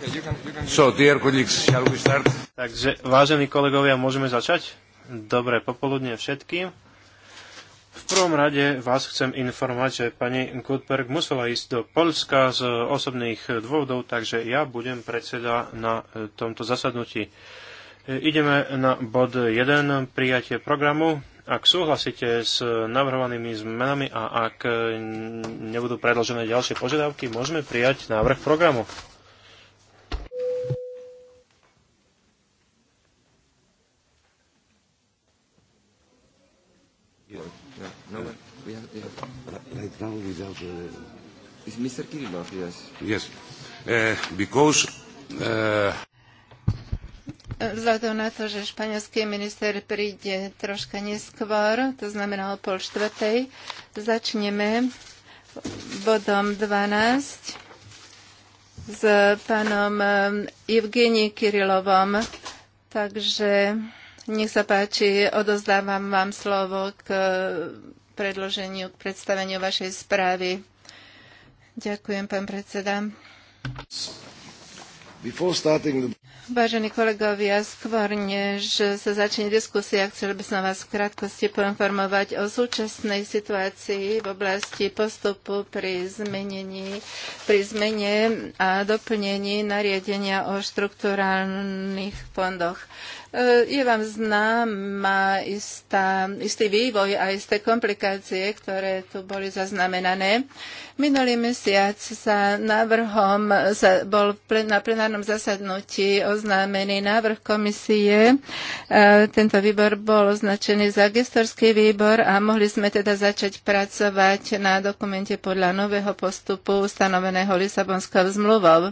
Takže, vážení kolegovia, môžeme začať? Dobré popoludne všetkým. V prvom rade vás chcem informovať, že pani Gutberg musela ísť do Polska z osobných dôvodov, takže ja budem predseda na tomto zasadnutí. Ideme na bod 1, prijatie programu ak súhlasíte s navrhovanými zmenami a ak nebudú predložené ďalšie požiadavky, môžeme prijať návrh programu. done without the... Is Mr. Kirillov, yes. Yes. Uh, because... Uh... Vzhľadom na to, že španielský minister príde troška neskôr, to znamená o pol štvrtej, začneme bodom 12 s pánom eh, Evgenii Kirilovom. Takže nech sa páči, odozdávam vám slovo k predloženiu, k predstaveniu vašej správy. Ďakujem, pán predseda. Starting... Vážení kolegovia, skôr než sa začne diskusia, chcel by som vás v krátkosti poinformovať o súčasnej situácii v oblasti postupu pri, zmenení, pri zmene a doplnení nariadenia o štruktúrálnych fondoch. E, je vám známa istá, istý vývoj a isté komplikácie, ktoré tu boli zaznamenané. Minulý mesiac sa návrhom sa bol na plenárnom zasadnutí oznámený návrh komisie. E, tento výbor bol označený za gestorský výbor a mohli sme teda začať pracovať na dokumente podľa nového postupu stanoveného Lisabonskou zmluvou.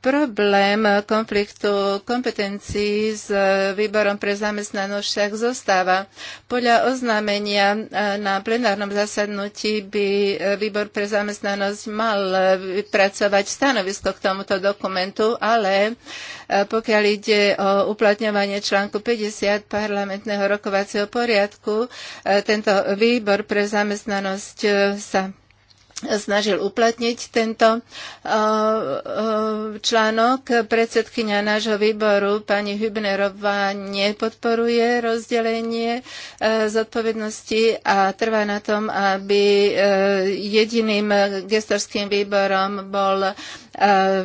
Problém konfliktu kompetencií s výborom pre zamestnanosť však zostáva. Podľa oznámenia e, na plenárnom zasadnutí by e, výbor pre zamestnanosť mal vypracovať stanovisko k tomuto dokumentu, ale e, pokiaľ ide o uplatňovanie článku 50 parlamentného rokovacieho poriadku, tento výbor pre zamestnanosť sa snažil uplatniť tento uh, uh, článok. Predsedkynia nášho výboru pani Hübnerová nepodporuje rozdelenie uh, zodpovednosti a trvá na tom, aby jediným gestorským výborom bol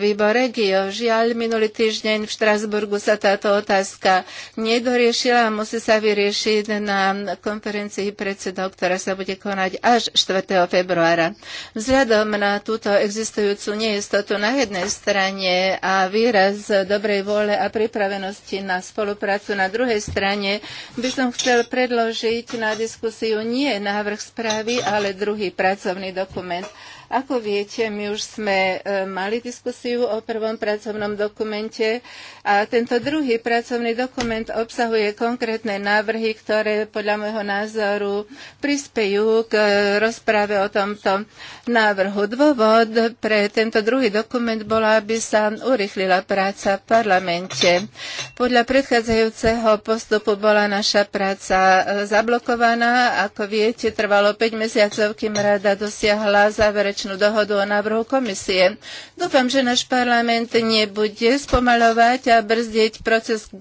výbor regio. Žiaľ, minulý týždeň v Štrasburgu sa táto otázka nedoriešila a musí sa vyriešiť na konferencii predsedov, ktorá sa bude konať až 4. februára. Vzhľadom na túto existujúcu neistotu na jednej strane a výraz dobrej vôle a pripravenosti na spoluprácu na druhej strane by som chcel predložiť na diskusiu nie návrh správy, ale druhý pracovný dokument. Ako viete, my už sme e, mali diskusiu o prvom pracovnom dokumente a tento druhý pracovný dokument obsahuje konkrétne návrhy, ktoré podľa môjho názoru prispejú k e, rozprave o tomto návrhu. Dôvod pre tento druhý dokument bola, aby sa urychlila práca v parlamente. Podľa predchádzajúceho postupu bola naša práca e, zablokovaná. Ako viete, trvalo 5 mesiacov, kým rada dosiahla záverečnú koaličnú dohodu o návrhu komisie. Dúfam, že náš parlament nebude spomalovať a brzdiť proces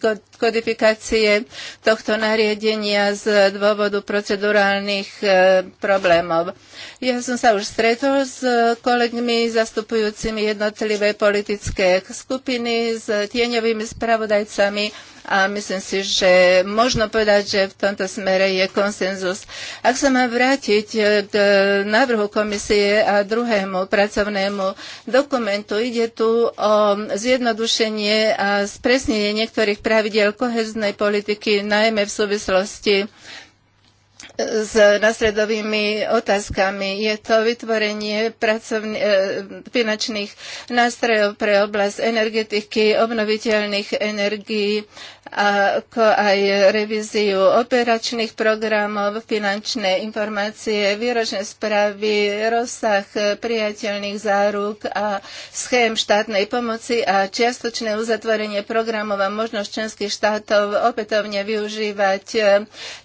kodifikácie tohto nariadenia z dôvodu procedurálnych e, problémov. Ja som sa už stretol s kolegmi zastupujúcimi jednotlivé politické skupiny, s tieňovými spravodajcami a myslím si, že možno povedať, že v tomto smere je konsenzus. Ak sa mám vrátiť e, k návrhu komisie a druhému pracovnému dokumentu, ide tu o zjednodušenie a spresnenie niektorých pravidel kohéznej politiky, najmä v súvislosti e, s nasledovými otázkami. Je to vytvorenie pracovn- e, finančných nástrojov pre oblasť energetiky, obnoviteľných energií, ako aj revíziu operačných programov, finančné informácie, výročné správy, rozsah priateľných záruk a schém štátnej pomoci a čiastočné uzatvorenie programov a možnosť členských štátov opätovne využívať e,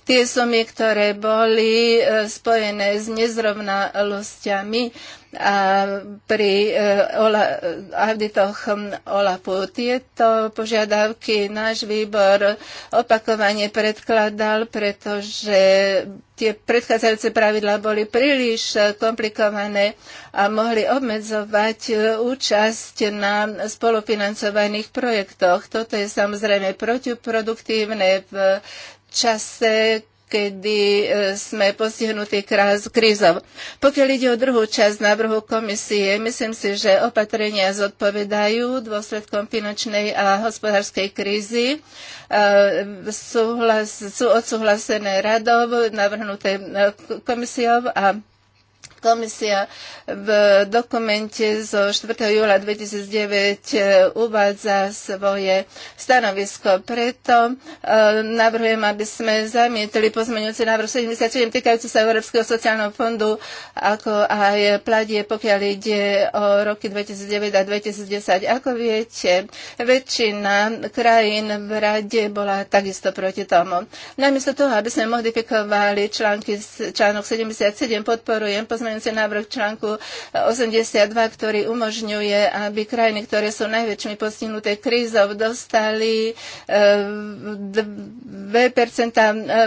tie sumy, ktoré boli e, spojené s nezrovnalosťami a pri eh, auditoch hm, OLAPu. Tieto požiadavky náš výbor opakovane predkladal, pretože tie predchádzajúce pravidla boli príliš komplikované a mohli obmedzovať eh, účasť na spolufinancovaných projektoch. Toto je samozrejme protiproduktívne v čase, kedy e, sme postihnutí krízov. Pokiaľ ide o druhú časť návrhu komisie, myslím si, že opatrenia zodpovedajú dôsledkom finančnej a hospodárskej krízy. E, sú odsúhlasené radov, navrhnuté e, komisiou a Komisia v dokumente zo 4. júla 2009 e, uvádza svoje stanovisko. Preto e, navrhujem, aby sme zamietli pozmeňujúci návrh 77 týkajúci sa Európskeho sociálneho fondu, ako aj pladie, pokiaľ ide o roky 2009 a 2010. Ako viete, väčšina krajín v rade bola takisto proti tomu. Namiesto toho, aby sme modifikovali články, článok 77, podporujem pozmeňujúci pozmeňujúci návrh článku 82, ktorý umožňuje, aby krajiny, ktoré sú najväčšmi postihnuté krízov, dostali 2% eh, eh,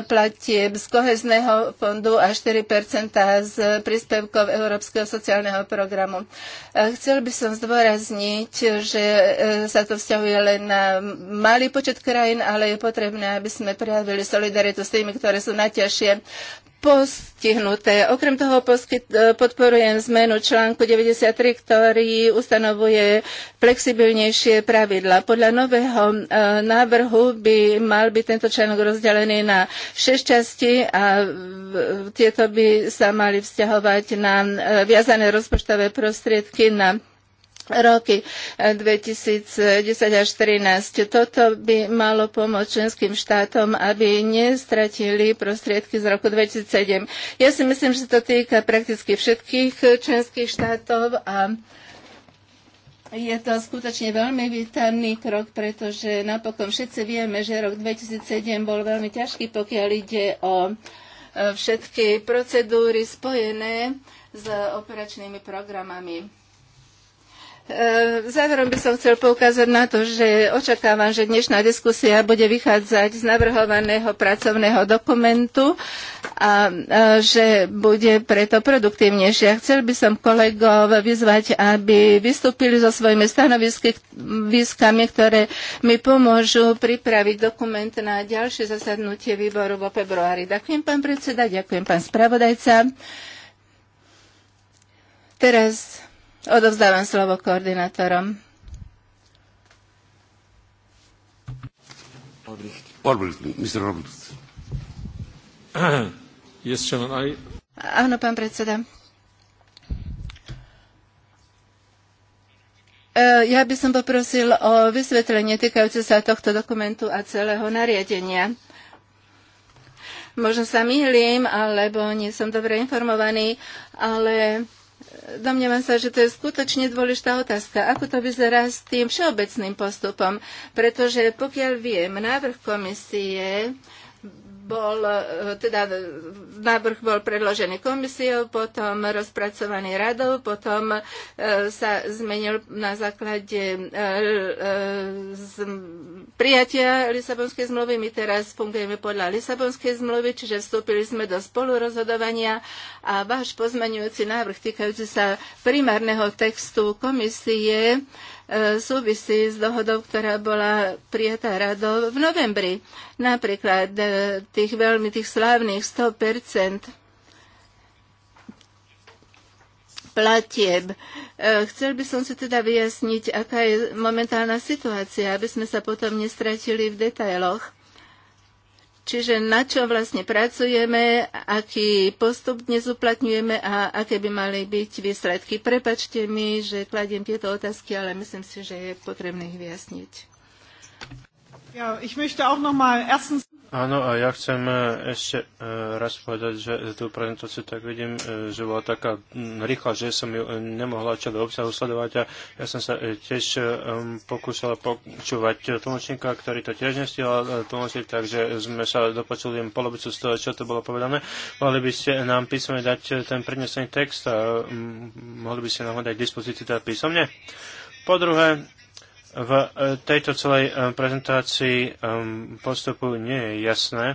platieb z kohezného fondu a 4% z príspevkov Európskeho sociálneho programu. Eh, chcel by som zdôrazniť, že sa to vzťahuje len na malý počet krajín, ale je potrebné, aby sme prejavili solidaritu s tými, ktoré sú najťažšie postihnuté. Okrem toho poskyt, e, podporujem zmenu článku 93, ktorý ustanovuje flexibilnejšie pravidla. Podľa nového e, návrhu by mal byť tento článok rozdelený na 6 časti a tieto by sa mali vzťahovať na e, viazané rozpočtové prostriedky na roky 2010 eh, až 2013. Toto by malo pomôcť členským štátom, aby nestratili prostriedky z roku 2007. Ja si myslím, že to týka prakticky všetkých členských štátov a je to skutočne veľmi vítaný krok, pretože napokon všetci vieme, že rok 2007 bol veľmi ťažký, pokiaľ ide o eh, všetky procedúry spojené s operačnými programami. Ehm, záverom by som chcel poukázať na to, že očakávam, že dnešná diskusia bude vychádzať z navrhovaného pracovného dokumentu a že bude preto produktívnejšia. Chcel by som kolegov vyzvať, aby vystúpili so svojimi stanoviskami, ktoré mi pomôžu pripraviť dokument na ďalšie zasadnutie výboru vo februári. Ďakujem, pán predseda, ďakujem, pán spravodajca. Teraz Odovzdávam slovo koordinátorom. Áno, pán predseda. E, ja by som poprosil o vysvetlenie týkajúce sa tohto dokumentu a celého nariadenia. Možno sa mýlim, alebo nie som dobre informovaný, ale domnievam sa, že to je skutočne dôležitá otázka. Ako to vyzerá s tým všeobecným postupom? Pretože pokiaľ viem, návrh komisie bol, e, teda návrh bol predložený komisiou, potom rozpracovaný radou, potom e, sa zmenil na základe e, prijatia Lisabonskej zmluvy. My teraz fungujeme podľa Lisabonskej zmluvy, čiže vstúpili sme do spolurozhodovania a váš pozmenujúci návrh týkajúci sa primárneho textu komisie súvisí s dohodou, ktorá bola prijatá radou v novembri. Napríklad e, tých veľmi tých slávnych 100 platieb. E, chcel by som si teda vyjasniť, aká je momentálna situácia, aby sme sa potom nestratili v detailoch. Čiže na čo vlastne pracujeme, aký postup dnes uplatňujeme a aké by mali byť výsledky. Prepačte mi, že kladiem tieto otázky, ale myslím si, že je potrebné ich vyjasniť. Ja, ich möchte auch noch mal erstens Áno, a ja chcem e, ešte e, raz povedať, že tú prezentáciu tak vidím, e, že bola taká rýchla, že som ju nemohla čo do obsahu sledovať a ja som sa tiež pokúšala počúvať tlmočníka, ktorý to tiež nestihla tlmočiť, takže sme sa dopočuli len polovicu z toho, čo to bolo povedané. Mohli by ste nám písomne dať ten prednesený text a mohli by ste nám dať dispozíciu teda písomne. Po druhé, v e, tejto celej e, prezentácii e, postupu nie je jasné.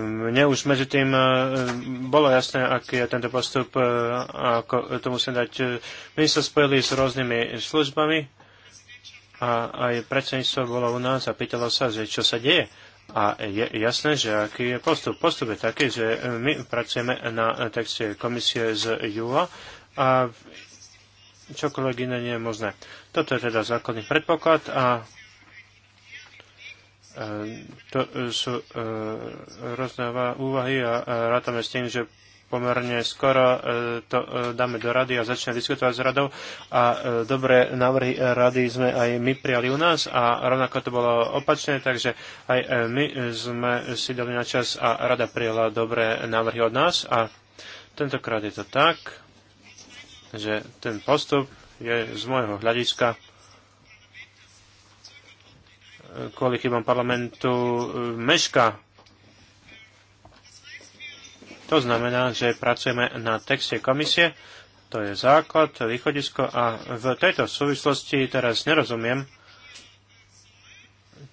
Mne už medzi tým bolo jasné, aký je tento postup, ako to musím dať. My sa spojili s rôznymi službami a aj predsedníctvo bolo u nás a pýtalo sa, že čo sa deje. A je jasné, že aký je postup. Postup je taký, že my pracujeme na texte komisie z júla a čokoľvek iné nie je možné. Toto je teda základný predpoklad a e, to sú e, rôzne úvahy a e, rátame s tým, že pomerne skoro to dáme do rady a začne diskutovať s radou a dobré návrhy rady sme aj my prijali u nás a rovnako to bolo opačné, takže aj my sme si dali na čas a rada prijala dobré návrhy od nás a tentokrát je to tak že ten postup je z môjho hľadiska e, kvôli chybom parlamentu e, meška. To znamená, že pracujeme na texte komisie, to je základ, východisko a v tejto súvislosti teraz nerozumiem,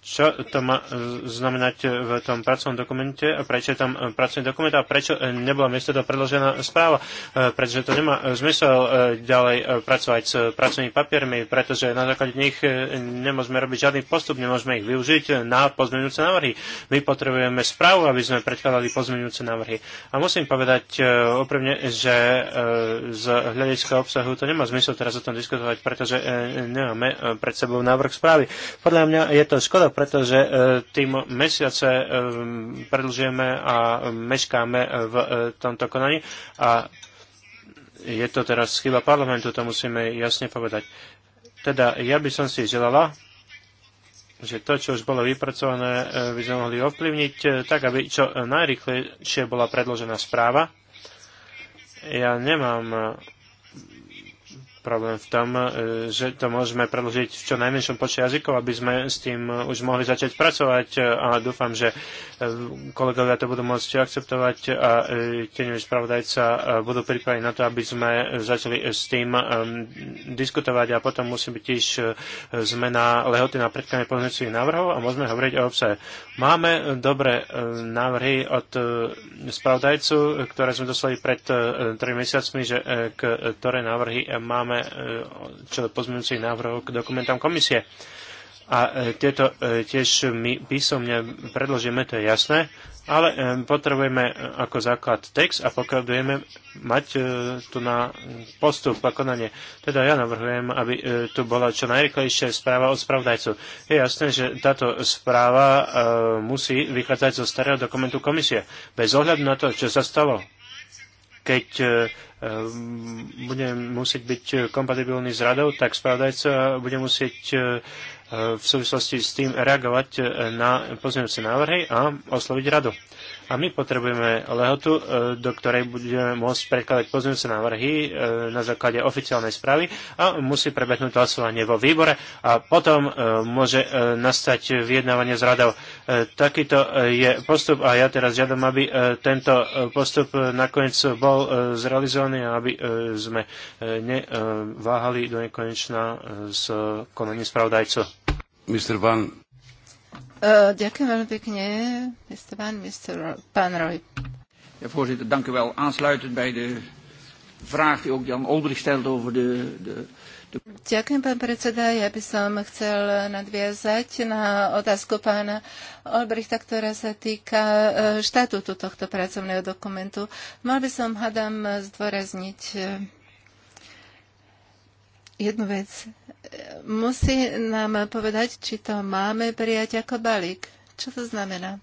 čo to má e, znamenať e, v tom pracovnom dokumente, prečo je tam e, pracovný dokument a prečo nebola miesto to predložená správa, pretože to nemá zmysel ďalej pracovať s pracovnými papiermi, pretože na základe nich nemôžeme robiť žiadny postup, nemôžeme ich využiť na pozmeňujúce návrhy. My potrebujeme správu, aby sme predkladali pozmeňujúce návrhy. A musím povedať opravne, že z hľadiska obsahu to nemá zmysel teraz o tom diskutovať, pretože nemáme pred sebou návrh správy. Podľa mňa je to škoda, pretože e, tým mesiace e, predlžujeme a meškáme e, v tomto konaní a je to teraz chyba parlamentu, to musíme jasne povedať. Teda ja by som si želala, že to, čo už bolo vypracované, by sme mohli ovplyvniť tak, aby čo najrychlejšie bola predložená správa. Ja nemám problém v tom, e, že to môžeme predložiť v čo najmenšom počte jazykov, aby sme s tým už mohli začať pracovať e, a dúfam, že e, kolegovia to budú môcť akceptovať a tieňový spravodajca budú pripravení na to, aby sme začali s tým diskutovať a potom musí byť tiež zmena lehoty na predkanie pozornicových návrhov a môžeme hovoriť o obsahe. Máme dobré návrhy od spravodajcu, ktoré sme dostali pred 3 mesiacmi, že ktoré návrhy máme máme e, čo pozmeňujúcich návrhov k dokumentám komisie. A e, tieto e, tiež my písomne predložíme, to je jasné, ale potrebujeme ako základ text a pokladujeme mať tu na postup a konanie. Teda ja navrhujem, aby tu bola čo najrychlejšia správa od spravodajcu. Je jasné, že táto správa musí vychádzať zo starého dokumentu komisie, bez ohľadu na to, čo sa stalo keď e, e, bude musieť byť kompatibilný s radou, tak spravodajca bude musieť e, v súvislosti s tým reagovať na pozmeňujúce návrhy a osloviť radu. A my potrebujeme lehotu, e, do ktorej budeme môcť predkladať pozmeňujúce návrhy e, na základe oficiálnej správy a musí prebehnúť hlasovanie vo výbore a potom e, môže nastať vyjednávanie s radou. Takýto je postup a ja teraz žiadam, aby tento postup nakoniec bol zrealizovaný a aby sme neváhali do nekonečna s konaním spravodajcu. Mr. Van, Ďakujem veľmi pekne, Mr. Van, Mr. Pán Roy. Ja, voorzitter, dank u wel. Aansluitend bij de vraag die ook Jan Olbrich stelde over de, de, de... Ďakujem, pán predseda. Ja by som chcel nadviazať na otázku pána Olbrichta, ktorá sa týka e, štatútu tohto pracovného dokumentu. Mal by som, hadam, zdôrazniť e, jednu vec. Musí nám povedať, či to máme prijať ako balík. Čo to znamená?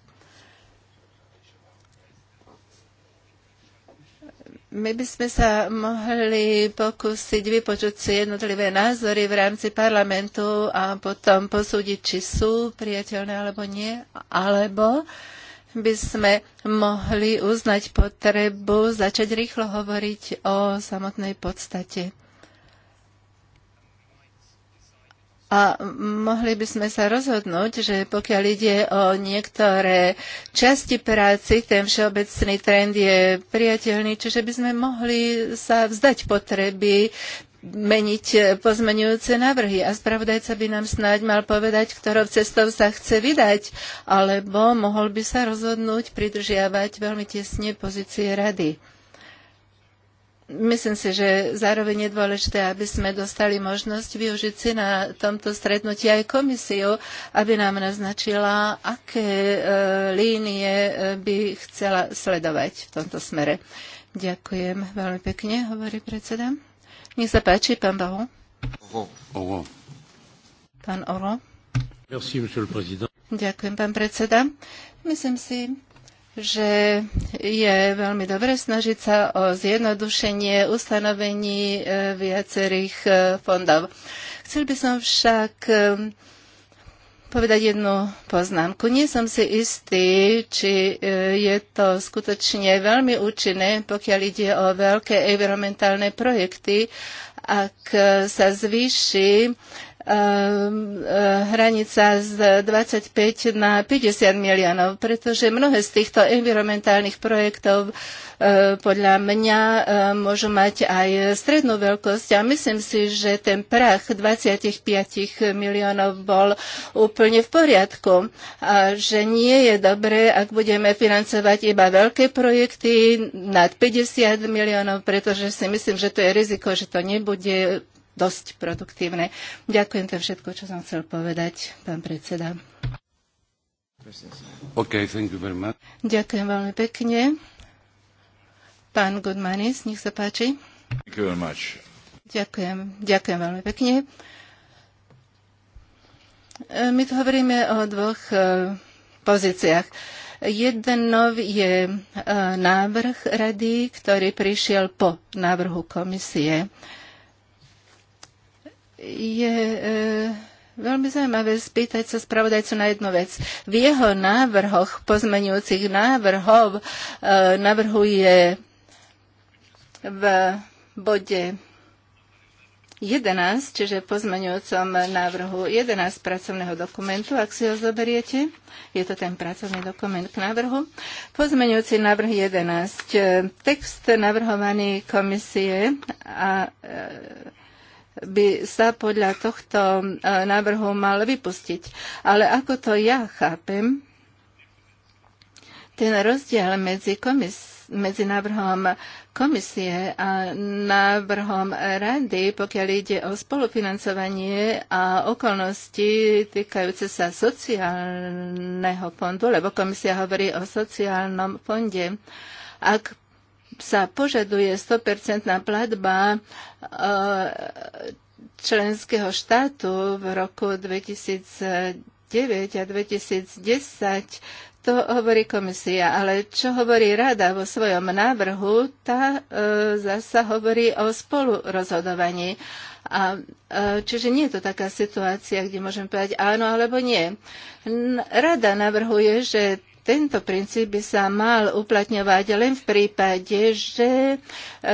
My by sme sa mohli pokúsiť vypočuť si jednotlivé názory v rámci parlamentu a potom posúdiť, či sú priateľné alebo nie, alebo by sme mohli uznať potrebu začať rýchlo hovoriť o samotnej podstate. A mohli by sme sa rozhodnúť, že pokiaľ ide o niektoré časti práci, ten všeobecný trend je priateľný, čiže by sme mohli sa vzdať potreby meniť pozmenujúce návrhy. A spravodajca by nám snáď mal povedať, ktorou cestou sa chce vydať, alebo mohol by sa rozhodnúť pridržiavať veľmi tesne pozície rady. Myslím si, že zároveň je dôležité, aby sme dostali možnosť využiť si na tomto stretnutí aj komisiu, aby nám naznačila, aké e, línie e, by chcela sledovať v tomto smere. Ďakujem veľmi pekne, hovorí predseda. Nech sa páči, pán Bahu. Oro. Pán Oro. Merci, Ďakujem, pán predseda. Myslím si, že je veľmi dobre snažiť sa o zjednodušenie ustanovení e, viacerých e, fondov. Chcel by som však e, povedať jednu poznámku. Nie som si istý, či je to skutočne veľmi účinné, pokiaľ ide o veľké environmentálne projekty, ak sa zvýši Ehm, eh, hranica z 25 na 50 miliónov, pretože mnohé z týchto environmentálnych projektov eh, podľa mňa eh, môžu mať aj strednú veľkosť a myslím si, že ten prach 25 miliónov bol úplne v poriadku a že nie je dobré, ak budeme financovať iba veľké projekty nad 50 miliónov, pretože si myslím, že to je riziko, že to nebude dosť produktívne. Ďakujem to všetko, čo som chcel povedať, pán predseda. Okay, thank you very much. Ďakujem veľmi pekne. Pán Goodmanis, nech sa páči. Thank you very much. Ďakujem, ďakujem veľmi pekne. E, my tu hovoríme o dvoch e, pozíciách. Jeden Jednov je e, návrh rady, ktorý prišiel po návrhu komisie je e, veľmi zaujímavé spýtať sa spravodajcu na jednu vec. V jeho návrhoch, pozmenujúcich návrhov, e, navrhuje v bode 11, čiže pozmeňujúcom návrhu 11 pracovného dokumentu, ak si ho zoberiete. Je to ten pracovný dokument k návrhu. Pozmeňujúci návrh 11. E, text navrhovaný komisie a e, by sa podľa tohto e, návrhu mal vypustiť. Ale ako to ja chápem, ten rozdiel medzi, komis- medzi návrhom komisie a návrhom rady, pokiaľ ide o spolufinancovanie a okolnosti týkajúce sa sociálneho fondu, lebo komisia hovorí o sociálnom fonde. Ak sa požaduje 100% platba e, členského štátu v roku 2009 a 2010, to hovorí komisia, ale čo hovorí rada vo svojom návrhu, tá e, zasa hovorí o spolurozhodovaní. A, e, čiže nie je to taká situácia, kde môžem povedať áno alebo nie. Rada navrhuje, že tento princíp by sa mal uplatňovať len v prípade, že e,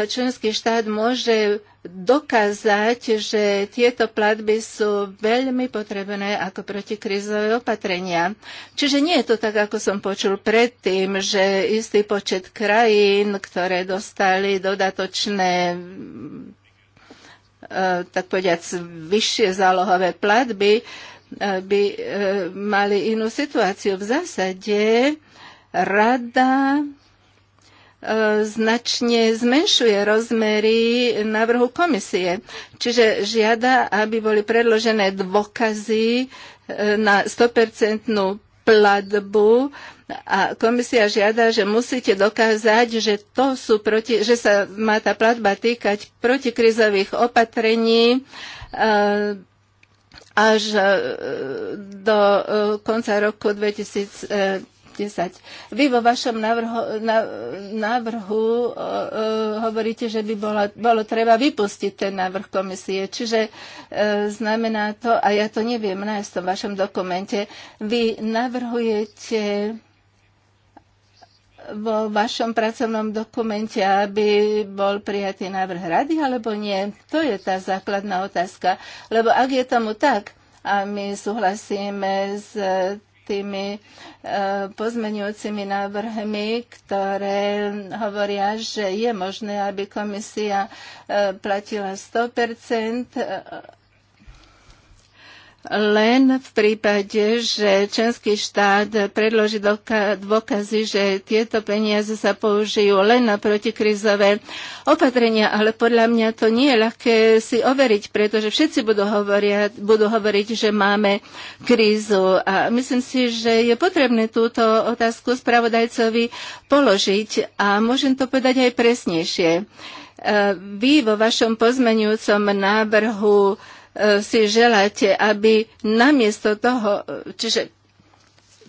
členský štát môže dokázať, že tieto platby sú veľmi potrebné ako protikrizové opatrenia. Čiže nie je to tak, ako som počul predtým, že istý počet krajín, ktoré dostali dodatočné e, tak povediať, vyššie zálohové platby, by e, mali inú situáciu. V zásade rada e, značne zmenšuje rozmery návrhu komisie. Čiže žiada, aby boli predložené dôkazy e, na 100% platbu a komisia žiada, že musíte dokázať, že, to sú proti, že sa má tá platba týkať protikrizových opatrení, až e, do e, konca roku 2010. Vy vo vašom návrhu, návrhu e, hovoríte, že by bolo, bolo treba vypustiť ten návrh komisie. Čiže znamená to, a ja to neviem nájsť v tom vašom dokumente, vy navrhujete vo vašom pracovnom dokumente, aby bol prijatý návrh rady, alebo nie? To je tá základná otázka. Lebo ak je tomu tak, a my súhlasíme s tými e, pozmeňujúcimi návrhmi, ktoré hovoria, že je možné, aby komisia e, platila 100 len v prípade, že členský štát predloží dôkazy, že tieto peniaze sa použijú len na protikrizové opatrenia, ale podľa mňa to nie je ľahké si overiť, pretože všetci budú, hovoria, budú hovoriť, že máme krízu. A myslím si, že je potrebné túto otázku spravodajcovi položiť a môžem to povedať aj presnejšie. E, vy vo vašom pozmenujúcom návrhu E, si želáte, aby namiesto toho, e, čiže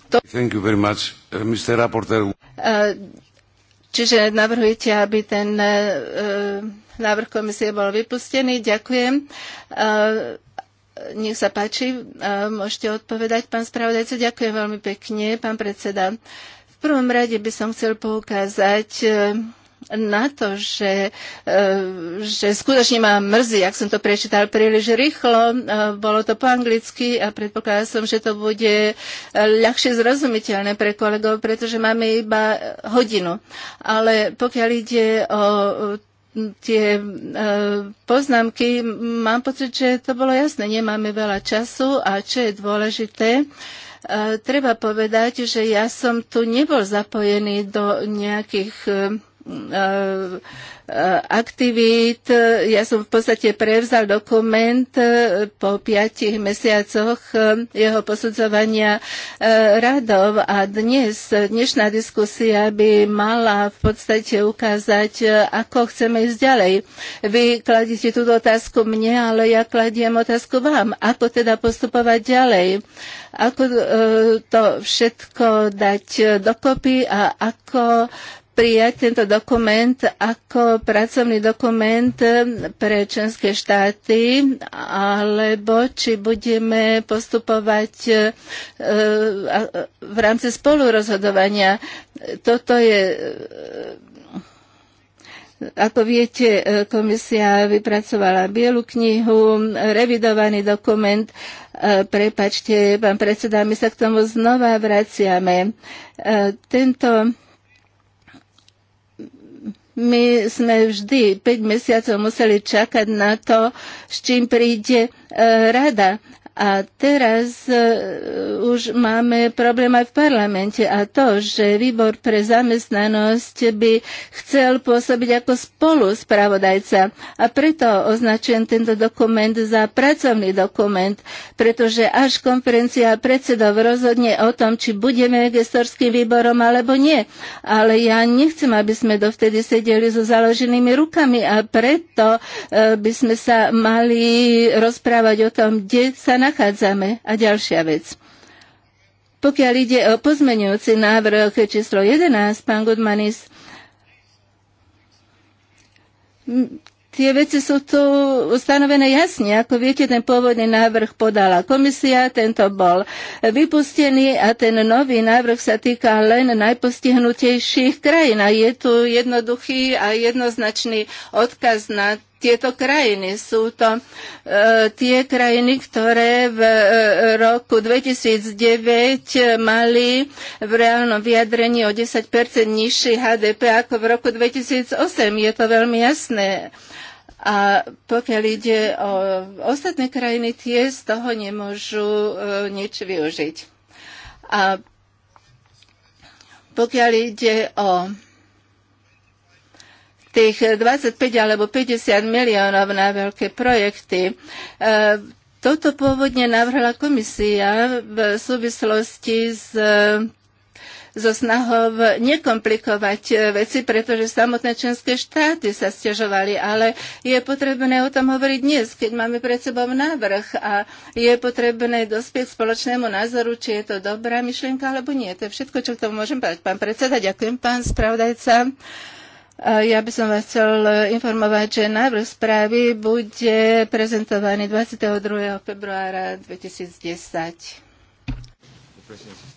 to... Thank you very much, e, Mr. Rapporteur. Čiže navrhujete, aby ten návrh komisie bol vypustený. Ďakujem. Nech sa páči, môžete odpovedať, pán spravodajca. Ďakujem veľmi pekne, pán predseda. V prvom rade by som chcel poukázať na to, že, e, že skutočne ma mrzí, ak som to prečítal príliš rýchlo, e, bolo to po anglicky a predpokladal som, že to bude ľahšie zrozumiteľné pre kolegov, pretože máme iba hodinu. Ale pokiaľ ide o tie e, poznámky, mám pocit, že to bolo jasné, nemáme veľa času a čo je dôležité, treba povedať, že ja som tu nebol zapojený do nejakých Eh, aktivít. Ja som v podstate prevzal dokument eh, po piatich mesiacoch eh, jeho posudzovania radov a dnes, dnešná diskusia by mala v podstate ukázať, ako chceme ísť ďalej. Vy kladíte túto otázku mne, ale ja kladiem otázku vám. Ako teda postupovať ďalej? Ako to všetko dať dokopy a ako prijať tento dokument ako pracovný dokument pre členské štáty, alebo či budeme postupovať e, v rámci spolurozhodovania. Toto je e, ako viete, e, komisia vypracovala bielu knihu, revidovaný dokument. Prepačte, pán predseda, my sa k tomu znova vraciame. Tento my sme vždy 5 mesiacov museli čakať na to, s čím príde e, rada. A teraz e, už máme problém aj v parlamente a to, že výbor pre zamestnanosť by chcel pôsobiť ako spolu spravodajca. A preto označujem tento dokument za pracovný dokument, pretože až konferencia predsedov rozhodne o tom, či budeme gestorským výborom alebo nie. Ale ja nechcem, aby sme dovtedy sedeli so založenými rukami a preto e, by sme sa mali rozprávať o tom, kde sa na nachádzame. A ďalšia vec. Pokiaľ ide o pozmenujúci návrh číslo 11, pán Gudmanis, tie veci sú tu ustanovené jasne. Ako viete, ten pôvodný návrh podala komisia, tento bol vypustený a ten nový návrh sa týka len najpostihnutejších krajín. A je tu jednoduchý a jednoznačný odkaz na tieto krajiny. Sú to e, tie krajiny, ktoré v e, roku 2009 mali v reálnom vyjadrení o 10 nižší HDP ako v roku 2008. Je to veľmi jasné. A pokiaľ ide o ostatné krajiny, tie z toho nemôžu e, nič využiť. A pokiaľ ide o tých 25 alebo 50 miliónov na veľké projekty. E, toto pôvodne navrhla komisia v súvislosti s e, so snahou nekomplikovať e, veci, pretože samotné členské štáty sa stiažovali, ale je potrebné o tom hovoriť dnes, keď máme pred sebou návrh a je potrebné dospieť spoločnému názoru, či je to dobrá myšlienka alebo nie. To je všetko, čo k tomu môžem povedať. Pán predseda, ďakujem, pán spravodajca. Ja by som vás chcel e, informovať, že návrh správy bude prezentovaný 22. februára 2010.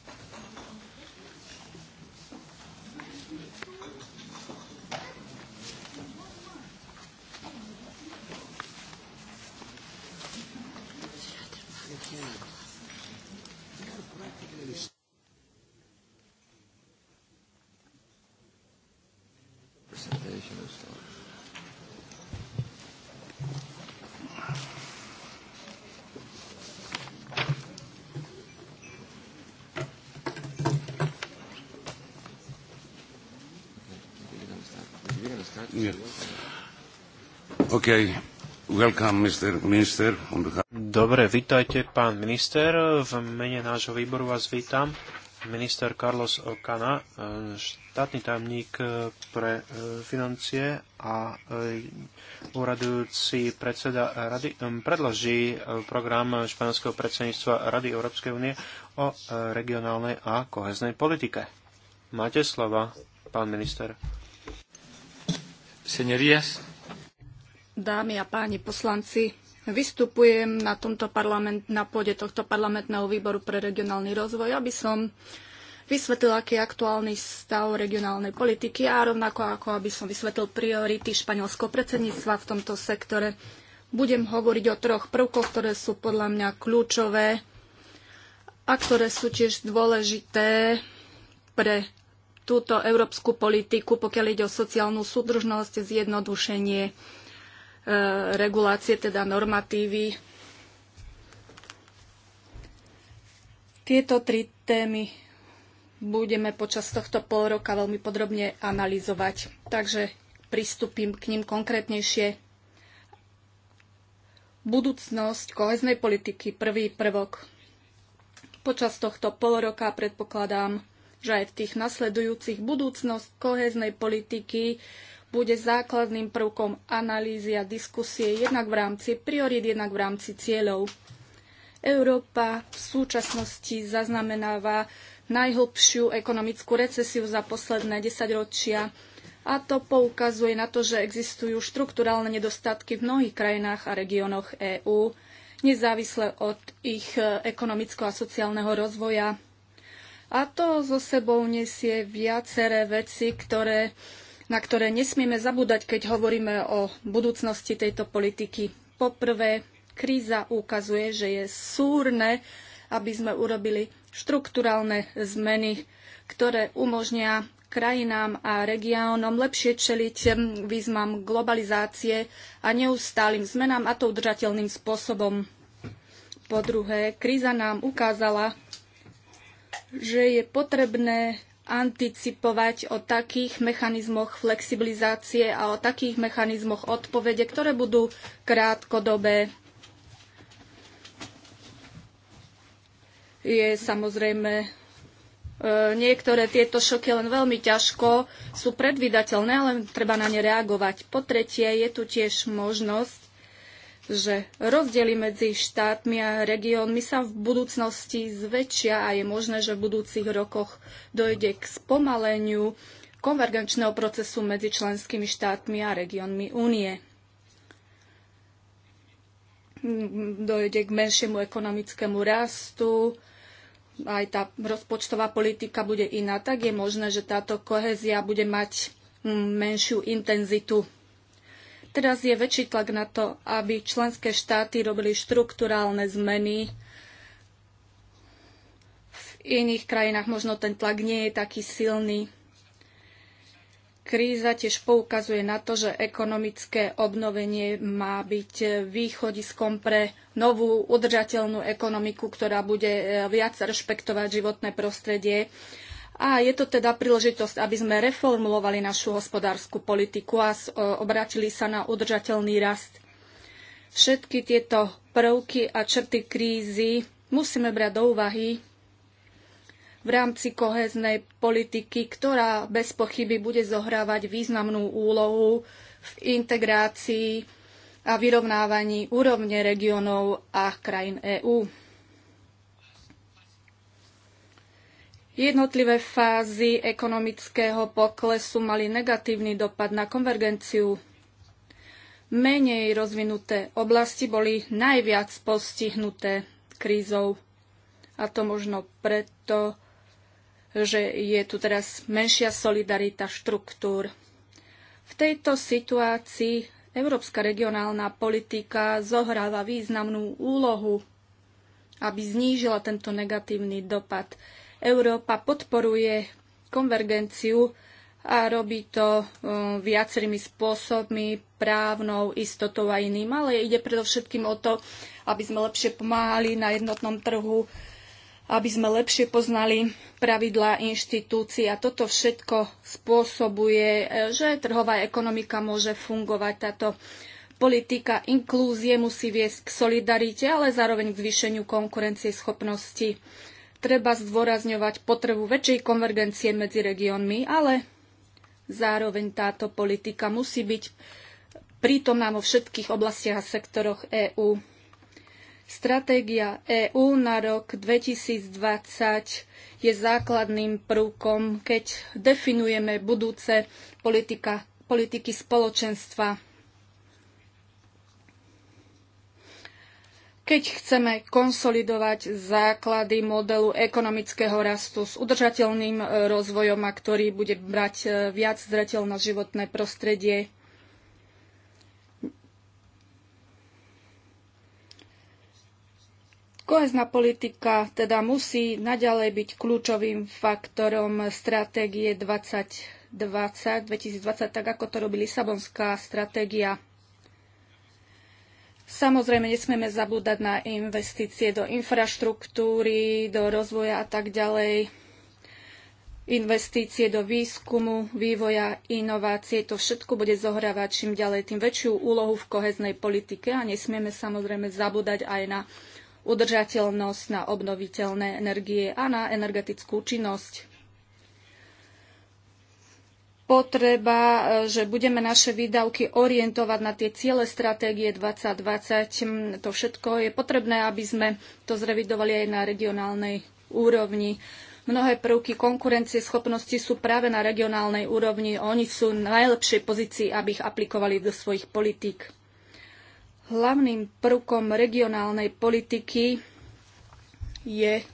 Dobre, vítajte, pán minister. V mene nášho výboru vás vítam. Minister Carlos Okana, eh, štátny tajomník eh, pre eh, financie a úradujúci predseda rady, predloží program španielského predsedníctva Rady Európskej únie o regionálnej a koheznej politike. Máte slova, pán minister señorías. Dámy a páni poslanci, vystupujem na, tomto parlament, na pôde tohto parlamentného výboru pre regionálny rozvoj, aby som vysvetlil, aký je aktuálny stav regionálnej politiky a rovnako ako aby som vysvetlil priority španielského predsedníctva v tomto sektore. Budem hovoriť o troch prvkoch, ktoré sú podľa mňa kľúčové a ktoré sú tiež dôležité pre túto európsku politiku, pokiaľ ide o sociálnu súdržnosť, zjednodušenie e, regulácie, teda normatívy. Tieto tri témy budeme počas tohto pol roka veľmi podrobne analyzovať. Takže pristúpim k ním konkrétnejšie. Budúcnosť koheznej politiky, prvý prvok. Počas tohto pol roka predpokladám, že aj v tých nasledujúcich budúcnosť koheznej politiky bude základným prvkom analýzy a diskusie jednak v rámci priorít, jednak v rámci cieľov. Európa v súčasnosti zaznamenáva najhlbšiu ekonomickú recesiu za posledné desaťročia a to poukazuje na to, že existujú štrukturálne nedostatky v mnohých krajinách a regiónoch EÚ, nezávisle od ich ekonomického a sociálneho rozvoja. A to zo sebou nesie viaceré veci, ktoré, na ktoré nesmieme zabúdať, keď hovoríme o budúcnosti tejto politiky. Poprvé, kríza ukazuje, že je súrne, aby sme urobili štrukturálne zmeny, ktoré umožnia krajinám a regiónom lepšie čeliť výzvam globalizácie a neustálým zmenám a to udržateľným spôsobom. Po druhé, kríza nám ukázala, že je potrebné anticipovať o takých mechanizmoch flexibilizácie a o takých mechanizmoch odpovede, ktoré budú krátkodobé. Je samozrejme e, niektoré tieto šoky len veľmi ťažko sú predvydateľné, ale treba na ne reagovať. Po tretie, je tu tiež možnosť že rozdiely medzi štátmi a regiónmi sa v budúcnosti zväčšia a je možné, že v budúcich rokoch dojde k spomaleniu konvergenčného procesu medzi členskými štátmi a regiónmi únie. Dojde k menšiemu ekonomickému rastu, aj tá rozpočtová politika bude iná, tak je možné, že táto kohezia bude mať mm, menšiu intenzitu Teraz je väčší tlak na to, aby členské štáty robili štruktúrálne zmeny. V iných krajinách možno ten tlak nie je taký silný. Kríza tiež poukazuje na to, že ekonomické obnovenie má byť východiskom pre novú udržateľnú ekonomiku, ktorá bude viac rešpektovať životné prostredie a je to teda príležitosť, aby sme reformulovali našu hospodárskú politiku a e, obratili sa na udržateľný rast. Všetky tieto prvky a črty krízy musíme brať do úvahy v rámci koheznej politiky, ktorá bez pochyby bude zohrávať významnú úlohu v integrácii a vyrovnávaní úrovne regiónov a krajín EÚ. Jednotlivé fázy ekonomického poklesu mali negatívny dopad na konvergenciu. Menej rozvinuté oblasti boli najviac postihnuté krízou. A to možno preto, že je tu teraz menšia solidarita štruktúr. V tejto situácii európska regionálna politika zohráva významnú úlohu, aby znížila tento negatívny dopad Európa podporuje konvergenciu a robí to um, viacerými spôsobmi, právnou istotou a iným, ale ide predovšetkým o to, aby sme lepšie pomáhali na jednotnom trhu, aby sme lepšie poznali pravidlá inštitúcií a toto všetko spôsobuje, eh, že trhová ekonomika môže fungovať. Táto politika inklúzie musí viesť k solidarite, ale zároveň k zvýšeniu konkurencie schopnosti treba zdôrazňovať potrebu väčšej konvergencie medzi regiónmi, ale zároveň táto politika musí byť prítomná vo všetkých oblastiach a sektoroch EÚ. Stratégia EÚ na rok 2020 je základným prvkom, keď definujeme budúce politika, politiky spoločenstva keď chceme konsolidovať základy modelu ekonomického rastu s udržateľným e, rozvojom a ktorý bude brať e, viac zreteľ na životné prostredie. Kohezná politika teda musí naďalej byť kľúčovým faktorom stratégie 2020, 2020 tak ako to robí Lisabonská stratégia. Samozrejme, nesmieme zabúdať na investície do infraštruktúry, do rozvoja a tak ďalej. Investície do výskumu, vývoja, inovácie, to všetko bude zohrávať čím ďalej, tým väčšiu úlohu v koheznej politike a nesmieme samozrejme zabúdať aj na udržateľnosť, na obnoviteľné energie a na energetickú činnosť potreba, e, že budeme naše výdavky orientovať na tie ciele stratégie 2020. Mm, to všetko je potrebné, aby sme to zrevidovali aj na regionálnej úrovni. Mnohé prvky konkurencie schopnosti sú práve na regionálnej úrovni. Oni sú v najlepšej pozícii, aby ich aplikovali do svojich politík. Hlavným prvkom regionálnej politiky je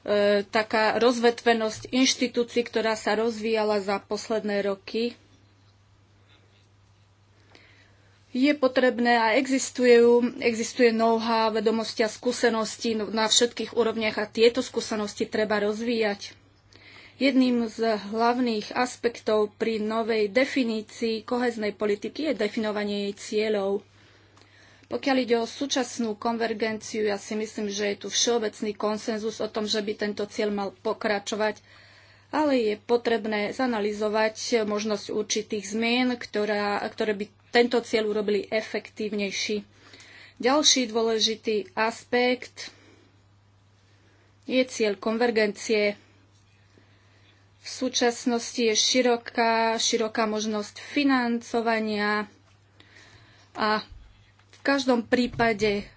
E, taká rozvetvenosť inštitúcií, ktorá sa rozvíjala za posledné roky. Je potrebné a existujú, existuje know vedomosti a skúsenosti na všetkých úrovniach a tieto skúsenosti treba rozvíjať. Jedným z hlavných aspektov pri novej definícii koheznej politiky je definovanie jej cieľov. Pokiaľ ide o súčasnú konvergenciu, ja si myslím, že je tu všeobecný konsenzus o tom, že by tento cieľ mal pokračovať, ale je potrebné zanalizovať možnosť určitých zmien, ktorá, ktoré by tento cieľ urobili efektívnejší. Ďalší dôležitý aspekt je cieľ konvergencie. V súčasnosti je široká, široká možnosť financovania a v každom prípade,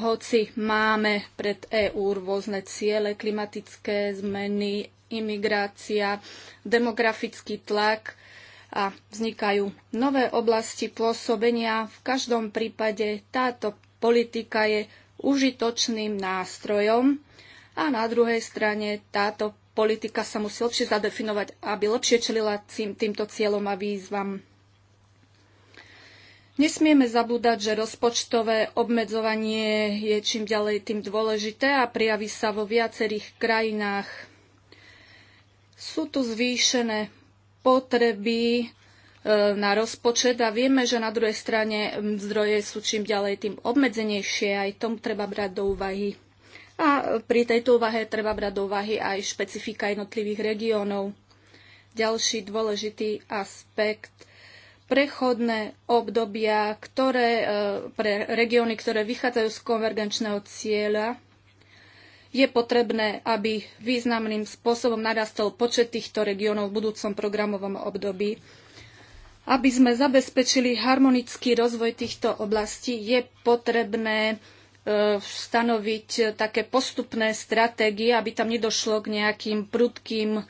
hoci máme pred EÚ rôzne ciele, klimatické zmeny, imigrácia, demografický tlak a vznikajú nové oblasti pôsobenia, v každom prípade táto politika je užitočným nástrojom a na druhej strane táto politika sa musí lepšie zadefinovať, aby lepšie čelila tým, týmto cieľom a výzvam. Nesmieme zabúdať, že rozpočtové obmedzovanie je čím ďalej tým dôležité a prijaví sa vo viacerých krajinách. Sú tu zvýšené potreby e, na rozpočet a vieme, že na druhej strane zdroje sú čím ďalej tým obmedzenejšie, aj tom treba brať do úvahy. A e, pri tejto úvahe treba brať do úvahy aj špecifika jednotlivých regiónov. Ďalší dôležitý aspekt prechodné obdobia, ktoré e, pre regióny, ktoré vychádzajú z konvergenčného cieľa, je potrebné, aby významným spôsobom narastol počet týchto regiónov v budúcom programovom období. Aby sme zabezpečili harmonický rozvoj týchto oblastí, je potrebné e, stanoviť také postupné stratégie, aby tam nedošlo k nejakým prudkým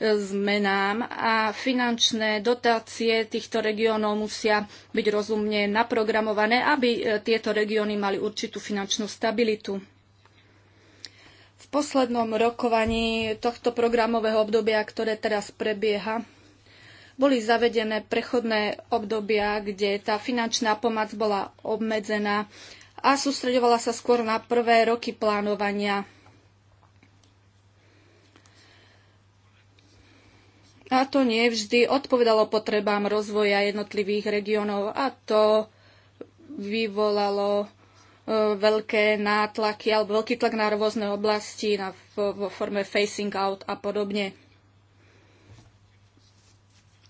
zmenám a finančné dotácie týchto regiónov musia byť rozumne naprogramované, aby e, tieto regióny mali určitú finančnú stabilitu. V poslednom rokovaní tohto programového obdobia, ktoré teraz prebieha, boli zavedené prechodné obdobia, kde tá finančná pomoc bola obmedzená a sústredovala sa skôr na prvé roky plánovania a to nie vždy odpovedalo potrebám rozvoja jednotlivých regiónov a to vyvolalo e, veľké nátlaky alebo veľký tlak na rôzne oblasti na, vo forme facing out a podobne.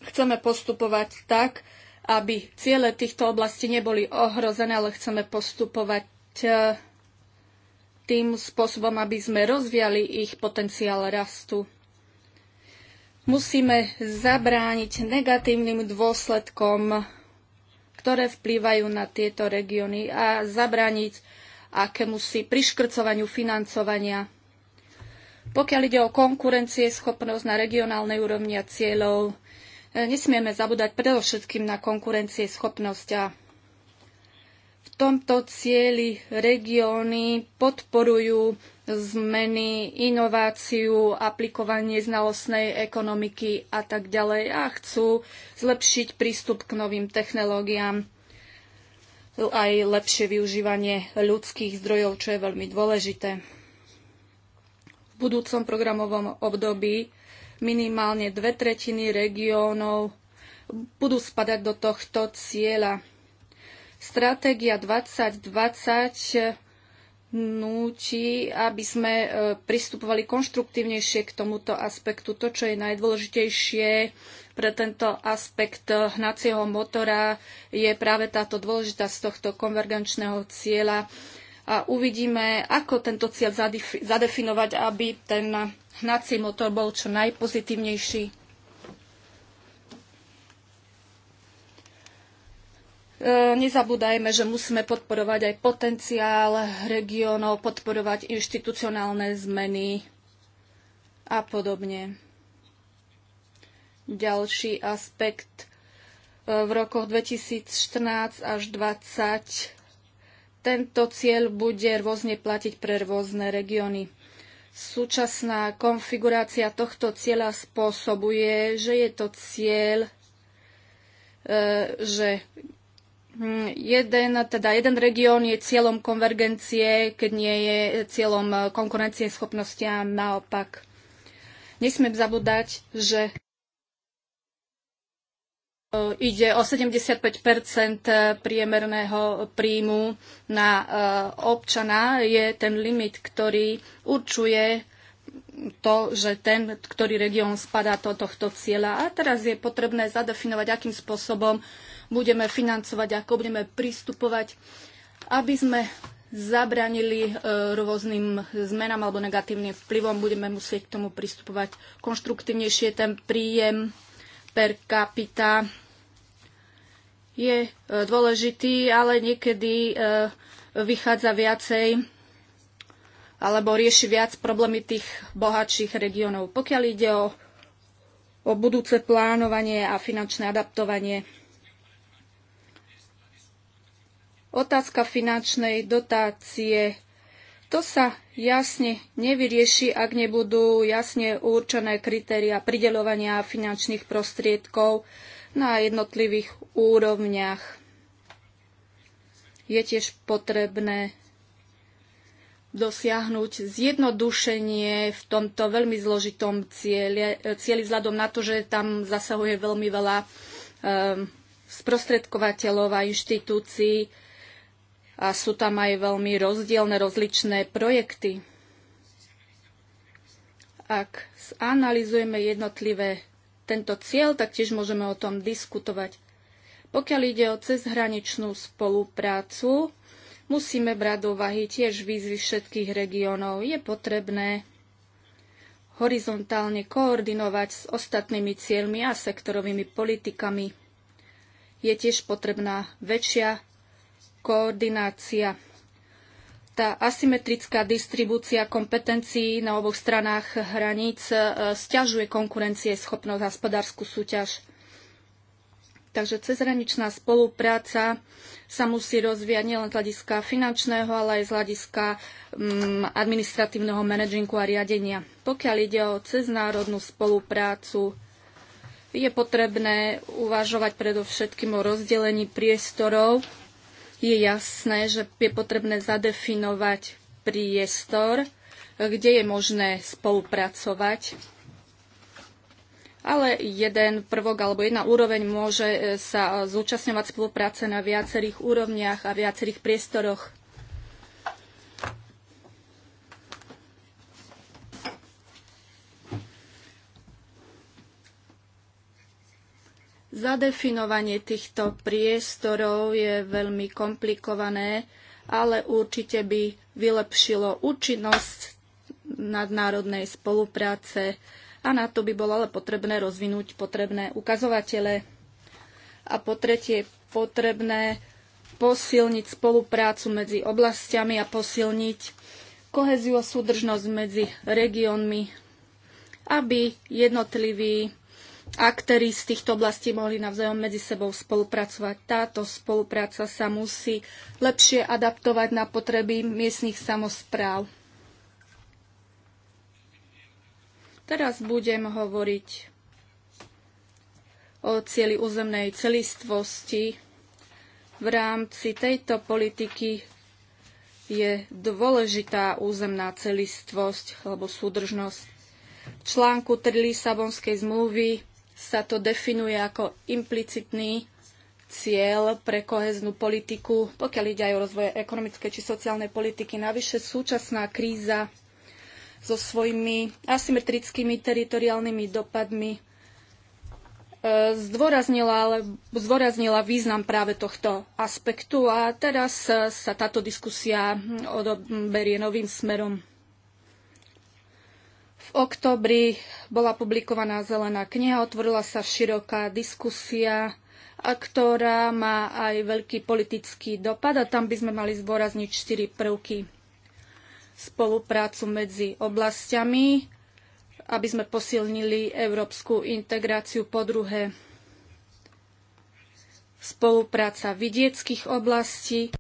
Chceme postupovať tak, aby ciele týchto oblastí neboli ohrozené, ale chceme postupovať e, tým spôsobom, aby sme rozviali ich potenciál rastu. Musíme zabrániť negatívnym dôsledkom, ktoré vplývajú na tieto regióny a zabrániť akémusi priškrcovaniu financovania. Pokiaľ ide o konkurencieschopnosť na regionálnej úrovni a cieľov, nesmieme zabúdať predovšetkým na schopnosť a tomto cieli regióny podporujú zmeny, inováciu, aplikovanie znalostnej ekonomiky a tak ďalej a chcú zlepšiť prístup k novým technológiám aj lepšie využívanie ľudských zdrojov, čo je veľmi dôležité. V budúcom programovom období minimálne dve tretiny regiónov budú spadať do tohto cieľa Stratégia 2020 núti, aby sme e, pristupovali konštruktívnejšie k tomuto aspektu. To, čo je najdôležitejšie pre tento aspekt hnacieho motora, je práve táto dôležitosť tohto konvergenčného cieľa. A uvidíme, ako tento cieľ zadefinovať, aby ten hnací motor bol čo najpozitívnejší E, nezabúdajme, že musíme podporovať aj potenciál regiónov, podporovať inštitucionálne zmeny a podobne. Ďalší aspekt e, v rokoch 2014 až 2020 tento cieľ bude rôzne platiť pre rôzne regióny. Súčasná konfigurácia tohto cieľa spôsobuje, že je to cieľ e, že Hm, jeden, teda jeden región je cieľom konvergencie, keď nie je cieľom eh, konkurencie schopnosti a naopak. Nesmiem zabúdať, že eh, ide o 75 eh, priemerného príjmu na občana. Je ten limit, ktorý určuje to, že ten, ktorý región spadá do tohto cieľa. A teraz je potrebné zadefinovať, akým spôsobom budeme financovať, ako budeme pristupovať, aby sme zabranili e, rôznym zmenám alebo negatívnym vplyvom. Budeme musieť k tomu pristupovať konštruktívnejšie. Ten príjem per capita je e, dôležitý, ale niekedy e, vychádza viacej alebo rieši viac problémy tých bohatších regiónov. Pokiaľ ide o, o budúce plánovanie a finančné adaptovanie, otázka finančnej dotácie, to sa jasne nevyrieši, ak nebudú jasne určené kritéria prideľovania finančných prostriedkov na jednotlivých úrovniach. Je tiež potrebné dosiahnuť zjednodušenie v tomto veľmi zložitom cieli, cieli vzhľadom na to, že tam zasahuje veľmi veľa um, sprostredkovateľov a inštitúcií a sú tam aj veľmi rozdielne rozličné projekty. Ak zanalizujeme jednotlivé tento cieľ, tak tiež môžeme o tom diskutovať. Pokiaľ ide o cezhraničnú spoluprácu, Musíme brať do úvahy tiež výzvy všetkých regiónov. Je potrebné horizontálne koordinovať s ostatnými cieľmi a sektorovými politikami. Je tiež potrebná väčšia koordinácia. Tá asymetrická distribúcia kompetencií na oboch stranách hraníc e, stiažuje konkurencie, schopnosť hospodárskú súťaž. Takže cezhraničná spolupráca sa musí rozvíjať nielen z hľadiska finančného, ale aj z hľadiska um, administratívneho manažingu a riadenia. Pokiaľ ide o ceznárodnú spoluprácu, je potrebné uvažovať predovšetkým o rozdelení priestorov. Je jasné, že je potrebné zadefinovať priestor, kde je možné spolupracovať ale jeden prvok alebo jedna úroveň môže e, sa e, zúčastňovať spolupráce na viacerých úrovniach a viacerých priestoroch. Zadefinovanie týchto priestorov je veľmi komplikované, ale určite by vylepšilo účinnosť nadnárodnej spolupráce a na to by bolo ale potrebné rozvinúť potrebné ukazovatele. A po tretie, potrebné posilniť spoluprácu medzi oblastiami a posilniť koheziu a súdržnosť medzi regiónmi, aby jednotliví aktéry z týchto oblastí mohli navzájom medzi sebou spolupracovať. Táto spolupráca sa musí lepšie adaptovať na potreby miestnych samozpráv. Teraz budem hovoriť o cieli územnej celistvosti. V rámci tejto politiky je dôležitá územná celistvosť alebo súdržnosť. V článku 3 Lisabonskej zmluvy sa to definuje ako implicitný cieľ pre koheznú politiku, pokiaľ ide aj o rozvoje ekonomickej či sociálnej politiky. Navyše súčasná kríza so svojimi asymetrickými teritoriálnymi dopadmi e, zdôraznila, ale zdôraznila význam práve tohto aspektu a teraz sa táto diskusia odoberie novým smerom. V oktobri bola publikovaná zelená kniha, otvorila sa široká diskusia, a ktorá má aj veľký politický dopad a tam by sme mali zdôrazniť štyri prvky spoluprácu medzi oblastiami, aby sme posilnili európsku integráciu. Po druhé, spolupráca vidieckých oblastí.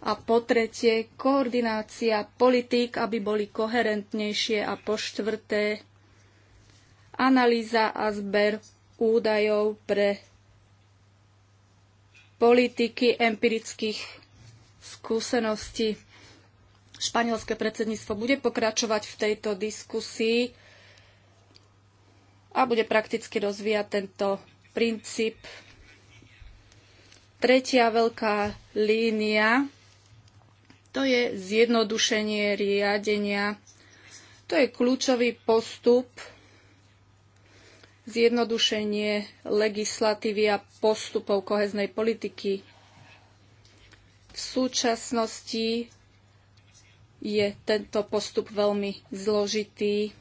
A po tretie, koordinácia politík, aby boli koherentnejšie. A po štvrté, analýza a zber údajov pre politiky empirických skúsenosti. Španielské predsedníctvo bude pokračovať v tejto diskusii a bude prakticky rozvíjať tento princíp. Tretia veľká línia to je zjednodušenie riadenia. To je kľúčový postup zjednodušenie legislatívy a postupov koheznej politiky. V súčasnosti je tento postup veľmi zložitý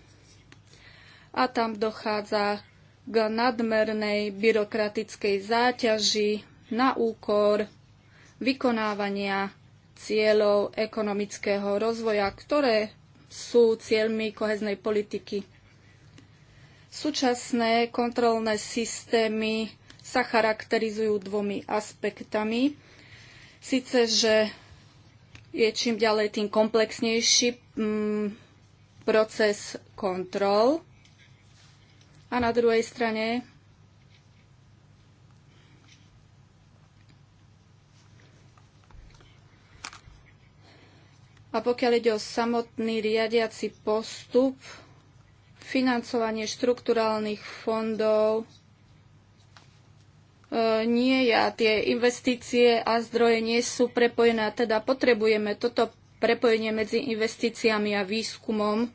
a tam dochádza k nadmernej byrokratickej záťaži na úkor vykonávania cieľov ekonomického rozvoja, ktoré sú cieľmi koheznej politiky. Súčasné kontrolné systémy sa charakterizujú dvomi aspektami Sice, že je čím ďalej tým komplexnejší mm, proces kontrol a na druhej strane A pokiaľ ide o samotný riadiaci postup, financovanie štrukturálnych fondov nie je a tie investície a zdroje nie sú prepojené. Teda potrebujeme toto prepojenie medzi investíciami a výskumom,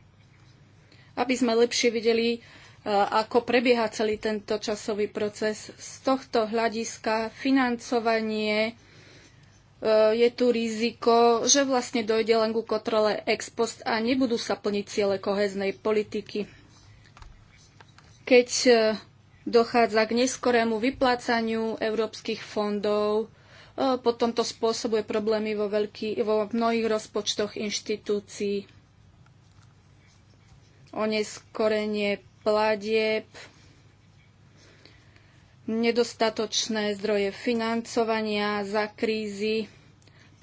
aby sme lepšie videli, e, ako prebieha celý tento časový proces. Z tohto hľadiska financovanie e, je tu riziko, že vlastne dojde len ku kontrole ex post a nebudú sa plniť ciele koheznej politiky. Keď e, dochádza k neskorému vyplácaniu európskych fondov. E, potom to spôsobuje problémy vo, veľký, vo mnohých rozpočtoch inštitúcií. Oneskorenie pladieb, nedostatočné zdroje financovania za krízy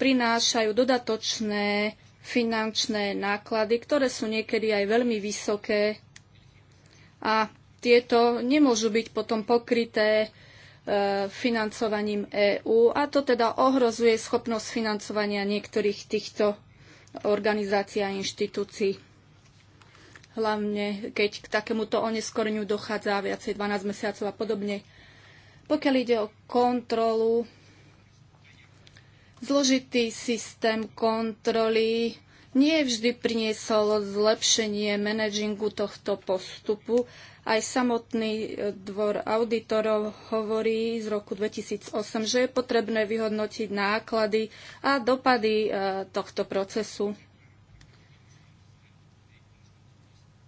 prinášajú dodatočné finančné náklady, ktoré sú niekedy aj veľmi vysoké a tieto nemôžu byť potom pokryté e, financovaním EÚ a to teda ohrozuje schopnosť financovania niektorých týchto organizácií a inštitúcií. Hlavne keď k takémuto oneskoreniu dochádza viacej 12 mesiacov a podobne. Pokiaľ ide o kontrolu, zložitý systém kontroly nie vždy priniesol zlepšenie managingu tohto postupu aj samotný e, dvor auditorov hovorí z roku 2008, že je potrebné vyhodnotiť náklady a dopady e, tohto procesu.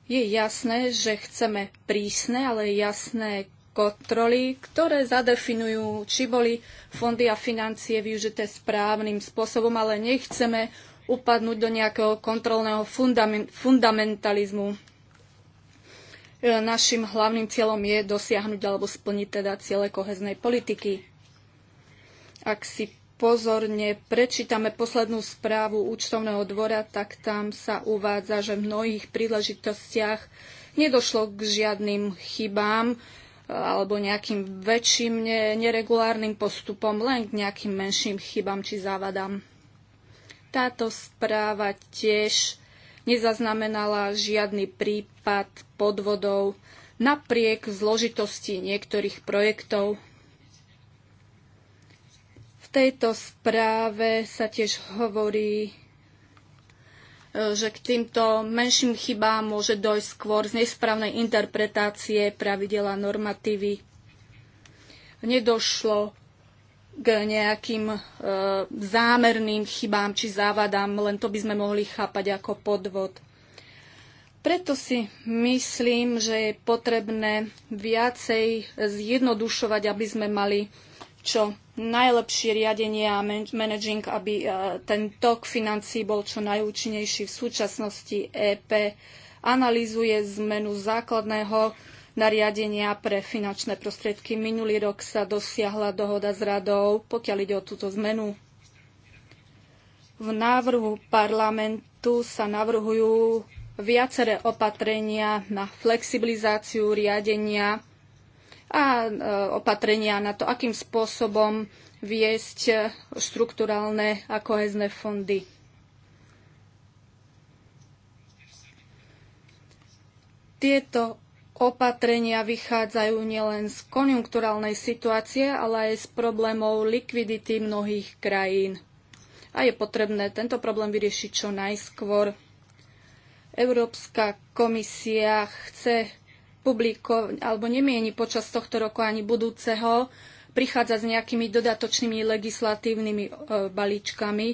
Je jasné, že chceme prísne, ale jasné kontroly, ktoré zadefinujú, či boli fondy a financie využité správnym spôsobom, ale nechceme upadnúť do nejakého kontrolného fundament, fundamentalizmu. E, našim hlavným cieľom je dosiahnuť alebo splniť teda ciele koheznej politiky. Ak si pozorne prečítame poslednú správu účtovného dvora, tak tam sa uvádza, že v mnohých príležitostiach nedošlo k žiadnym chybám e, alebo nejakým väčším neregulárnym postupom, len k nejakým menším chybám či závadám. Táto správa tiež nezaznamenala žiadny prípad podvodov napriek zložitosti niektorých projektov. V tejto správe sa tiež hovorí, e, že k týmto menším chybám môže dojsť skôr z nesprávnej interpretácie pravidela normatívy. Nedošlo k nejakým e, zámerným chybám či závadám, len to by sme mohli chápať ako podvod. Preto si myslím, že je potrebné viacej zjednodušovať, aby sme mali čo najlepšie riadenie a managing, aby e, ten tok financí bol čo najúčinnejší. V súčasnosti EP analizuje zmenu základného nariadenia pre finančné prostriedky. Minulý rok sa dosiahla dohoda s radou, pokiaľ ide o túto zmenu. V návrhu parlamentu sa navrhujú viaceré opatrenia na flexibilizáciu riadenia a e, opatrenia na to, akým spôsobom viesť e, štrukturálne a kohezné fondy. Tieto Opatrenia vychádzajú nielen z konjunkturálnej situácie, ale aj z problémov likvidity mnohých krajín. A je potrebné tento problém vyriešiť čo najskôr. Európska komisia chce publikovať, alebo nemieni počas tohto roku ani budúceho, prichádza s nejakými dodatočnými legislatívnymi e, balíčkami,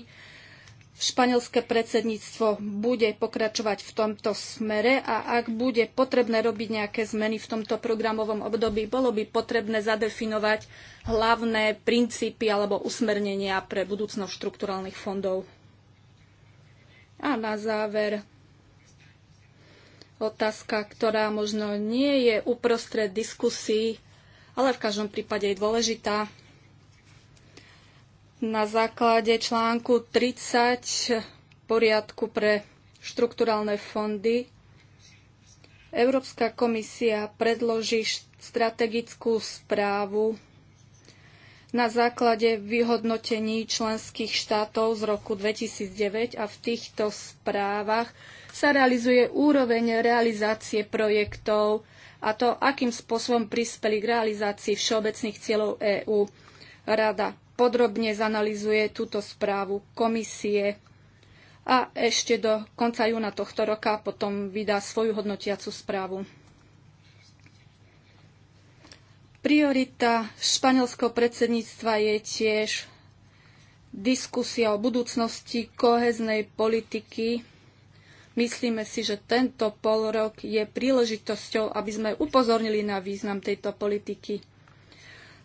Španielské predsedníctvo bude pokračovať v tomto smere a ak bude potrebné robiť nejaké zmeny v tomto programovom období, bolo by potrebné zadefinovať hlavné princípy alebo usmernenia pre budúcnosť štrukturálnych fondov. A na záver otázka, ktorá možno nie je uprostred diskusí, ale v každom prípade je dôležitá na základe článku 30 poriadku pre štrukturálne fondy Európska komisia predloží strategickú správu na základe vyhodnotení členských štátov z roku 2009 a v týchto správach sa realizuje úroveň realizácie projektov a to, akým spôsobom prispeli k realizácii všeobecných cieľov EÚ. Rada podrobne zanalizuje túto správu komisie a ešte do konca júna tohto roka potom vydá svoju hodnotiacu správu. Priorita španielského predsedníctva je tiež diskusia o budúcnosti koheznej politiky. Myslíme si, že tento polrok je príležitosťou, aby sme upozornili na význam tejto politiky.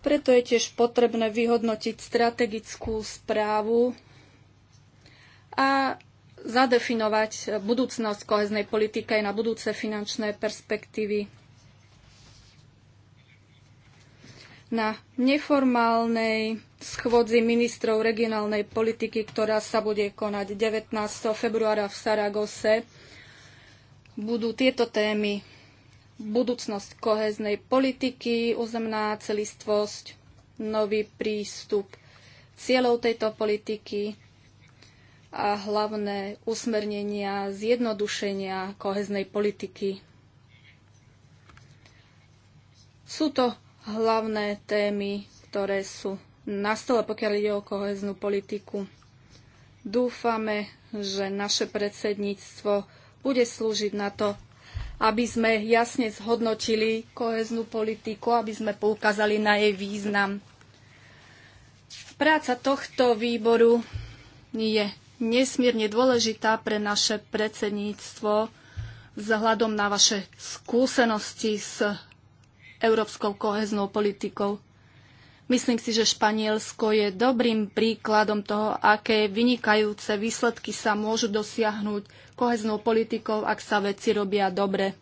Preto je tiež potrebné vyhodnotiť strategickú správu a zadefinovať budúcnosť koheznej politiky aj na budúce finančné perspektívy. Na neformálnej schôdzi ministrov regionálnej politiky, ktorá sa bude konať 19. februára v Saragose, budú tieto témy budúcnosť koheznej politiky, územná celistvosť, nový prístup cieľov tejto politiky a hlavné usmernenia zjednodušenia koheznej politiky. Sú to hlavné témy, ktoré sú na stole, pokiaľ ide o koheznú politiku. Dúfame, že naše predsedníctvo bude slúžiť na to, aby sme jasne zhodnotili koheznú politiku, aby sme poukázali na jej význam. Práca tohto výboru je nesmierne dôležitá pre naše predsedníctvo vzhľadom na vaše skúsenosti s európskou koheznou politikou. Myslím si, že Španielsko je dobrým príkladom toho, aké vynikajúce výsledky sa môžu dosiahnuť koheznou politikou, ak sa veci robia dobre.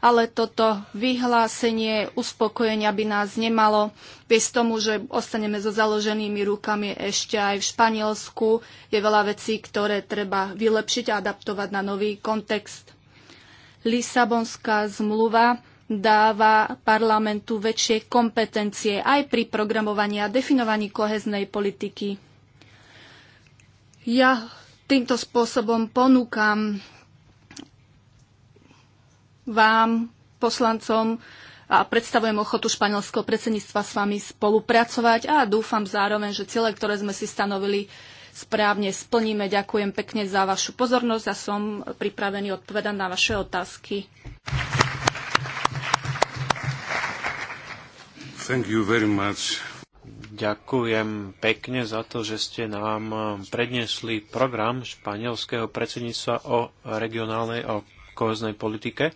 Ale toto vyhlásenie uspokojenia by nás nemalo bez tomu, že ostaneme so založenými rukami ešte aj v Španielsku. Je veľa vecí, ktoré treba vylepšiť a adaptovať na nový kontext. Lisabonská zmluva dáva parlamentu väčšie kompetencie aj pri programovaní a definovaní koheznej politiky. Ja týmto spôsobom ponúkam vám, poslancom, a predstavujem ochotu španielského predsedníctva s vami spolupracovať a dúfam zároveň, že ciele, ktoré sme si stanovili, správne splníme. Ďakujem pekne za vašu pozornosť a som pripravený odpovedať na vaše otázky. Thank you very much. Ďakujem pekne za to, že ste nám predniesli program španielského predsedníctva o regionálnej a koheznej politike.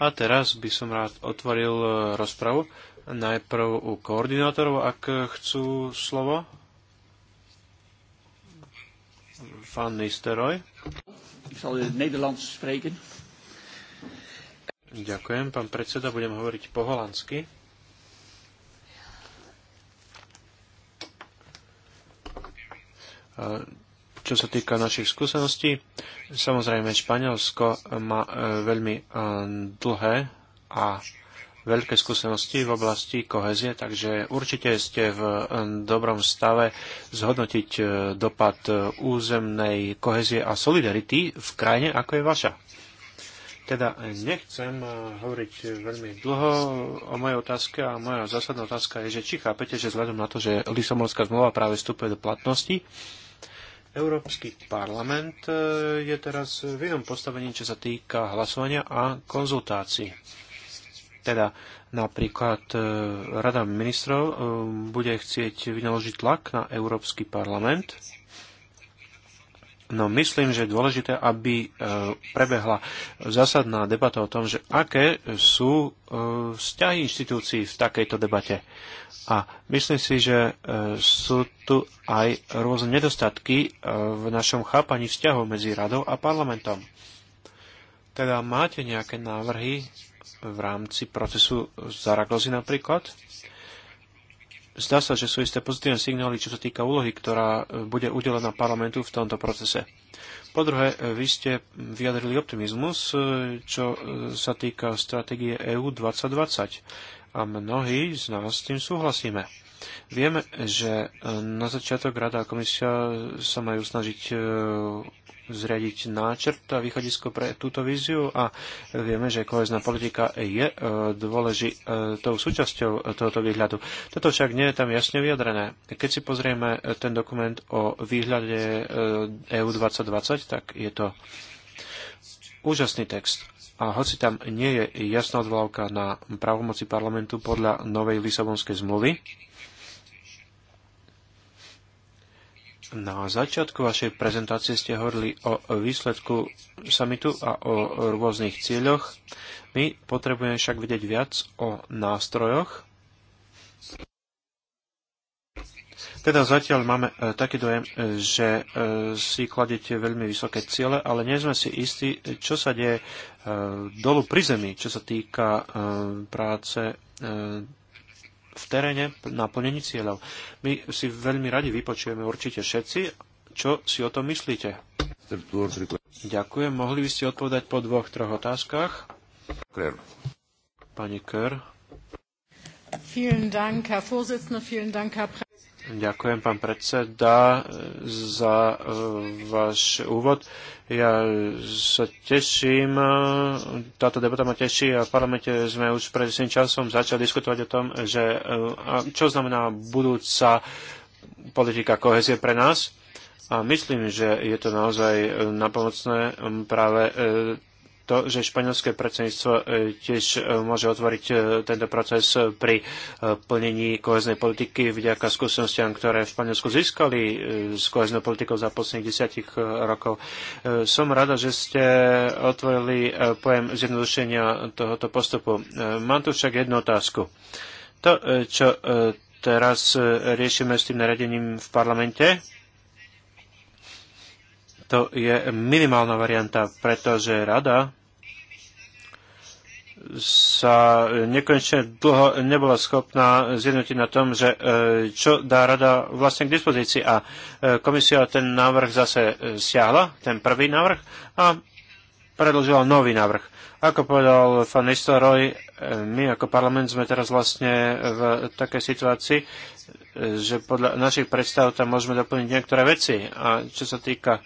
A teraz by som rád otvoril rozpravu. Najprv u koordinátorov, ak chcú slovo. Van Nistelrooy. Ďakujem, pán predseda, budem hovoriť po holandsky. čo sa týka našich skúseností, samozrejme Španielsko má e, veľmi e, dlhé a veľké skúsenosti v oblasti kohezie, takže určite ste v e, dobrom stave zhodnotiť dopad územnej kohezie a solidarity v krajine, ako je vaša. Teda nechcem hovoriť veľmi dlho o mojej otázke a moja zásadná otázka je, že či chápete, že vzhľadom na to, že Lisabonská zmluva práve vstupuje do platnosti, Európsky parlament e, je teraz v inom postavení, čo sa týka hlasovania a konzultácií. Teda napríklad e, Rada ministrov e, bude chcieť vynaložiť tlak na Európsky parlament No myslím, že je dôležité, aby e, prebehla zásadná debata o tom, že aké sú e, vzťahy inštitúcií v takejto debate. A myslím si, že e, sú tu aj rôzne nedostatky v našom chápaní vzťahov medzi radou a parlamentom. Teda máte nejaké návrhy v rámci procesu Zaragozy napríklad? zdá sa, že sú isté pozitívne signály, čo sa týka úlohy, ktorá e, bude udelená parlamentu v tomto procese. Po druhé, e, vy ste vyjadrili optimizmus, e, čo sa týka stratégie EU 2020. A mnohí z nás s tým súhlasíme. Vieme, že e, na začiatok Rada a komisia sa majú snažiť e, zriadiť náčrt a východisko pre túto víziu a vieme, že kohezná politika je e, dôležitou súčasťou tohoto výhľadu. Toto však nie je tam jasne vyjadrené. Keď si pozrieme ten dokument o výhľade EU 2020, tak je to úžasný text. A hoci tam nie je jasná odvolávka na pravomoci parlamentu podľa novej Lisabonskej zmluvy, Na začiatku vašej prezentácie ste hovorili o výsledku samitu a o rôznych cieľoch. My potrebujeme však vedieť viac o nástrojoch. Teda zatiaľ máme e, taký dojem, e, že e, si kladete veľmi vysoké ciele, ale nie sme si istí, čo sa deje dolu pri zemi, čo sa týka práce v teréne na plnení cieľov. My si veľmi radi vypočujeme určite všetci, čo si o tom myslíte. Ďakujem. Mohli by ste odpovedať po dvoch, troch otázkach? Kler. Pani Kerr. Vielen Dank, Herr Vorsitzender, vielen Dank, Herr Pre Ďakujem, pán predseda, za e, váš úvod. Ja sa teším, e, táto debata ma teší a v parlamente sme už pred tým časom začali diskutovať o tom, že e, čo znamená budúca politika kohezie pre nás. A myslím, že je to naozaj napomocné práve to, že španielské predsedníctvo e, tiež e, môže otvoriť e, tento proces pri plnení koheznej politiky vďaka skúsenostiam, ktoré v Španielsku získali s koheznou politikou za posledných desiatich rokov. Som rada, že ste otvorili pojem zjednodušenia tohoto postupu. Mám tu však jednu otázku. To, čo teraz riešime s tým naradením v parlamente, to je minimálna varianta, pretože rada sa nekonečne dlho nebola schopná zjednotiť na tom, že e, čo dá rada vlastne k dispozícii. A e, komisia ten návrh zase e, siahla, ten prvý návrh, a predložila nový návrh. Ako povedal pán Nistelrooy, my ako parlament sme teraz vlastne v takej situácii, že podľa našich predstav tam môžeme doplniť niektoré veci. A čo sa týka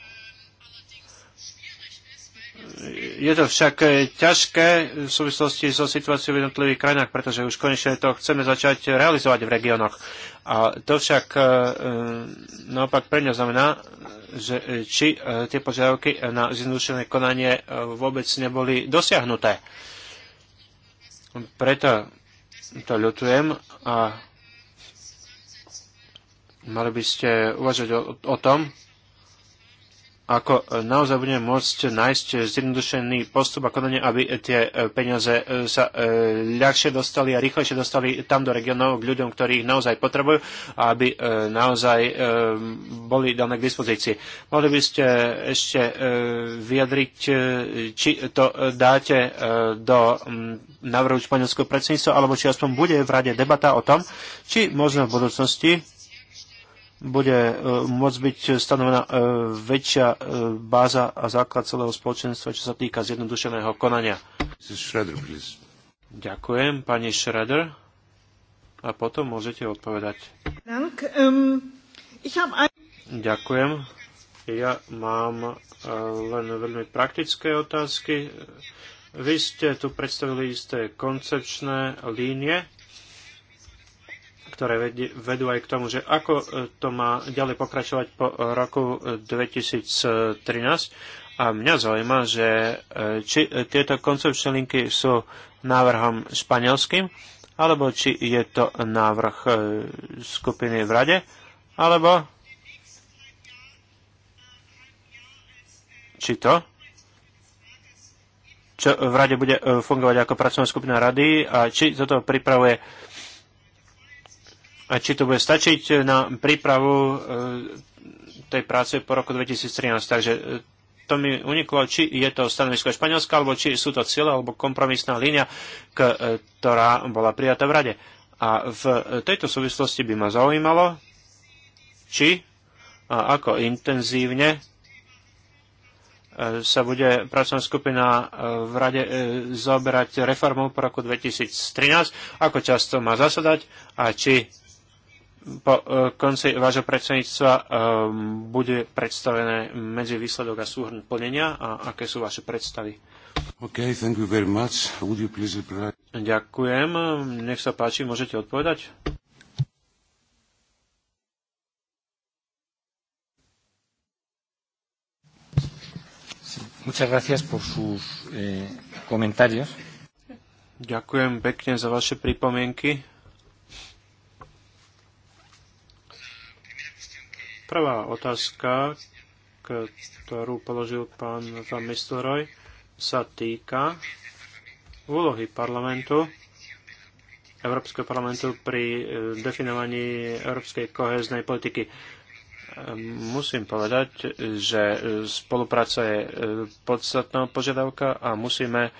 je to však eh, ťažké v súvislosti so situáciou v jednotlivých krajinách, pretože už konečne to chceme začať realizovať v regiónoch. A to však eh, eh, naopak pre mňa znamená, že či tie požiadavky na zjednodušené konanie vôbec neboli dosiahnuté. Preto to ľutujem a mali by ste uvažovať o, o tom, ako naozaj budeme môcť nájsť zjednodušený postup a konanie, aby tie e, peniaze e, sa e, ľahšie dostali a rýchlejšie dostali tam do regionov k ľuďom, ktorí ich naozaj potrebujú a aby naozaj boli dané k dispozícii. Mohli by ste ešte vyjadriť, či to dáte do návrhu španielského predsedníctva, alebo či aspoň bude v rade debata o tom, či možno v budúcnosti bude e, môcť byť stanovená e, väčšia e, báza a základ celého spoločenstva, čo sa týka zjednodušeného konania. Schrader, Ďakujem, pani Schrader. A potom môžete odpovedať. Ehm, Ďakujem. Ja mám len veľmi praktické otázky. Vy ste tu predstavili isté koncepčné línie ktoré vedú aj k tomu, že ako e, to má ďalej pokračovať po roku 2013. A mňa zaujíma, že e, či e, tieto koncepčné linky sú návrhom španielským, alebo či je to návrh skupiny v rade, alebo či to, čo v rade bude fungovať ako pracovná skupina rady a či toto pripravuje a či to bude stačiť na prípravu e, tej práce po roku 2013. Takže e, to mi uniklo, či je to stanovisko Španielska, alebo či sú to cieľe, alebo kompromisná línia, e, ktorá bola prijatá v Rade. A v tejto súvislosti by ma zaujímalo, či a ako intenzívne sa bude pracovná skupina v rade zaoberať reformou po roku 2013, ako často má zasadať a či po e, konci vášho predsedníctva e, bude predstavené medzi výsledok a súhrn plnenia a aké sú vaše predstavy? Okay, thank you very much. Would you please reply? Ďakujem. Nech sa páči, môžete odpovedať? Muchas gracias por sus eh, comentarios. Ďakujem pekne za vaše pripomienky. Prvá otázka, ktorú položil pán Van Mistelrooy, sa týka úlohy parlamentu, Európskeho parlamentu pri eh, definovaní európskej koheznej politiky. Eh, musím povedať, že eh, spolupráca je podstatná požiadavka a musíme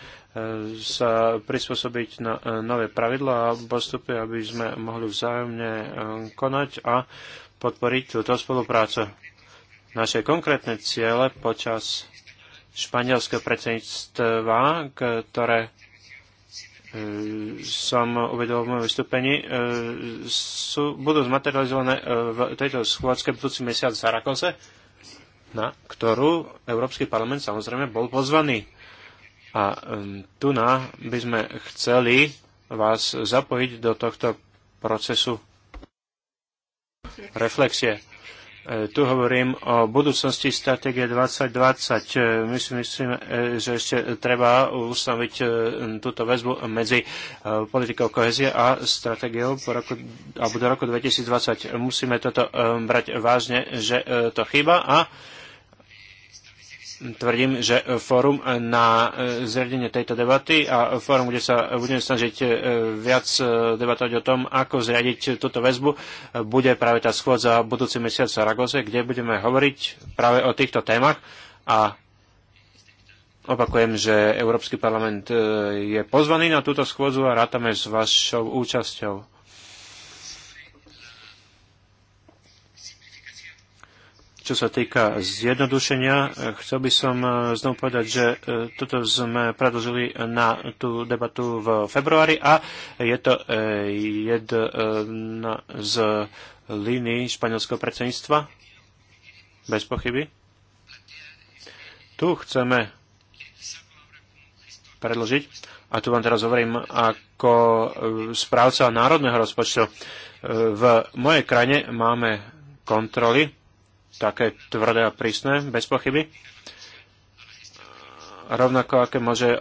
sa prispôsobiť na nové pravidlá a postupy, aby sme mohli vzájomne konať a podporiť túto spoluprácu. Naše konkrétne ciele počas španielského predsedníctva, ktoré e, som uvedol v mojom vystúpení, e, sú, budú zmaterializované e, v tejto schôdzke budúci mesiac v Sarakose, na ktorú Európsky parlament samozrejme bol pozvaný. A tu na by sme chceli vás zapojiť do tohto procesu reflexie. E, tu hovorím o budúcnosti stratégie 2020. E, my si myslím, e, že ešte treba ustaviť túto väzbu medzi politikou kohezie a stratégiou po roku, alebo do roku 2020. Musíme toto brať vážne, že to chýba a tvrdím, že fórum na e, zriadenie tejto debaty a fórum, kde sa budeme snažiť e, viac e, debatovať o tom, ako zriadiť túto väzbu, bude práve tá schôdza budúci mesiac v Saragoze, kde budeme hovoriť práve o týchto témach a Opakujem, že Európsky parlament je pozvaný na túto schôdzu a rátame s vašou účasťou. Čo sa týka zjednodušenia, chcel by som e, znovu povedať, že e, toto sme predložili na tú debatu v februári a je to e, jedna z línií španielského predsedníctva, bez pochyby. Tu chceme predložiť, a tu vám teraz hovorím ako správca národného rozpočtu. V mojej krajine máme kontroly také tvrdé a prísne, bez pochyby. Rovnako aké môže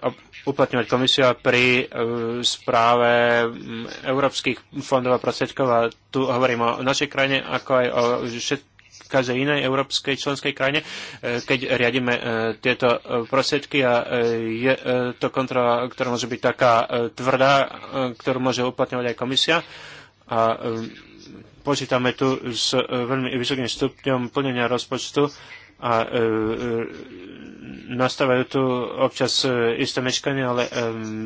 uplatňovať komisia pri e, správe európskych fondov a prostriedkov. A tu hovorím o našej krajine, ako aj o všetkých každej inej európskej členskej krajine, e, keď riadíme e, tieto prostriedky a je to kontrola, ktorá môže byť taká tvrdá, ktorú môže uplatňovať aj komisia. A počítame tu s e, veľmi vysokým stupňom plnenia rozpočtu a e, e nastávajú tu občas e, isté meškanie, ale e,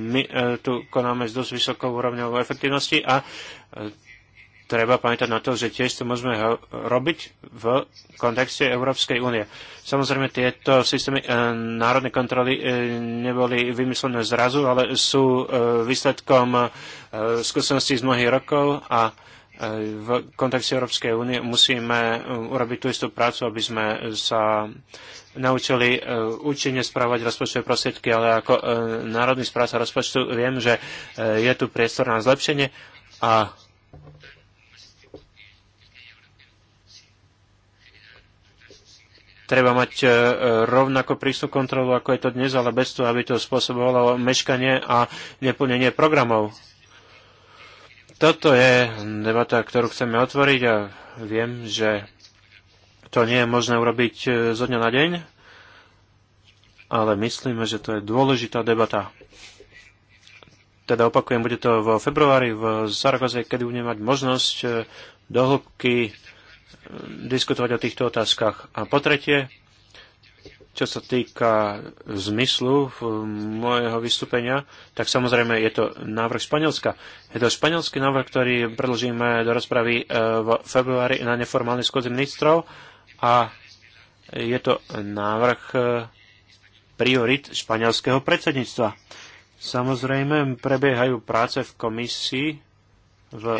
my e, tu konáme s dosť vysokou úrovňou efektivnosti a e, treba pamätať na to, že tiež to môžeme robiť v kontexte Európskej únie. Samozrejme, tieto systémy e, národnej kontroly e, neboli vymyslené zrazu, ale sú e, výsledkom e, skúseností z mnohých rokov a e, v kontexte Európskej únie musíme uh, urobiť tú istú prácu, aby sme sa naučili uh, účinne správať rozpočtové prostriedky, ale ako uh, národný správca rozpočtu viem, že je tu priestor na zlepšenie a treba mať rovnako prísnu kontrolu, ako je to dnes, ale bez toho, aby to spôsobovalo meškanie a neplnenie programov. Toto je debata, ktorú chceme otvoriť a viem, že to nie je možné urobiť e, zo dňa na deň, ale myslíme, že to je dôležitá debata. Teda opakujem, bude to vo februári v Saragoze, kedy budeme mať možnosť e, dohlbky e, diskutovať o týchto otázkach. A po tretie, čo sa týka zmyslu môjho vystúpenia, tak samozrejme je to návrh Španielska. Je to španielský návrh, ktorý predložíme do rozpravy e, v februári na neformálny skôdzi ministrov a je to návrh e, priorit španielského predsedníctva. Samozrejme, prebiehajú práce v komisii v e,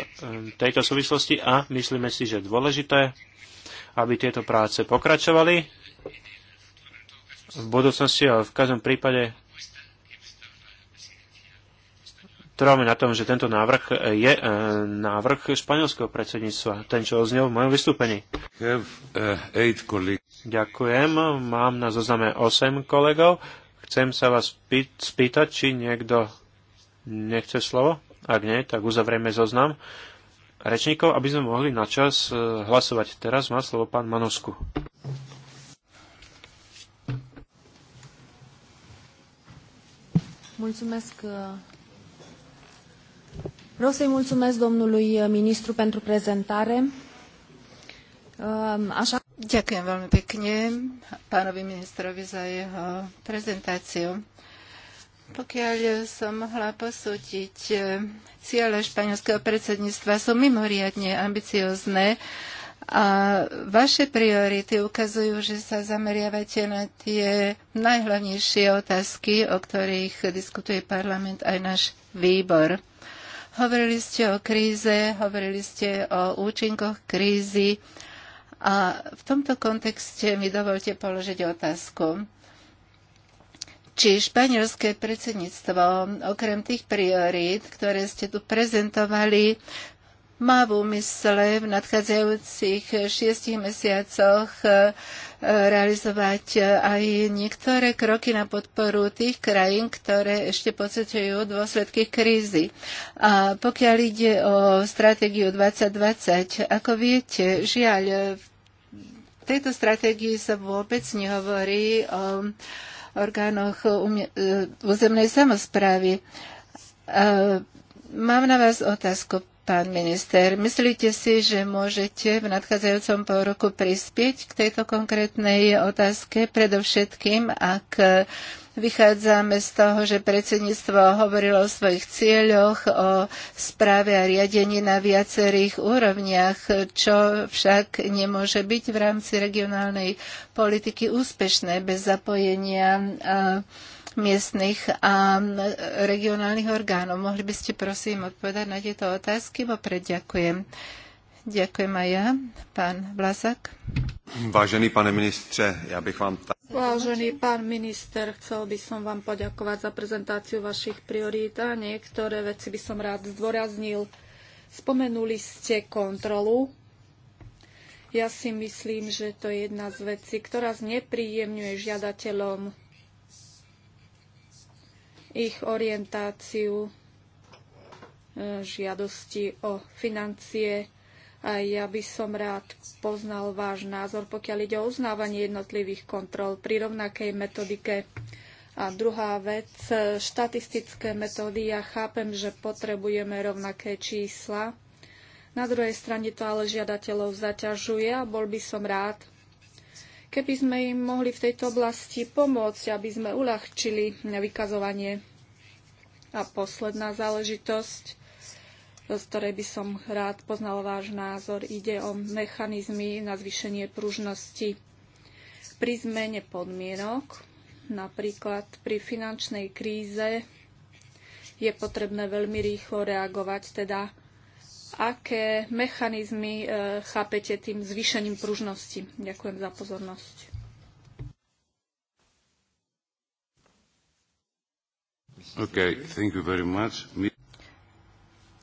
tejto súvislosti a myslíme si, že dôležité, aby tieto práce pokračovali v budúcnosti, ale v každom prípade trváme na tom, že tento návrh je e, návrh španielského predsedníctva, ten, čo oznel v mojom vystúpení. Have, uh, Ďakujem, mám na zozname 8 kolegov. Chcem sa vás spýtať, či niekto nechce slovo. Ak nie, tak uzavrieme zoznam rečníkov, aby sme mohli na čas e, hlasovať. Teraz má slovo pán Manovsku. Mulțumesc. Uh, vreau să-i mulțumesc domnului uh, ministru pentru prezentare. Uh, așa... Ďakujem veľmi pekne pánovi ministrovi za jeho prezentáciu. Pokiaľ som mohla posúdiť, eh, ciele španielského predsedníctva sú mimoriadne ambiciozne a vaše priority ukazujú, že sa zameriavate na tie najhlavnejšie otázky, o ktorých diskutuje parlament aj náš výbor. Hovorili ste o kríze, hovorili ste o účinkoch krízy a v tomto kontexte mi dovolte položiť otázku. Či španielské predsedníctvo, okrem tých priorít, ktoré ste tu prezentovali, má v úmysle v nadchádzajúcich šiestich mesiacoch e, realizovať e, aj niektoré kroky na podporu tých krajín, ktoré ešte pocitujú dôsledky krízy. A pokiaľ ide o stratégiu 2020, ako viete, žiaľ, v tejto stratégii sa vôbec nehovorí o orgánoch e, územnej samozprávy. Mám na vás otázku pán minister. Myslíte si, že môžete v nadchádzajúcom pol roku prispieť k tejto konkrétnej otázke, predovšetkým, ak Vychádzame z toho, že predsedníctvo hovorilo o svojich cieľoch, o správe a riadení na viacerých úrovniach, čo však nemôže byť v rámci regionálnej politiky úspešné bez zapojenia a miestnych a regionálnych orgánov. Mohli by ste prosím odpovedať na tieto otázky, bo predďakujem. Ďakujem aj ja, pán Vlasak. Vážený pane ministře, ja bych vám... Ta... Vážený pán minister, chcel by som vám poďakovať za prezentáciu vašich priorít a niektoré veci by som rád zdôraznil. Spomenuli ste kontrolu. Ja si myslím, že to je jedna z vecí, ktorá znepríjemňuje žiadateľom ich orientáciu e, žiadosti o financie. A ja by som rád poznal váš názor, pokiaľ ide o uznávanie jednotlivých kontrol pri rovnakej metodike. A druhá vec, e, štatistické metódy. Ja chápem, že potrebujeme rovnaké čísla. Na druhej strane to ale žiadateľov zaťažuje a bol by som rád, keby sme im mohli v tejto oblasti pomôcť, aby sme uľahčili vykazovanie. A posledná záležitosť, z ktorej by som rád poznal váš názor, ide o mechanizmy na zvýšenie pružnosti pri zmene podmienok, napríklad pri finančnej kríze je potrebné veľmi rýchlo reagovať, teda aké mechanizmy e, chápete tým zvýšením pružnosti. Ďakujem za pozornosť. Okay, thank you very much.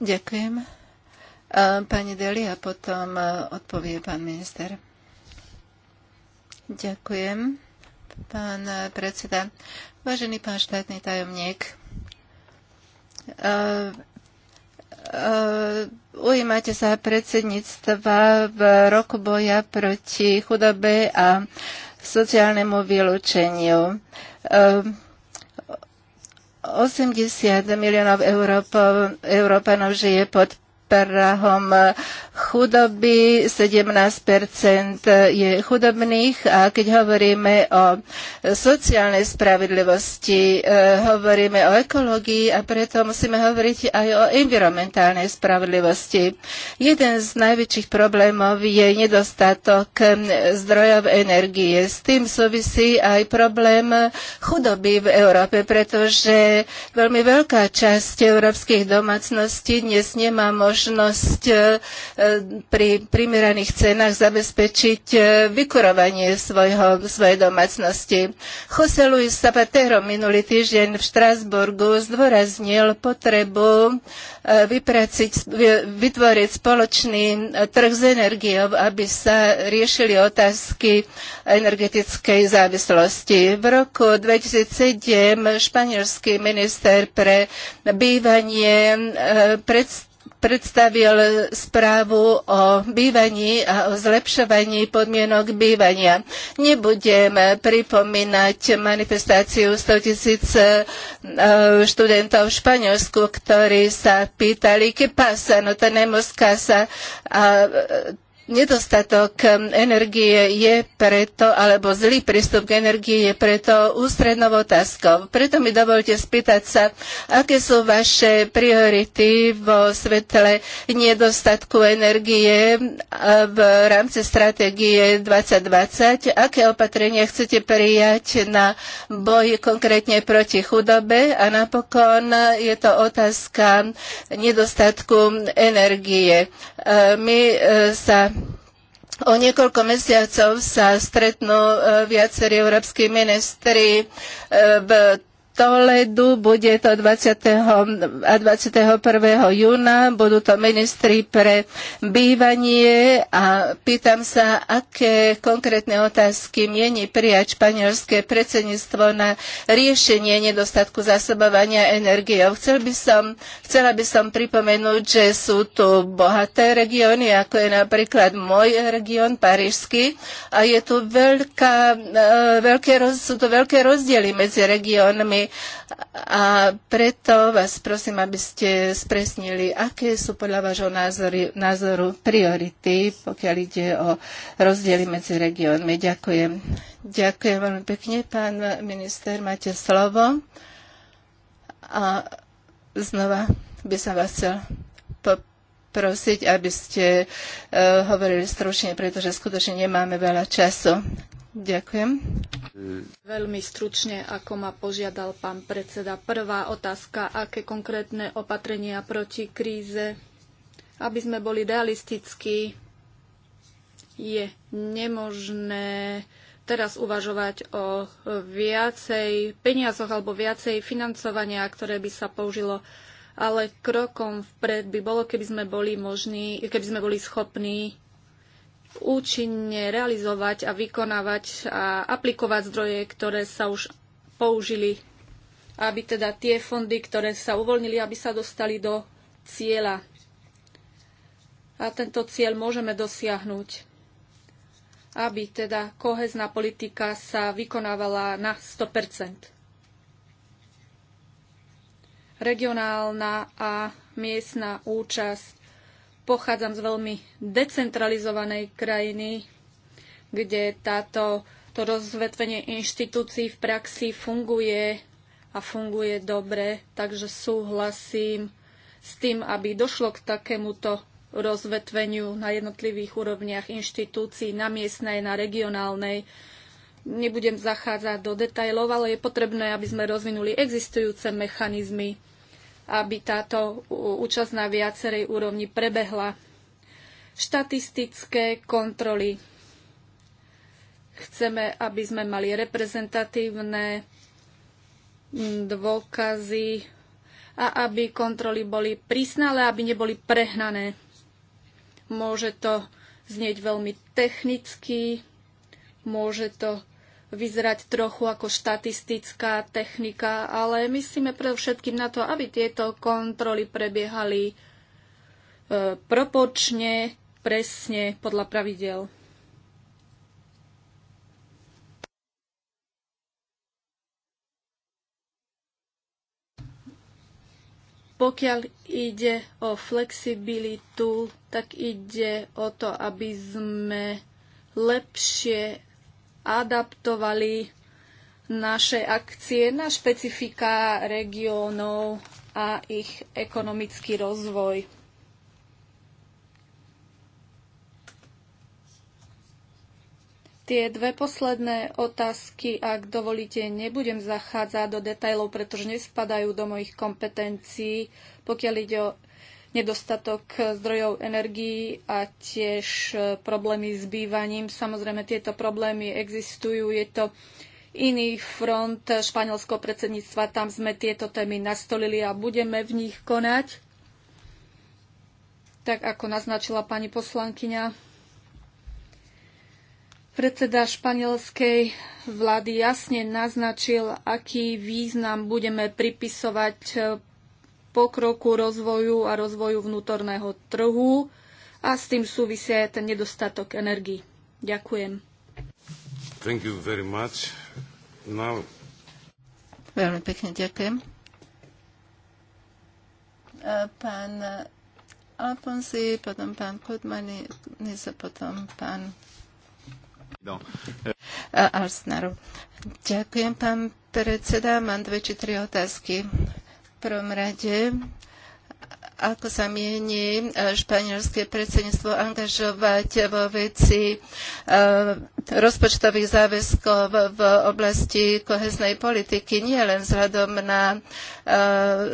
Ďakujem. E, pani Deli a potom e, odpovie pán minister. Ďakujem, pán predseda. Vážený pán štátny tajomník, E, ujímate sa predsedníctva v roku boja proti chudobe a sociálnemu vylúčeniu. 80 e, miliónov Európanov žije pod prahom chudoby, 17 je chudobných a keď hovoríme o sociálnej spravedlivosti, e, hovoríme o ekológii a preto musíme hovoriť aj o environmentálnej spravedlivosti. Jeden z najväčších problémov je nedostatok zdrojov energie. S tým súvisí aj problém chudoby v Európe, pretože veľmi veľká časť európskych domácností dnes nemá možnosť možnosť e, pri primeraných cenách zabezpečiť e, vykurovanie svojho, svojej domácnosti. Jose Luis Zapatero minulý týždeň v Štrásburgu zdôraznil potrebu e, vypraciť, vytvoriť spoločný trh s energiou, aby sa riešili otázky energetickej závislosti. V roku 2007 španielský minister pre bývanie predstavil predstavil správu o bývaní a o zlepšovaní podmienok bývania. Nebudem pripomínať manifestáciu 100 tisíc e, študentov v Španielsku, ktorí sa pýtali, ¿qué pasa? No tenemos casa. A e, Nedostatok um, energie je preto, alebo zlý prístup k energii je preto ústrednou otázkou. Preto mi dovolte spýtať sa, aké sú vaše priority vo svetle nedostatku energie v rámci stratégie 2020, aké opatrenia chcete prijať na boj konkrétne proti chudobe a napokon je to otázka nedostatku energie. E, my e, sa O niekoľko mesiacov sa stretnú e, viacerí európsky ministri v e, Toledu, bude to 20. a 21. júna, budú to ministri pre bývanie a pýtam sa, aké konkrétne otázky mieni prijať španielské predsedníctvo na riešenie nedostatku zásobovania energiou. Chcel by som, chcela by som pripomenúť, že sú tu bohaté regióny, ako je napríklad môj región, parížsky, a je tu veľká, e, veľké, sú tu veľké rozdiely medzi regiónmi a preto vás prosím, aby ste spresnili, aké sú podľa vášho názoru, názoru priority, pokiaľ ide o rozdiely medzi regiónmi. Ďakujem. Ďakujem veľmi pekne, pán minister, máte slovo. A znova by som vás chcel poprosiť, aby ste uh, hovorili stručne, pretože skutočne nemáme veľa času. Ďakujem. Veľmi stručne, ako ma požiadal pán predseda. Prvá otázka, aké konkrétne opatrenia proti kríze, aby sme boli realistickí, je nemožné teraz uvažovať o viacej peniazoch alebo viacej financovania, ktoré by sa použilo ale krokom vpred by bolo, keby sme boli možní, keby sme boli schopní účinne realizovať a vykonávať a aplikovať zdroje, ktoré sa už použili, aby teda tie fondy, ktoré sa uvoľnili, aby sa dostali do cieľa. A tento cieľ môžeme dosiahnuť, aby teda kohezná politika sa vykonávala na 100 Regionálna a miestna účasť pochádzam z veľmi decentralizovanej krajiny, kde táto, to rozvetvenie inštitúcií v praxi funguje a funguje dobre, takže súhlasím s tým, aby došlo k takémuto rozvetveniu na jednotlivých úrovniach inštitúcií, na miestnej, na regionálnej. Nebudem zachádzať do detajlov, ale je potrebné, aby sme rozvinuli existujúce mechanizmy aby táto účasť na viacerej úrovni prebehla. Štatistické kontroly. Chceme, aby sme mali reprezentatívne mm, dôkazy a aby kontroly boli prísne, ale aby neboli prehnané. Môže to znieť veľmi technicky, môže to vyzerať trochu ako štatistická technika, ale myslíme všetkým na to, aby tieto kontroly prebiehali e, propočne, presne, podľa pravidel. Pokiaľ ide o flexibilitu, tak ide o to, aby sme lepšie adaptovali naše akcie na špecifika regiónov a ich ekonomický rozvoj. Tie dve posledné otázky, ak dovolíte, nebudem zachádzať do detajlov, pretože nespadajú do mojich kompetencií. Pokiaľ ide o nedostatok zdrojov energií a tiež e, problémy s bývaním. Samozrejme, tieto problémy existujú. Je to iný front španielského predsedníctva. Tam sme tieto témy nastolili a budeme v nich konať. Tak ako naznačila pani poslankyňa, Predseda španielskej vlády jasne naznačil, aký význam budeme pripisovať e, pokroku, rozvoju a rozvoju vnútorného trhu a s tým súvisia aj ten nedostatok energii. Ďakujem. Thank you very much. Now... Veľmi pekne ďakujem. Pán Alfonsi, potom pán Kutmani, Kudmani, potom pán No. Ďakujem, pán predseda. Mám dve či tri otázky prvom rade ako sa mieni e, španielské predsedníctvo angažovať vo veci e, rozpočtových záväzkov v oblasti koheznej politiky nie len vzhľadom na eh,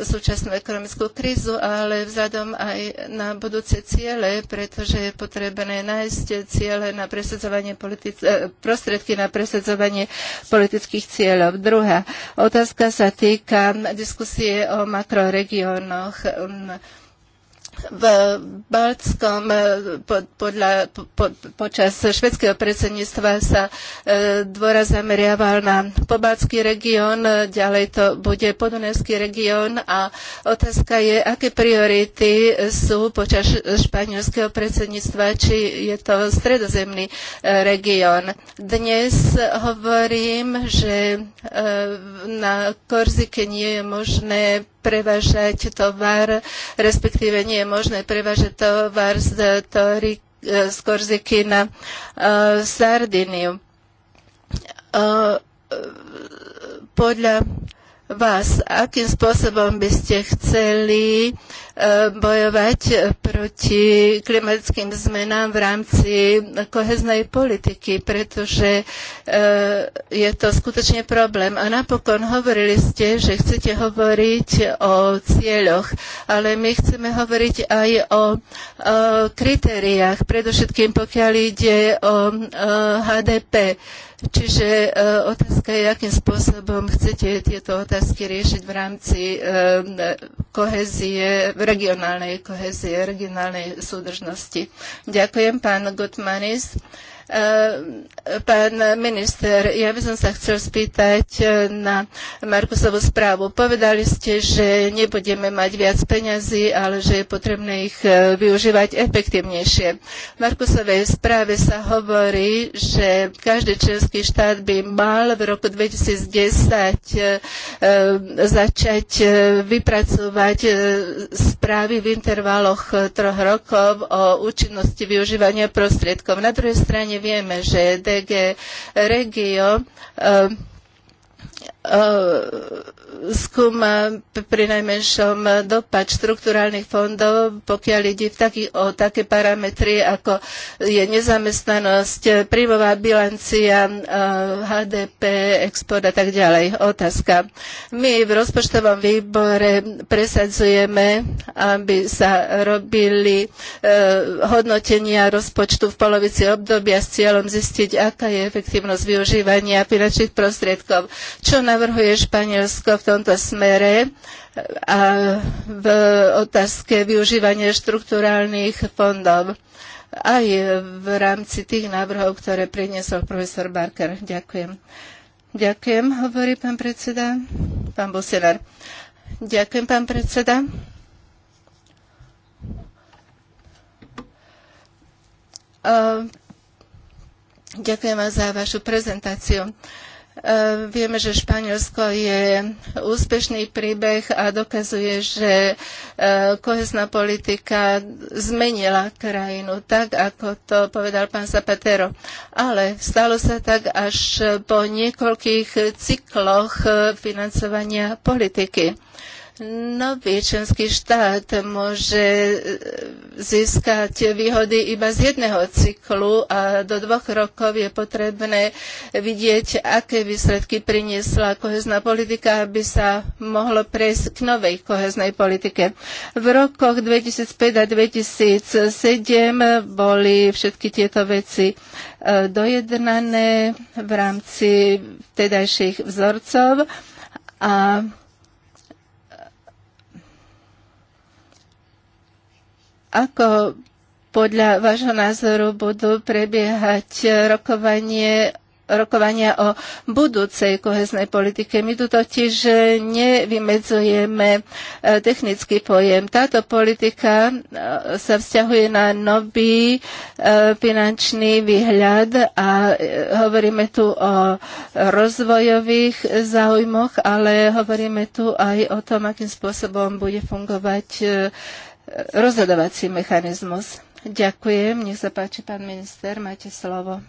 súčasnú ekonomickú krízu, ale vzhľadom aj na budúce ciele, pretože je potrebné nájsť ciele na presadzovanie politic- eh, prostriedky na presadzovanie politických cieľov. Druhá otázka sa týka diskusie o makroregiónoch. Um, v Baltskom eh, podľa, po, počas švedského predsedníctva sa e, dvora zameriaval na pobaltský región, eh, ďalej to bude podunajský región a otázka je, aké priority sú počas španielského predsedníctva, či je to stredozemný región. Dnes hovorím, že e, na Korzike nie je možné prevážať tovar, respektíve nie je možné prevážať tovar z, Torik, e, z Korziky na uh, Sardiniu. Uh, podľa vás, akým spôsobom by ste chceli e, bojovať proti klimatickým zmenám v rámci koheznej politiky, pretože e, je to skutočne problém. A napokon hovorili ste, že chcete hovoriť o cieľoch, ale my chceme hovoriť aj o, kritériách, predovšetkým pokiaľ ide o, o HDP. Čiže e, otázka je, akým spôsobom chcete tieto otázky riešiť v rámci e, kohezie, regionálnej kohezie, regionálnej súdržnosti. Ďakujem, pán Gutmanis. Eh, pán minister, ja by som sa chcel spýtať eh, na Markusovú správu. Povedali ste, že nebudeme mať viac peňazí, ale že je potrebné ich eh, využívať efektívnejšie. V Markusovej správe sa hovorí, že každý členský štát by mal v roku 2010 začať vypracovať správy v intervaloch troch rokov o účinnosti využívania prostriedkov. Na druhej strane vieme, že DG Regio E, skúma pri najmenšom dopad štruktúrálnych fondov, pokiaľ ide v taký, o také parametry, ako je nezamestnanosť, príjmová bilancia, e, HDP, export a tak ďalej. Otázka. My v rozpočtovom výbore presadzujeme, aby sa robili e, hodnotenia rozpočtu v polovici obdobia s cieľom zistiť, aká je efektívnosť využívania finančných prostriedkov. Čo čo navrhuje Španielsko v tomto smere a v otázke využívania štrukturálnych fondov aj v rámci tých návrhov, ktoré priniesol profesor Barker. Ďakujem. Ďakujem, hovorí pán predseda. Pán Bosilár. Ďakujem, pán predseda. Ďakujem vám za vašu prezentáciu. E, vieme, že Španielsko je úspešný príbeh a dokazuje, že e, kohezná politika zmenila krajinu, tak ako to povedal pán Zapatero. Ale stalo sa tak až po niekoľkých cykloch e, financovania politiky. Nový členský štát môže e, získať výhody iba z jedného cyklu a do dvoch rokov je potrebné vidieť, aké výsledky priniesla kohezná politika, aby sa mohlo prejsť k novej koheznej politike. V rokoch 2005 a 2007 boli všetky tieto veci e, dojednané v rámci vtedajších vzorcov a Ako podľa vášho názoru budú prebiehať rokovanie rokovania o budúcej koheznej politike. My tu totiž nevymedzujeme e, technický pojem. Táto politika e, sa vzťahuje na nový e, finančný výhľad a hovoríme tu o rozvojových záujmoch, ale hovoríme tu aj o tom, akým spôsobom bude fungovať rozhodovací mechanizmus. Ďakujem. Nech sa páči, pán minister, máte slovo.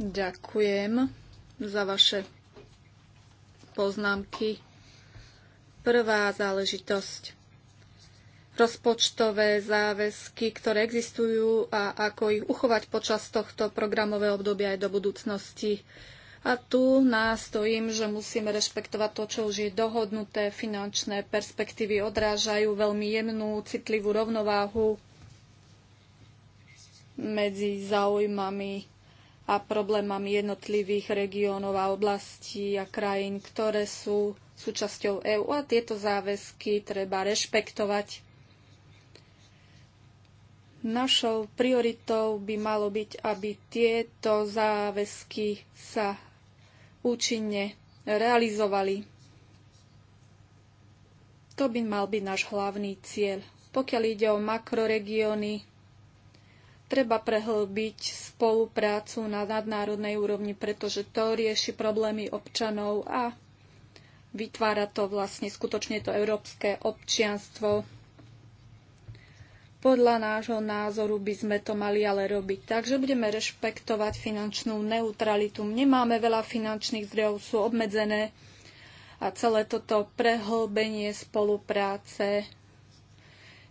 Ďakujem za vaše poznámky. Prvá záležitosť rozpočtové záväzky, ktoré existujú a ako ich uchovať počas tohto programového obdobia aj do budúcnosti. A tu nástojím, že musíme rešpektovať to, čo už je dohodnuté. Finančné perspektívy odrážajú veľmi jemnú, citlivú rovnováhu medzi záujmami a problémami jednotlivých regiónov a oblastí a krajín, ktoré sú súčasťou EÚ a tieto záväzky treba rešpektovať. Našou prioritou by malo byť, aby tieto záväzky sa účinne realizovali. To by mal byť náš hlavný cieľ. Pokiaľ ide o makroregióny, treba prehlbiť spoluprácu na nadnárodnej úrovni, pretože to rieši problémy občanov a vytvára to vlastne skutočne to európske občianstvo podľa nášho názoru by sme to mali ale robiť takže budeme rešpektovať finančnú neutralitu. Nemáme veľa finančných zdrojov, sú obmedzené a celé toto prehlbenie spolupráce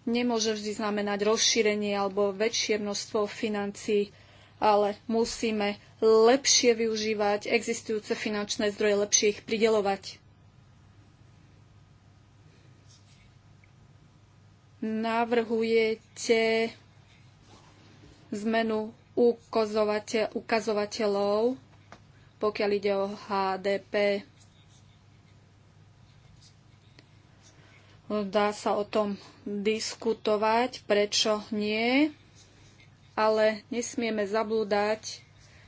nemôže vždy znamenať rozšírenie alebo väčšie množstvo financií, ale musíme lepšie využívať existujúce finančné zdroje, lepšie ich pridelovať. navrhujete zmenu ukazovateľov, pokiaľ ide o HDP. Dá sa o tom diskutovať, prečo nie, ale nesmieme zablúdať,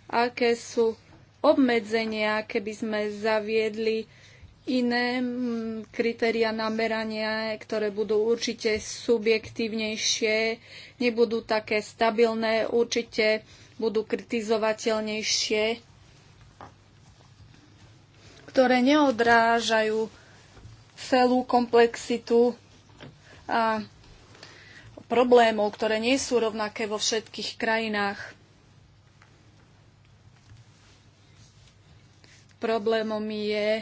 aké sú obmedzenia, keby sme zaviedli iné kritéria namerania, ktoré budú určite subjektívnejšie, nebudú také stabilné, určite budú kritizovateľnejšie, ktoré neodrážajú celú komplexitu a problémov, ktoré nie sú rovnaké vo všetkých krajinách. Problémom je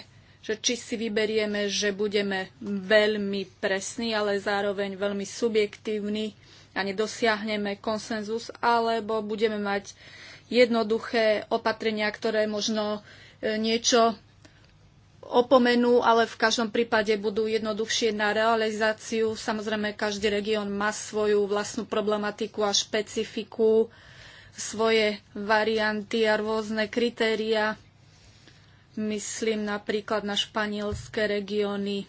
že či si vyberieme, že budeme veľmi presní, ale zároveň veľmi subjektívni a nedosiahneme konsenzus, alebo budeme mať jednoduché opatrenia, ktoré možno e, niečo opomenú, ale v každom prípade budú jednoduchšie na realizáciu. Samozrejme, každý región má svoju vlastnú problematiku a špecifiku, svoje varianty a rôzne kritéria Myslím napríklad na španielské regióny.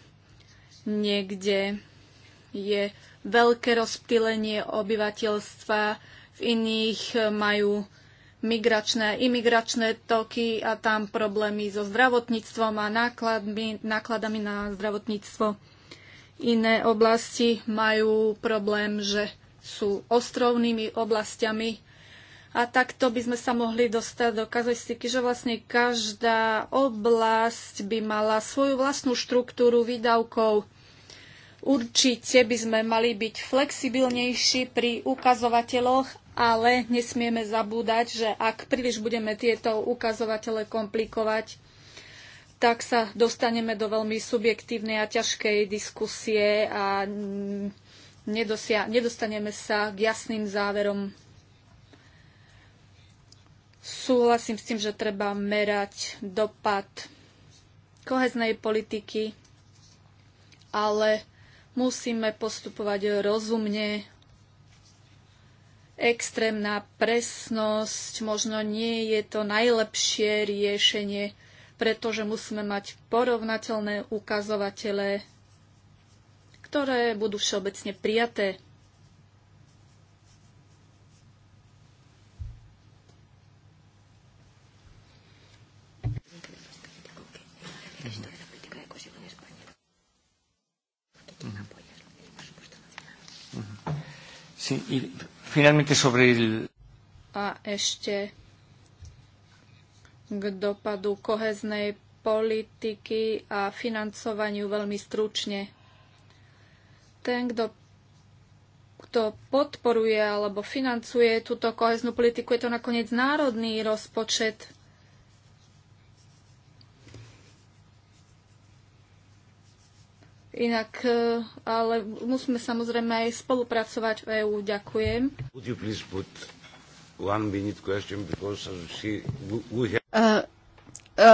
Niekde je veľké rozptýlenie obyvateľstva, v iných eh, majú migračné a imigračné toky a tam problémy so zdravotníctvom a nákladmi, nákladami na zdravotníctvo. Iné oblasti majú problém, že sú ostrovnými oblastiami a takto by sme sa mohli dostať do kazoistiky, že vlastne každá oblasť by mala svoju vlastnú štruktúru výdavkov. Určite by sme mali byť flexibilnejší pri ukazovateľoch, ale nesmieme zabúdať, že ak príliš budeme tieto ukazovatele komplikovať, tak sa dostaneme do veľmi subjektívnej a ťažkej diskusie a nedosia, nedostaneme sa k jasným záverom Súhlasím s tým, že treba merať dopad koheznej politiky, ale musíme postupovať rozumne. Extrémna presnosť možno nie je to najlepšie riešenie, pretože musíme mať porovnateľné ukazovatele, ktoré budú všeobecne prijaté. finalmente sobre el... A ešte k dopadu koheznej politiky a financovaniu veľmi stručne. Ten, kto kto podporuje alebo financuje túto koheznú politiku, je to nakoniec národný rozpočet Inak, e, ale musíme samozrejme aj spolupracovať v EÚ. Ďakujem. E, e,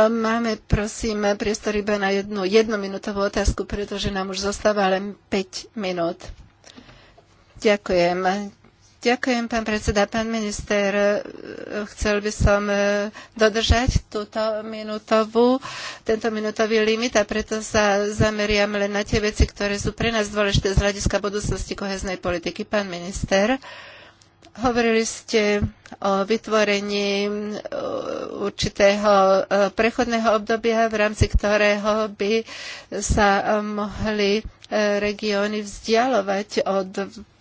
máme, prosím, priestor iba na jednu jednominútovú otázku, pretože nám už zostáva len 5 minút. Ďakujem. Ďakujem, pán predseda. Pán minister, e, chcel by som e, dodržať túto minútovú, tento minútový limit a preto sa zameriam len na tie veci, ktoré sú pre nás dôležité z hľadiska budúcnosti koheznej politiky. Pán minister, hovorili ste o vytvorení e, určitého prechodného obdobia, v rámci ktorého by sa mohli regióny vzdialovať od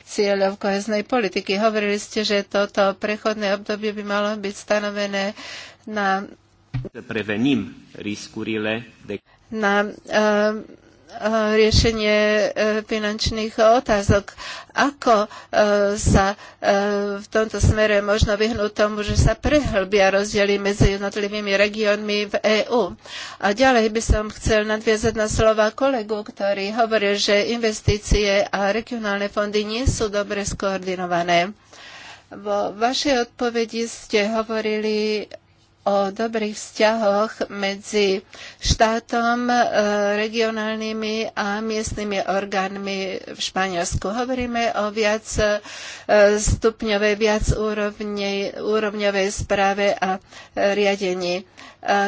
cieľov koheznej politiky. Hovorili ste, že toto prechodné obdobie by malo byť stanovené na prevenim riskurile de... na uh, Eh, riešenie eh, finančných otázok. Ako eh, sa v tomto smere možno vyhnúť tomu, že sa prehlbia rozdiely medzi jednotlivými regiónmi v EÚ. A ďalej by som chcel nadviazať na slova kolegu, ktorý hovoril, že investície a regionálne fondy nie sú dobre skoordinované. Vo vašej odpovedi ste hovorili o dobrých vzťahoch medzi štátom, e, regionálnymi a miestnymi orgánmi v Španielsku. Hovoríme o viac e, stupňovej, viac úrovnej, úrovňovej správe a e, riadení.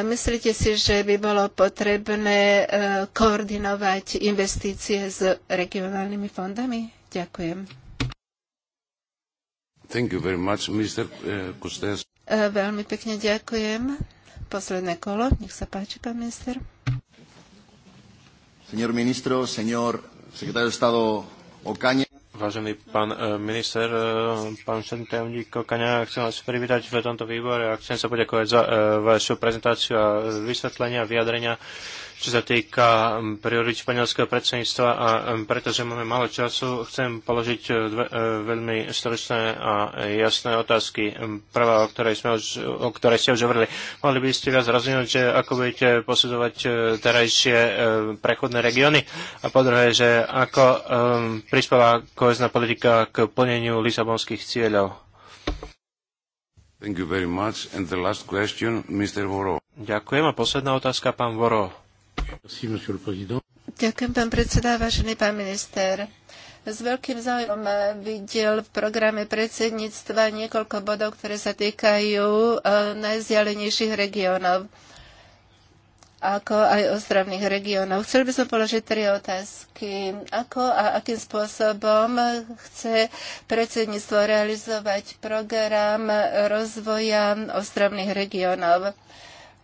Myslíte si, že by bolo potrebné koordinovať investície s regionálnymi fondami? Ďakujem. Thank you very much, Mr. E, veľmi pekne ďakujem. Posledné kolo. Nech sa páči, pán minister. Señor ministro, señor secretario de Estado Ocaña. Vážený pán e, minister, e, pán šentajomník tajomník chcem vás privítať v tomto výbore a chcem sa poďakovať za vašu prezentáciu a vysvetlenia, vyjadrenia čo sa týka um, priorit španielského predsedníctva a um, pretože máme málo času, chcem položiť uh, dve uh, veľmi stručné a jasné otázky. Um, prvá, o ktorej, sme už, o ktorej ste už hovorili. Mohli by ste viac rozvinúť, že ako budete posudzovať uh, terajšie prechodné regióny? A po druhé, že ako um, prispela kohezná politika k plneniu lisabonských cieľov? Thank you very much. And the last question, Mr. Voro. Ďakujem. A posledná otázka, pán Voro. Ďakujem, pán predseda, vážený pán minister. S veľkým záujmom videl v programe predsedníctva niekoľko bodov, ktoré sa týkajú e, najzdialenejších regiónov ako aj ostrovných regiónov. Chcel by som položiť tri otázky. Ako a akým spôsobom chce predsedníctvo realizovať program rozvoja ostrovných regiónov?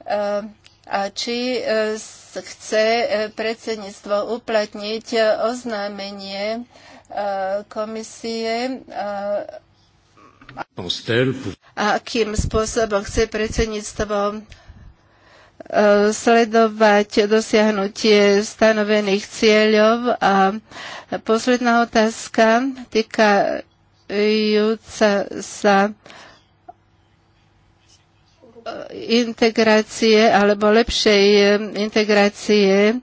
E, a či e, chce e, predsedníctvo uplatniť e, oznámenie komisie a akým spôsobom chce predsedníctvo sledovať dosiahnutie stanovených cieľov. A posledná otázka týkajúca sa integrácie alebo lepšej e, integrácie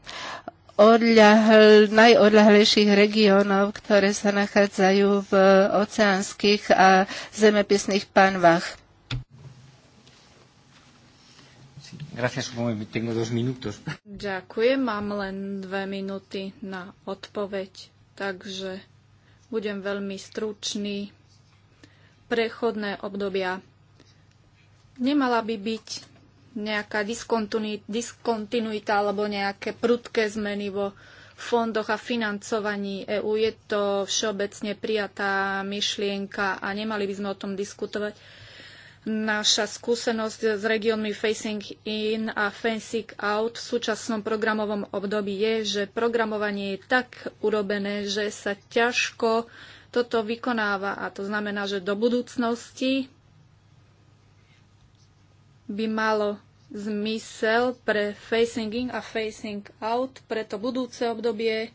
odľahl, najodľahlejších regiónov, ktoré sa nachádzajú v oceánskych a zemepisných panvách. Ďakujem, mám len dve minúty na odpoveď, takže budem veľmi stručný. Prechodné obdobia Nemala by byť nejaká diskontinuita alebo nejaké prudké zmeny vo fondoch a financovaní EÚ. Je to všeobecne prijatá myšlienka a nemali by sme o tom diskutovať. Naša skúsenosť s regiónmi Facing In a Facing Out v súčasnom programovom období je, že programovanie je tak urobené, že sa ťažko toto vykonáva a to znamená, že do budúcnosti by malo zmysel pre facing in a facing out, preto budúce obdobie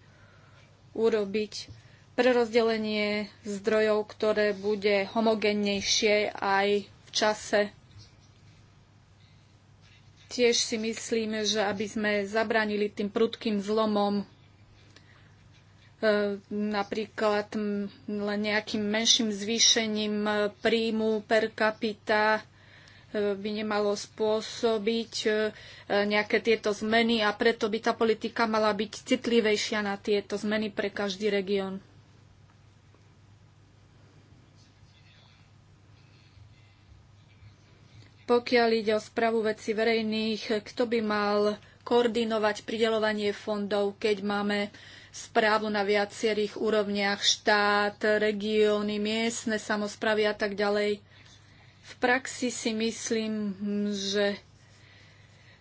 urobiť prerozdelenie zdrojov, ktoré bude homogennejšie aj v čase. Tiež si myslíme, že aby sme zabránili tým prudkým zlomom e, napríklad len nejakým menším zvýšením e, príjmu per capita E, by nemalo spôsobiť e, nejaké tieto zmeny a preto by tá politika mala byť citlivejšia na tieto zmeny pre každý región. Pokiaľ ide o správu veci verejných, kto by mal koordinovať pridelovanie fondov, keď máme správu na viacerých úrovniach štát, regióny, miestne samozpravy a tak ďalej. V praxi si myslím, že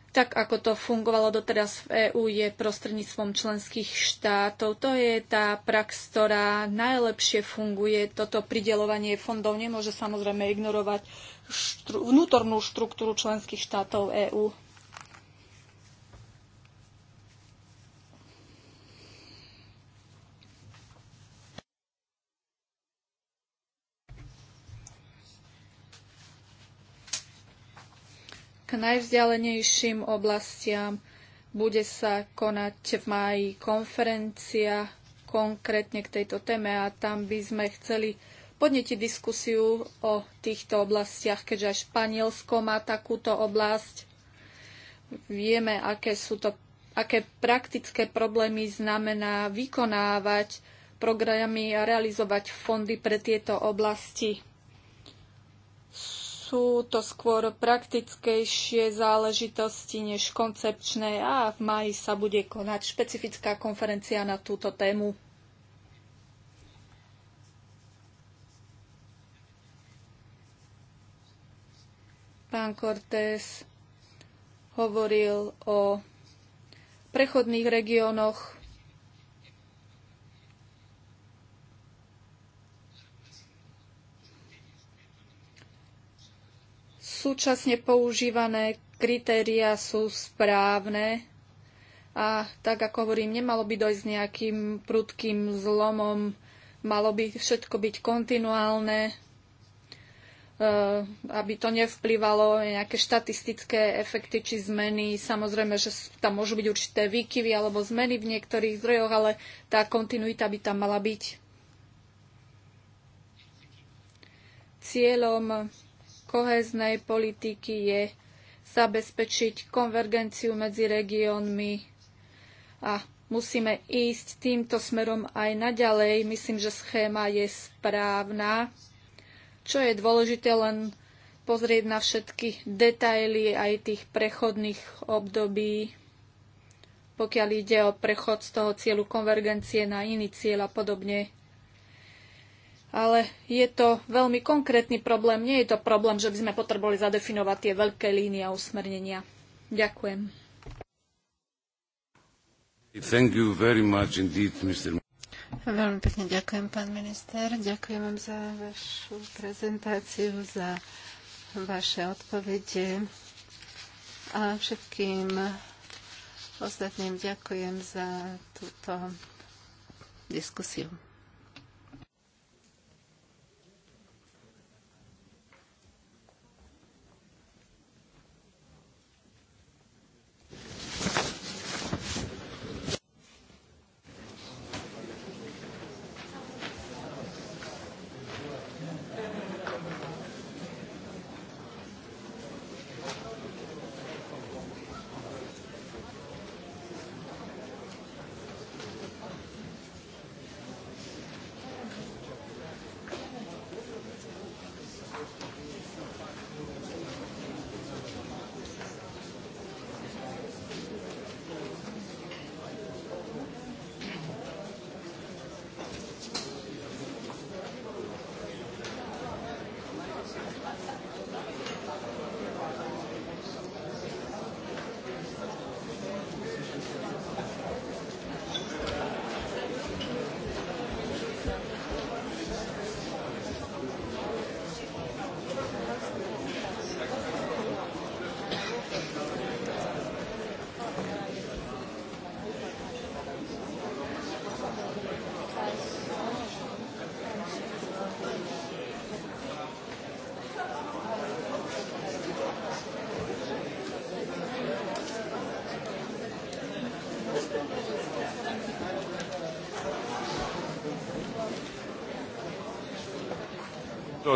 tak ako to fungovalo doteraz v EÚ, je prostredníctvom členských štátov. To je tá prax, ktorá najlepšie funguje. Toto pridelovanie fondov nemôže samozrejme ignorovať štru- vnútornú štruktúru členských štátov EÚ. k najvzdialenejším oblastiam. Bude sa konať v máji konferencia konkrétne k tejto téme a tam by sme chceli podnetiť diskusiu o týchto oblastiach, keďže aj Španielsko má takúto oblasť. Vieme, aké sú to aké praktické problémy znamená vykonávať programy a realizovať fondy pre tieto oblasti sú to skôr praktickejšie záležitosti než koncepčné a v maji sa bude konať špecifická konferencia na túto tému. Pán Cortés hovoril o prechodných regiónoch súčasne používané kritéria sú správne a tak ako hovorím, nemalo by dojsť nejakým prudkým zlomom, malo by všetko byť kontinuálne, e, aby to nevplyvalo nejaké štatistické efekty či zmeny. Samozrejme, že tam môžu byť určité výkyvy alebo zmeny v niektorých zdrojoch, ale tá kontinuita by tam mala byť. Cieľom koheznej politiky je zabezpečiť konvergenciu medzi regiónmi a musíme ísť týmto smerom aj naďalej. Myslím, že schéma je správna. Čo je dôležité len pozrieť na všetky detaily aj tých prechodných období, pokiaľ ide o prechod z toho cieľu konvergencie na iný cieľ a podobne ale je to veľmi konkrétny problém. Nie je to problém, že by sme potrebovali zadefinovať tie veľké línie a usmernenia. Ďakujem. Thank you very much indeed, Mr. Veľmi pekne ďakujem, pán minister. Ďakujem vám za vašu prezentáciu, za vaše odpovede a všetkým ostatným ďakujem za túto diskusiu.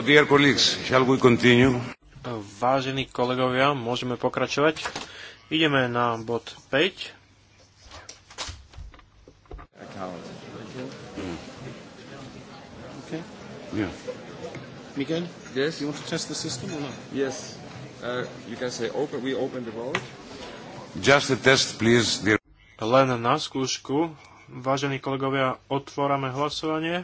dear colleagues, shall we continue? Vážení kolegovia, môžeme pokračovať. Ideme na bod 5. Okay. Yeah. Miguel? Yes? You want to test the system or not? Yes. Uh, you can say open, we open the vote. Just a test, please. Dear. Len na skúšku. Vážení kolegovia, otvárame hlasovanie.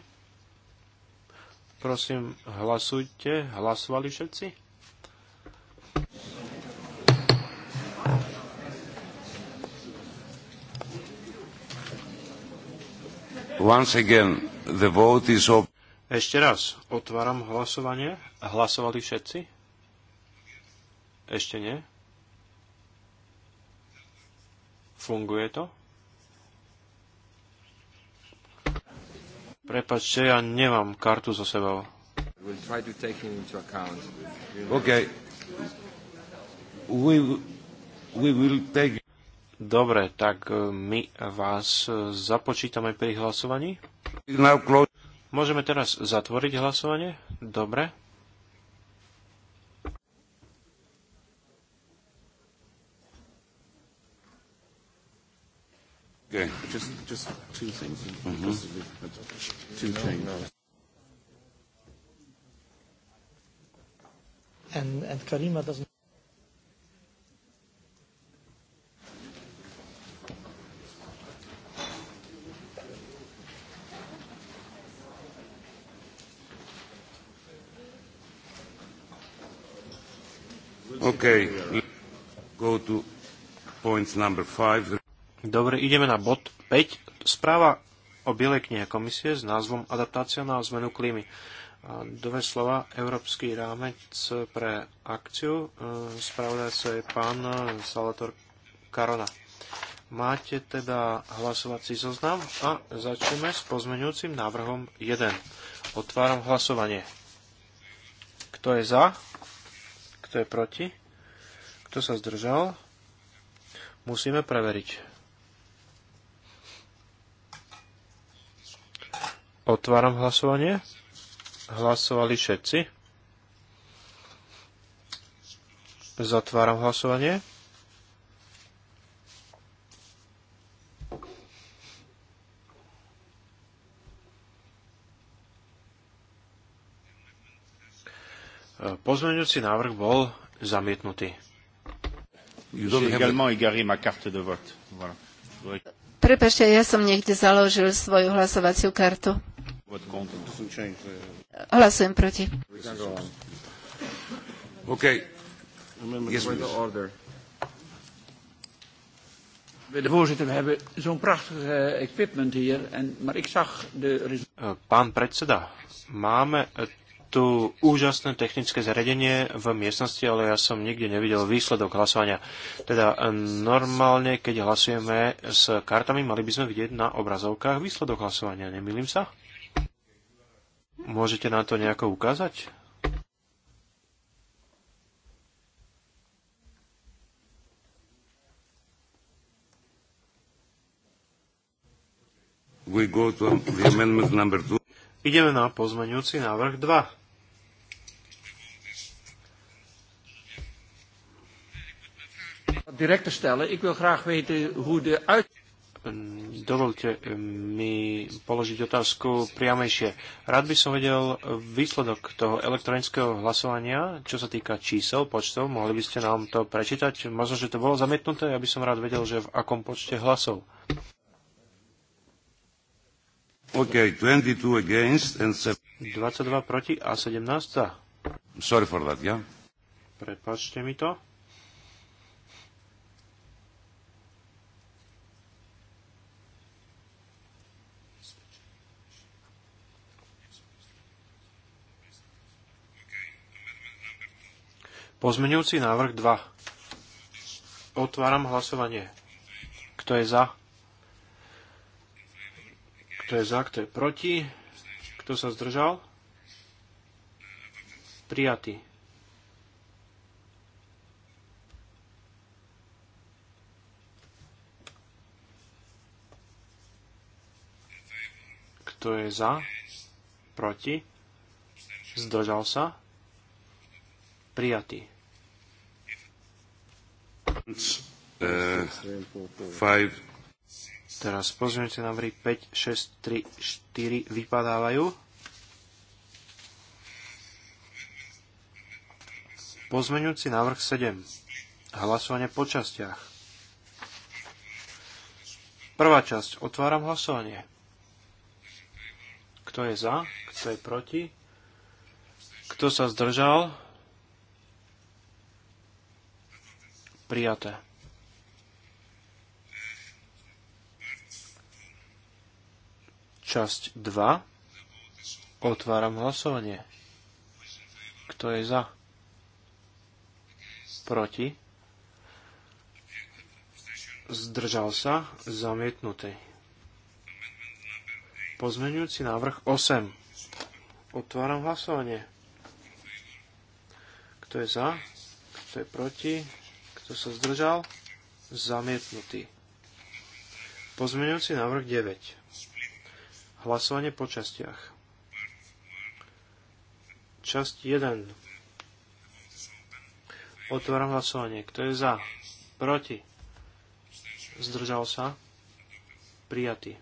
Prosím, hlasujte. Hlasovali všetci? Once again, the vote is open. Ešte raz, otváram hlasovanie. Hlasovali všetci? Ešte nie? Funguje to? Prepačte, ja nemám kartu so sebou. We'll try to take him into account. Okay. We, we will take... Dobre, tak e, my vás e, započítame pri hlasovaní. Môžeme teraz zatvoriť hlasovanie? Dobre. Okay. Just, just two things. Mm-hmm. Two no, no. And, and Karima doesn't. Okay, go to points number five. Dobre, ideme na bod 5. Správa o Bielej knihe komisie s názvom Adaptácia na zmenu klímy. Dve slova, Európsky rámec pre akciu. E, sa je pán Salator Karona. Máte teda hlasovací zoznam a začneme s pozmeňujúcim návrhom 1. Otváram hlasovanie. Kto je za? Kto je proti? Kto sa zdržal? Musíme preveriť. Otváram hlasovanie. Hlasovali všetci. Zatváram hlasovanie. Pozmeňujúci návrh bol zamietnutý. Prepašte, ja som niekde založil svoju hlasovaciu kartu. Hlasujem proti. OK. Yes, eh, eh, Pán predseda, máme tu úžasné technické zariadenie v miestnosti, ale ja som nikde nevidel výsledok hlasovania. Teda eh, normálne, keď hlasujeme s kartami, mali by sme vidieť na obrazovkách výsledok hlasovania, nemýlim sa? Môžete na to nejako ukázať? We go to the amendment number two. Ideme na pozmeňujúci návrh 2. direct te stellen. Ik wil graag weten hoe de uit... Hm, dovolte hm, mi položiť otázku priamejšie. Rád by som vedel výsledok toho elektronického hlasovania, čo sa týka čísel, počtov. Mohli by ste nám to prečítať? Možno, že to bolo zamietnuté, ja by som rád vedel, že v akom počte hlasov. OK, 22 against and 22 proti a 17 za. Sorry for that, yeah? Prepačte mi to. Pozmeňujúci návrh 2. Otváram hlasovanie. Kto je za? Kto je za, kto je proti? Kto sa zdržal? Prijatý. Kto je za? Proti? Zdržal sa? prijatý. Teraz Teraz pozrieme návrhy 5, 6, 3, 4 vypadávajú. Pozmeňujúci návrh 7. Hlasovanie po častiach. Prvá časť. Otváram hlasovanie. Kto je za? Kto je proti? Kto sa zdržal? Prijaté. Časť 2. Otváram hlasovanie. Kto je za? Proti? Zdržal sa? Zamietnutý. Pozmeňujúci návrh 8. Otváram hlasovanie. Kto je za? Kto je proti? kto sa zdržal, zamietnutý. Pozmeňujúci návrh 9. Hlasovanie po častiach. Časť 1. Otváram hlasovanie. Kto je za? Proti? Zdržal sa? Prijatý.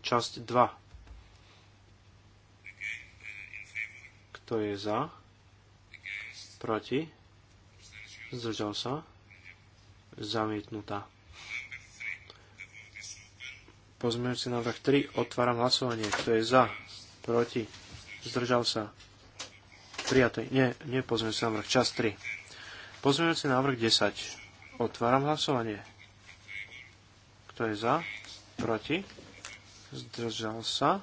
Časť 2. Kto je za? Proti? zdržal sa, zamietnutá. Pozmeňujúci návrh 3, otváram hlasovanie, kto je za, proti, zdržal sa, Prijaté. nie, nie pozmeňujúci návrh, čas 3. Pozmeňujúci návrh 10, otváram hlasovanie, kto je za, proti, zdržal sa,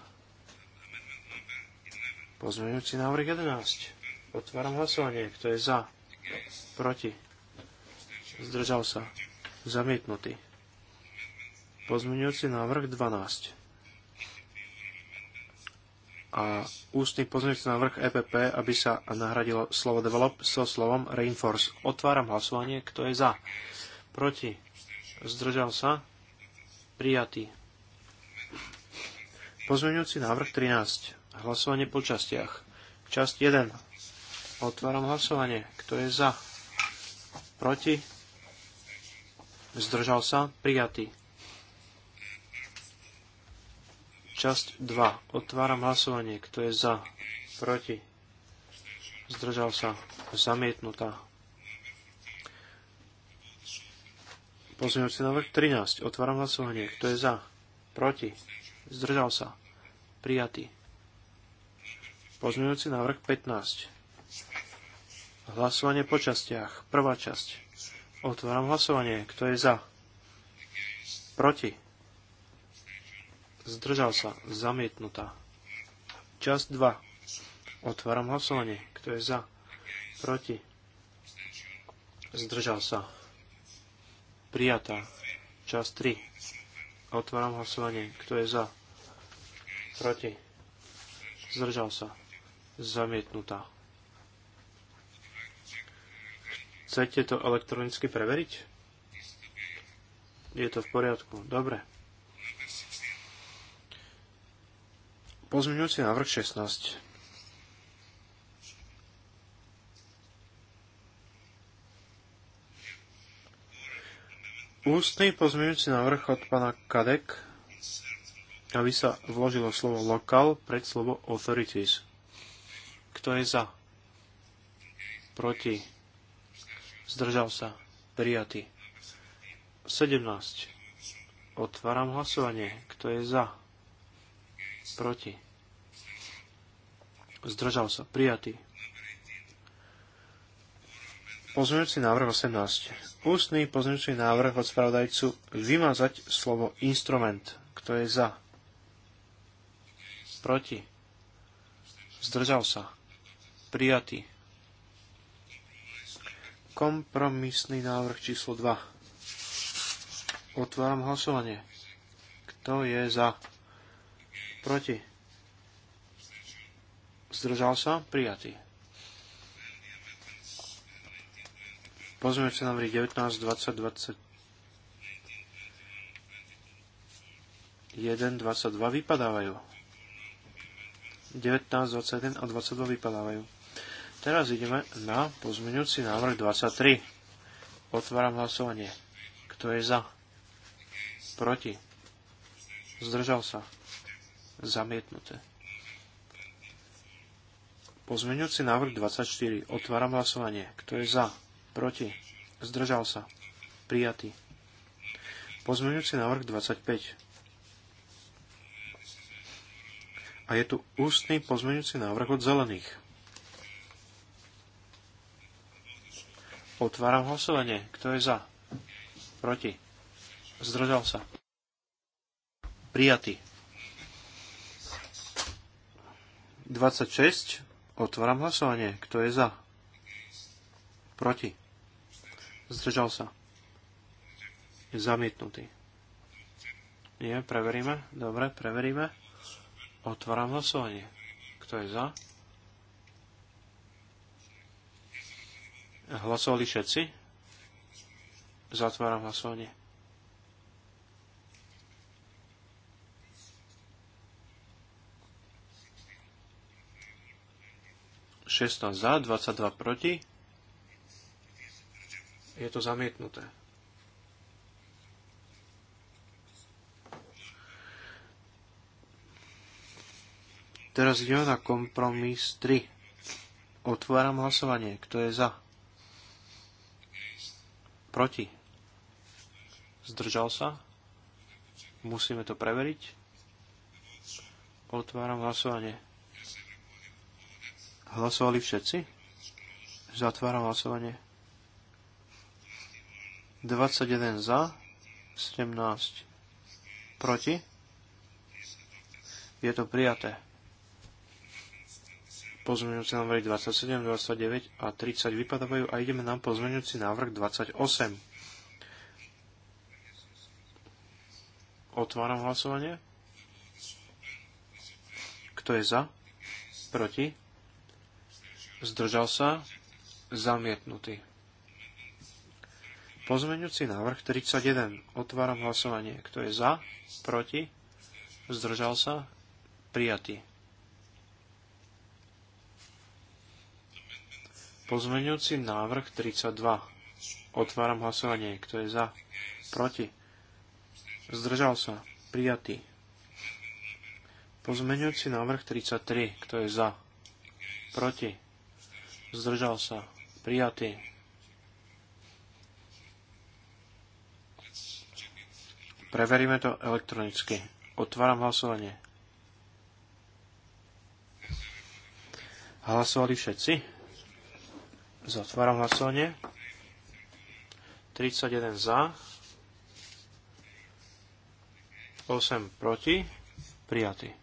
pozmeňujúci návrh 11, otváram hlasovanie, kto je za, proti, zdržal sa, zamietnutý. Pozmeňujúci návrh 12 a ústny pozmeňujúci návrh EPP, aby sa nahradilo slovo develop so slovom reinforce. Otváram hlasovanie, kto je za. Proti. Zdržal sa. Prijatý. Pozmeňujúci návrh 13. Hlasovanie po častiach. Časť 1. Otváram hlasovanie. Kto je za? Proti? Zdržal sa? Prijatý. Časť 2. Otváram hlasovanie. Kto je za? Proti? Zdržal sa? Zamietnutá. Pozmeňujúci návrh 13. Otváram hlasovanie. Kto je za? Proti? Zdržal sa? Prijatý. Pozmeňujúci návrh 15. Hlasovanie po častiach. Prvá časť. Otváram hlasovanie. Kto je za? Proti. Zdržal sa. Zamietnutá. Časť 2. Otváram hlasovanie. Kto je za? Proti. Zdržal sa. Prijatá. Časť 3. Otváram hlasovanie. Kto je za? Proti. Zdržal sa. Zamietnutá. Chcete to elektronicky preveriť? Je to v poriadku. Dobre. Pozmeňujúci návrh 16. Ústny pozmeňujúci návrh od pána Kadek, aby sa vložilo slovo lokal pred slovo authorities. Kto je za? Proti? zdržal sa, prijatý. 17. Otváram hlasovanie. Kto je za? Proti. Zdržal sa. Prijatý. Pozmeňujúci návrh 18. Ústny pozmeňujúci návrh od spravodajcu vymazať slovo instrument. Kto je za? Proti. Zdržal sa. Prijatý. Kompromisný návrh číslo 2. Otváram hlasovanie. Kto je za? Proti? Zdržal sa? Prijatý. sa na 19, 20, 20, 1, 22 vypadávajú. 19, 21 a 22 vypadávajú. Teraz ideme na pozmeňujúci návrh 23. Otváram hlasovanie. Kto je za? Proti? Zdržal sa? Zamietnuté. Pozmeňujúci návrh 24. Otváram hlasovanie. Kto je za? Proti? Zdržal sa? Prijatý. Pozmeňujúci návrh 25. A je tu ústny pozmeňujúci návrh od zelených. Otváram hlasovanie. Kto je za? Proti. Zdržal sa. Prijatý. 26. Otváram hlasovanie. Kto je za? Proti. Zdržal sa. Zamietnutý. Nie, preveríme. Dobre, preveríme. Otváram hlasovanie. Kto je za? Hlasovali všetci? Zatváram hlasovanie. Šestnásť za, 22 proti. Je to zamietnuté. Teraz ideme na kompromis 3. Otváram hlasovanie. Kto je za? Proti. Zdržal sa. Musíme to preveriť. Otváram hlasovanie. Hlasovali všetci? Zatváram hlasovanie. 21 za, 17 proti. Je to prijaté. Pozmeňujúci návrh 27, 29 a 30 vypadávajú a ideme na pozmeňujúci návrh 28. Otváram hlasovanie. Kto je za? Proti? Zdržal sa? Zamietnutý. Pozmeňujúci návrh 31. Otváram hlasovanie. Kto je za? Proti? Zdržal sa? Prijatý. Pozmeňujúci návrh 32. Otváram hlasovanie. Kto je za? Proti? Zdržal sa. Prijatý. Pozmeňujúci návrh 33. Kto je za? Proti? Zdržal sa. Prijatý. Preveríme to elektronicky. Otváram hlasovanie. Hlasovali všetci? Zatváram hlasovanie. 31 za. 8 proti. Prijatý.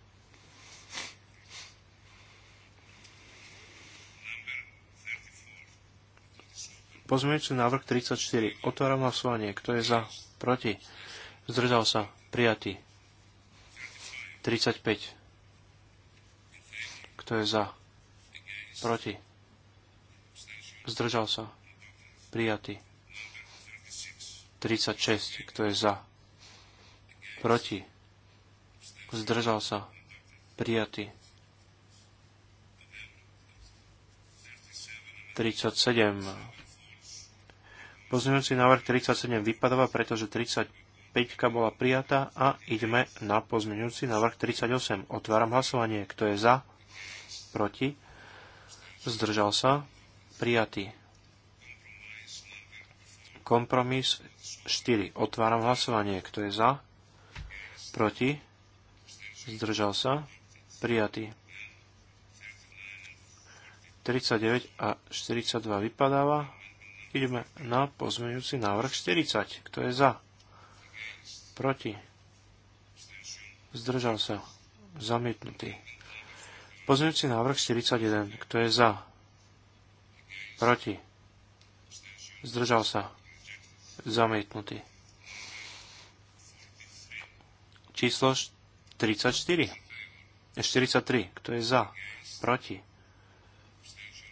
Pozmeňujúci návrh 34. Otváram hlasovanie. Kto je za? Proti? Zdržal sa. Prijatý. 35. Kto je za? Proti? Zdržal sa. Prijatý. 36. Kto je za? Proti. Zdržal sa. Prijatý. 37. Pozmeňujúci návrh 37 vypadáva, pretože 35 bola prijatá a ideme na pozmeňujúci návrh 38. Otváram hlasovanie. Kto je za? Proti? Zdržal sa? prijatý. Kompromis 4. Otváram hlasovanie. Kto je za? Proti? Zdržal sa? Prijatý. 39 a 42 vypadáva. Ideme na pozmeňujúci návrh 40. Kto je za? Proti? Zdržal sa? Zamietnutý. Pozmeňujúci návrh 41. Kto je za? Proti. Zdržal sa. Zamietnutý. Číslo 34. 43. E, Kto je za? Proti.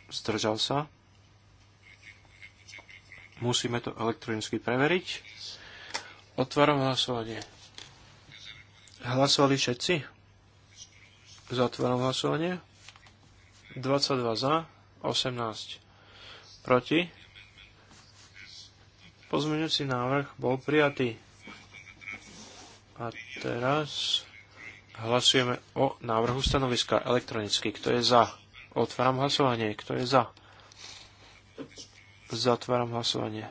Zdržal sa. Musíme to elektronicky preveriť. Otváram hlasovanie. Hlasovali všetci? Zatváram hlasovanie. 22 za, 18 Proti? Pozmeňujúci návrh bol prijatý. A teraz hlasujeme o návrhu stanoviska elektronicky. Kto je za? Otváram hlasovanie. Kto je za? Zatváram hlasovanie.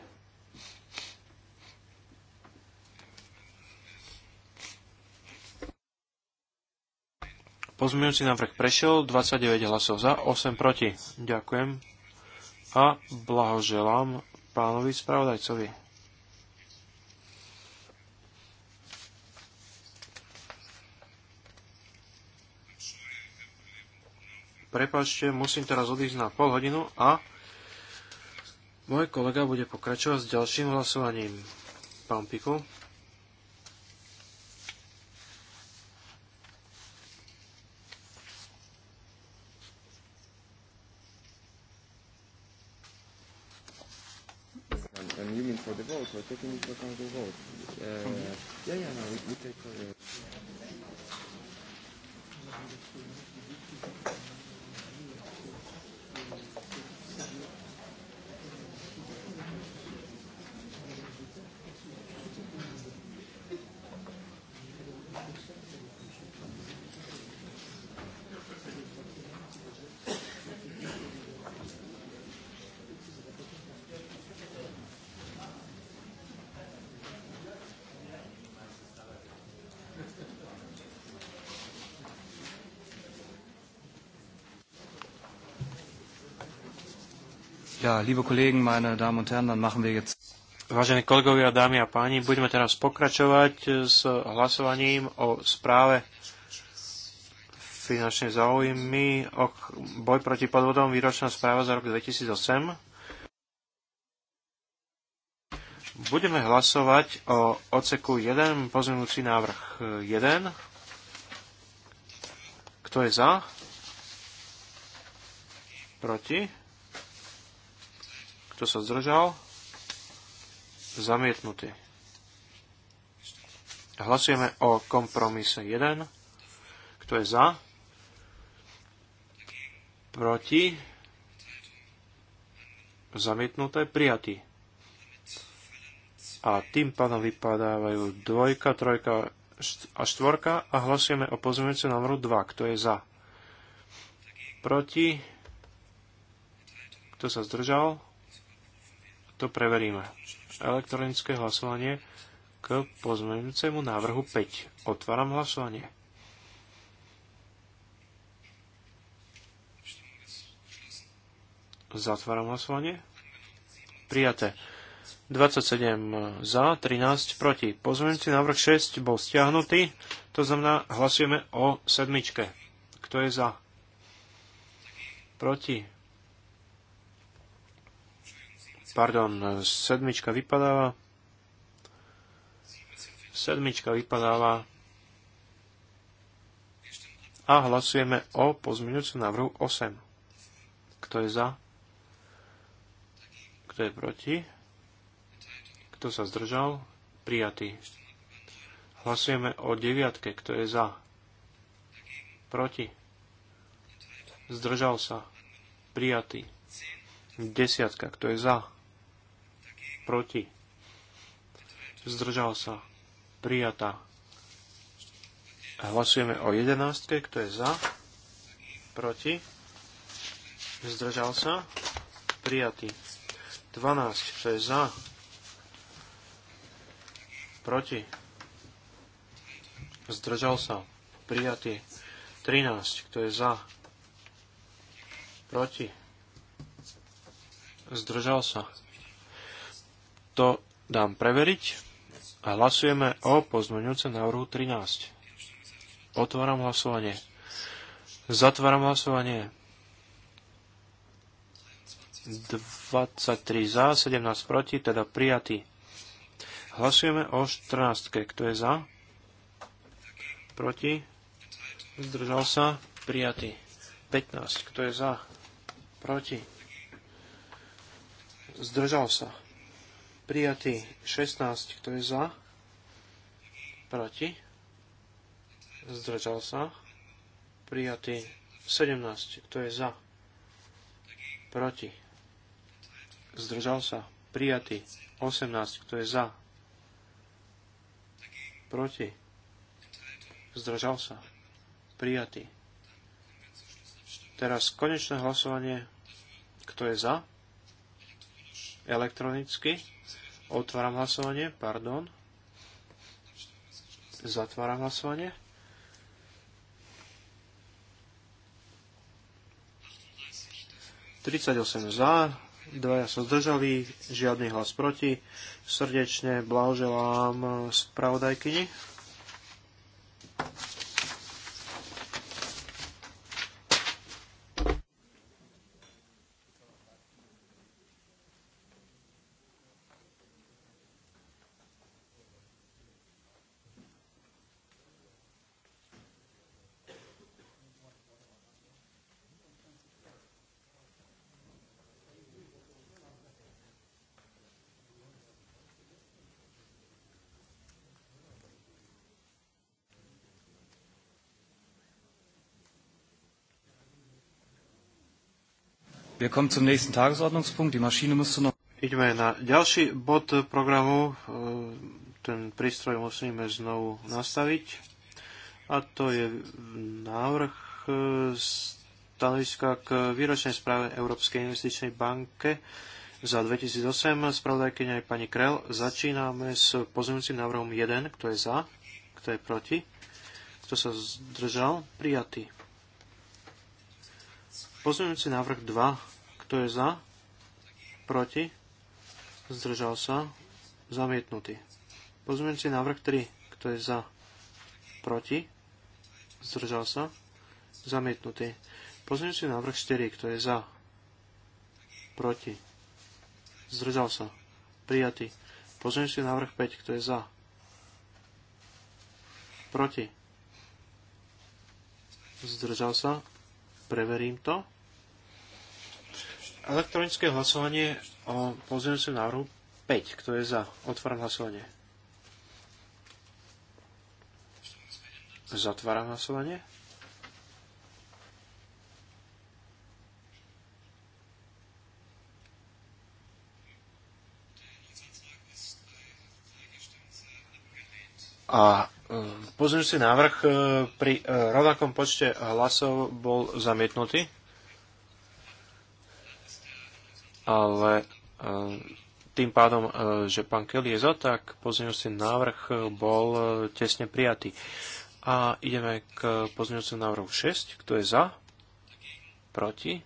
Pozmeňujúci návrh prešiel, 29 hlasov za, 8 proti. Ďakujem a blahoželám pánovi spravodajcovi. Prepačte, musím teraz odísť na pol hodinu a môj kolega bude pokračovať s ďalším hlasovaním. Pán piku. technicky. Ja, liebe Kollegen, meine Damen und Herren, dann machen wir jetzt... Vážení kolegovia, dámy a páni, budeme teraz pokračovať s hlasovaním o správe finančnej záujmy, o boj proti podvodom, výročná správa za rok 2008. Budeme hlasovať o oceku 1, pozmenúci návrh 1. Kto je za? Proti? kto sa zdržal, zamietnutý. Hlasujeme o kompromise 1. Kto je za? Proti? Zamietnuté? Prijatý. A tým pádom vypadávajú dvojka, trojka a štvorka a hlasujeme o pozmeňujúcom návrhu 2. Kto je za? Proti? Kto sa zdržal? to preveríme. Elektronické hlasovanie k pozmeňujúcemu návrhu 5. Otváram hlasovanie. Zatváram hlasovanie. Prijaté. 27 za, 13 proti. Pozmeňujúci návrh 6 bol stiahnutý, to znamená hlasujeme o sedmičke. Kto je za? Proti. Pardon, sedmička vypadáva. Sedmička vypadáva. A hlasujeme o pozmeňujúcom návrhu 8. Kto je za? Kto je proti? Kto sa zdržal? Prijatý. Hlasujeme o deviatke. Kto je za? Proti? Zdržal sa. Prijatý. Desiatka. Kto je za? proti, zdržal sa, prijatá. Hlasujeme o jedenástke, kto je za, proti, zdržal sa, prijatý. 12, kto je za, proti, zdržal sa, prijatý. 13, kto je za, proti, zdržal sa, to dám preveriť a hlasujeme o pozmeňujúcem návrhu 13. Otváram hlasovanie. Zatváram hlasovanie. 23 za, 17 proti, teda prijatý. Hlasujeme o 14. Kto je za? Proti? Zdržal sa? Prijatý. 15. Kto je za? Proti? Zdržal sa. Prijatý 16, kto je za? Proti? Zdržal sa. Prijatý 17, kto je za? Proti? Zdržal sa. Prijatý 18, kto je za? Proti? Zdržal sa. Prijatý. Teraz konečné hlasovanie. Kto je za? elektronicky. Otváram hlasovanie, pardon. Zatváram hlasovanie. 38 za, dvaja sa zdržali, žiadny hlas proti. Srdečne blahoželám spravodajkyni. Wir kommen zum nächsten Tagesordnungspunkt. Die Maschine müsste noch... Ideme na ďalší bod programu. E, ten prístroj musíme znovu nastaviť. A to je návrh e, stanoviska k výročnej správe Európskej investičnej banke za 2008. Spravodajkyňa je pani Krel. Začíname s pozemujúcim návrhom 1. Kto je za? Kto je proti? Kto sa zdržal? Prijatý. Pozemujúci návrh 2 kto je za? Proti? Zdržal sa? Zamietnutý. si návrh 3. Kto je za? Proti? Zdržal sa? Zamietnutý. si návrh 4. Kto je za? Proti? Zdržal sa? Prijatý. si návrh 5. Kto je za? Proti? Zdržal sa? Preverím to. Elektronické hlasovanie o pozemnom návrhu 5. Kto je za? Otváram hlasovanie. Zatváram hlasovanie. A si e, návrh e, pri e, rovnakom počte hlasov bol zamietnutý ale e, tým pádom, e, že pán Kelly je za, tak pozmeňujúci návrh bol e, tesne prijatý. A ideme k pozmeňujúcemu návrhu 6. Kto je za? Proti?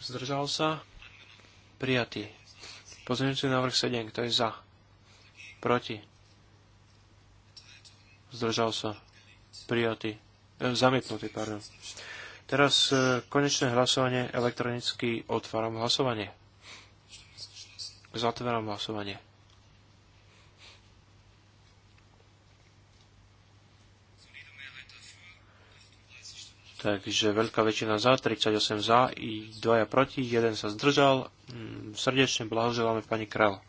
Zdržal sa? Prijatý. Pozmeňujúci návrh 7. Kto je za? Proti? Zdržal sa? Prijatý. zamietnutý, pardon. Teraz e, konečné hlasovanie elektronicky otváram hlasovanie. Zatváram hlasovanie. Takže veľká väčšina za, 38 za i dvaja proti, jeden sa zdržal. Mm, srdečne blahoželáme pani kráľa.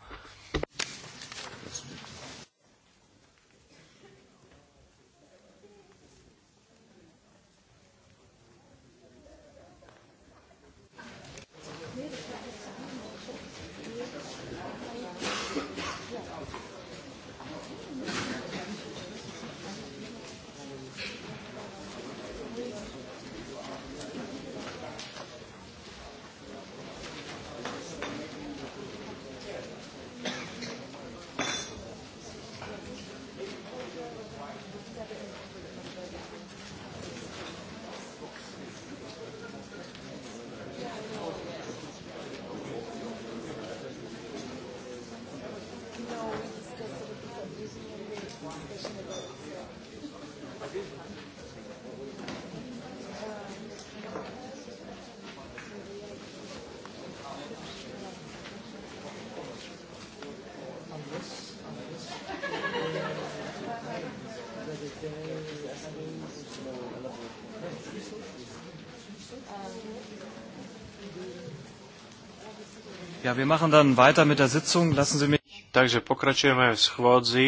Ja, wir machen dann weiter mit der Sitzung. Lassen Sie mich... Takže pokračujeme v schôdzi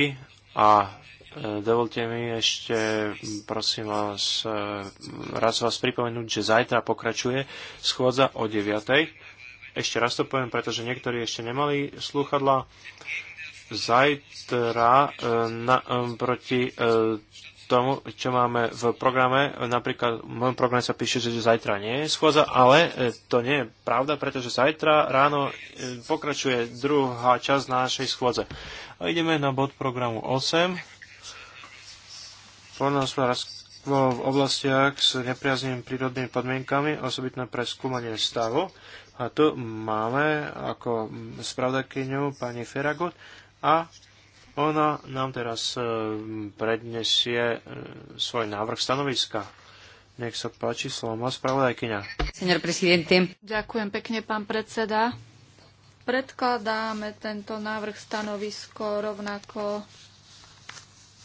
a e, Dovolte mi ešte, prosím vás, e, raz vás pripomenúť, že zajtra pokračuje schôdza o 9. Ešte raz to poviem, pretože niektorí ešte nemali slúchadla. Zajtra e, na, e, proti e, tomu, čo máme v programe. Napríklad v mojom programe sa píše, že zajtra nie je schôdza, ale e, to nie je pravda, pretože zajtra ráno e, pokračuje druhá časť našej schôdze. A ideme na bod programu 8. Poľnohospodárstvo v oblastiach s nepriaznými prírodnými podmienkami, osobitné pre skúmanie stavu. A tu máme ako spravdakyňu pani Feragut a ona nám teraz e, prednesie e, svoj návrh stanoviska. Nech sa páči, slovo má spravodajkyňa. Ďakujem pekne, pán predseda. Predkladáme tento návrh stanovisko rovnako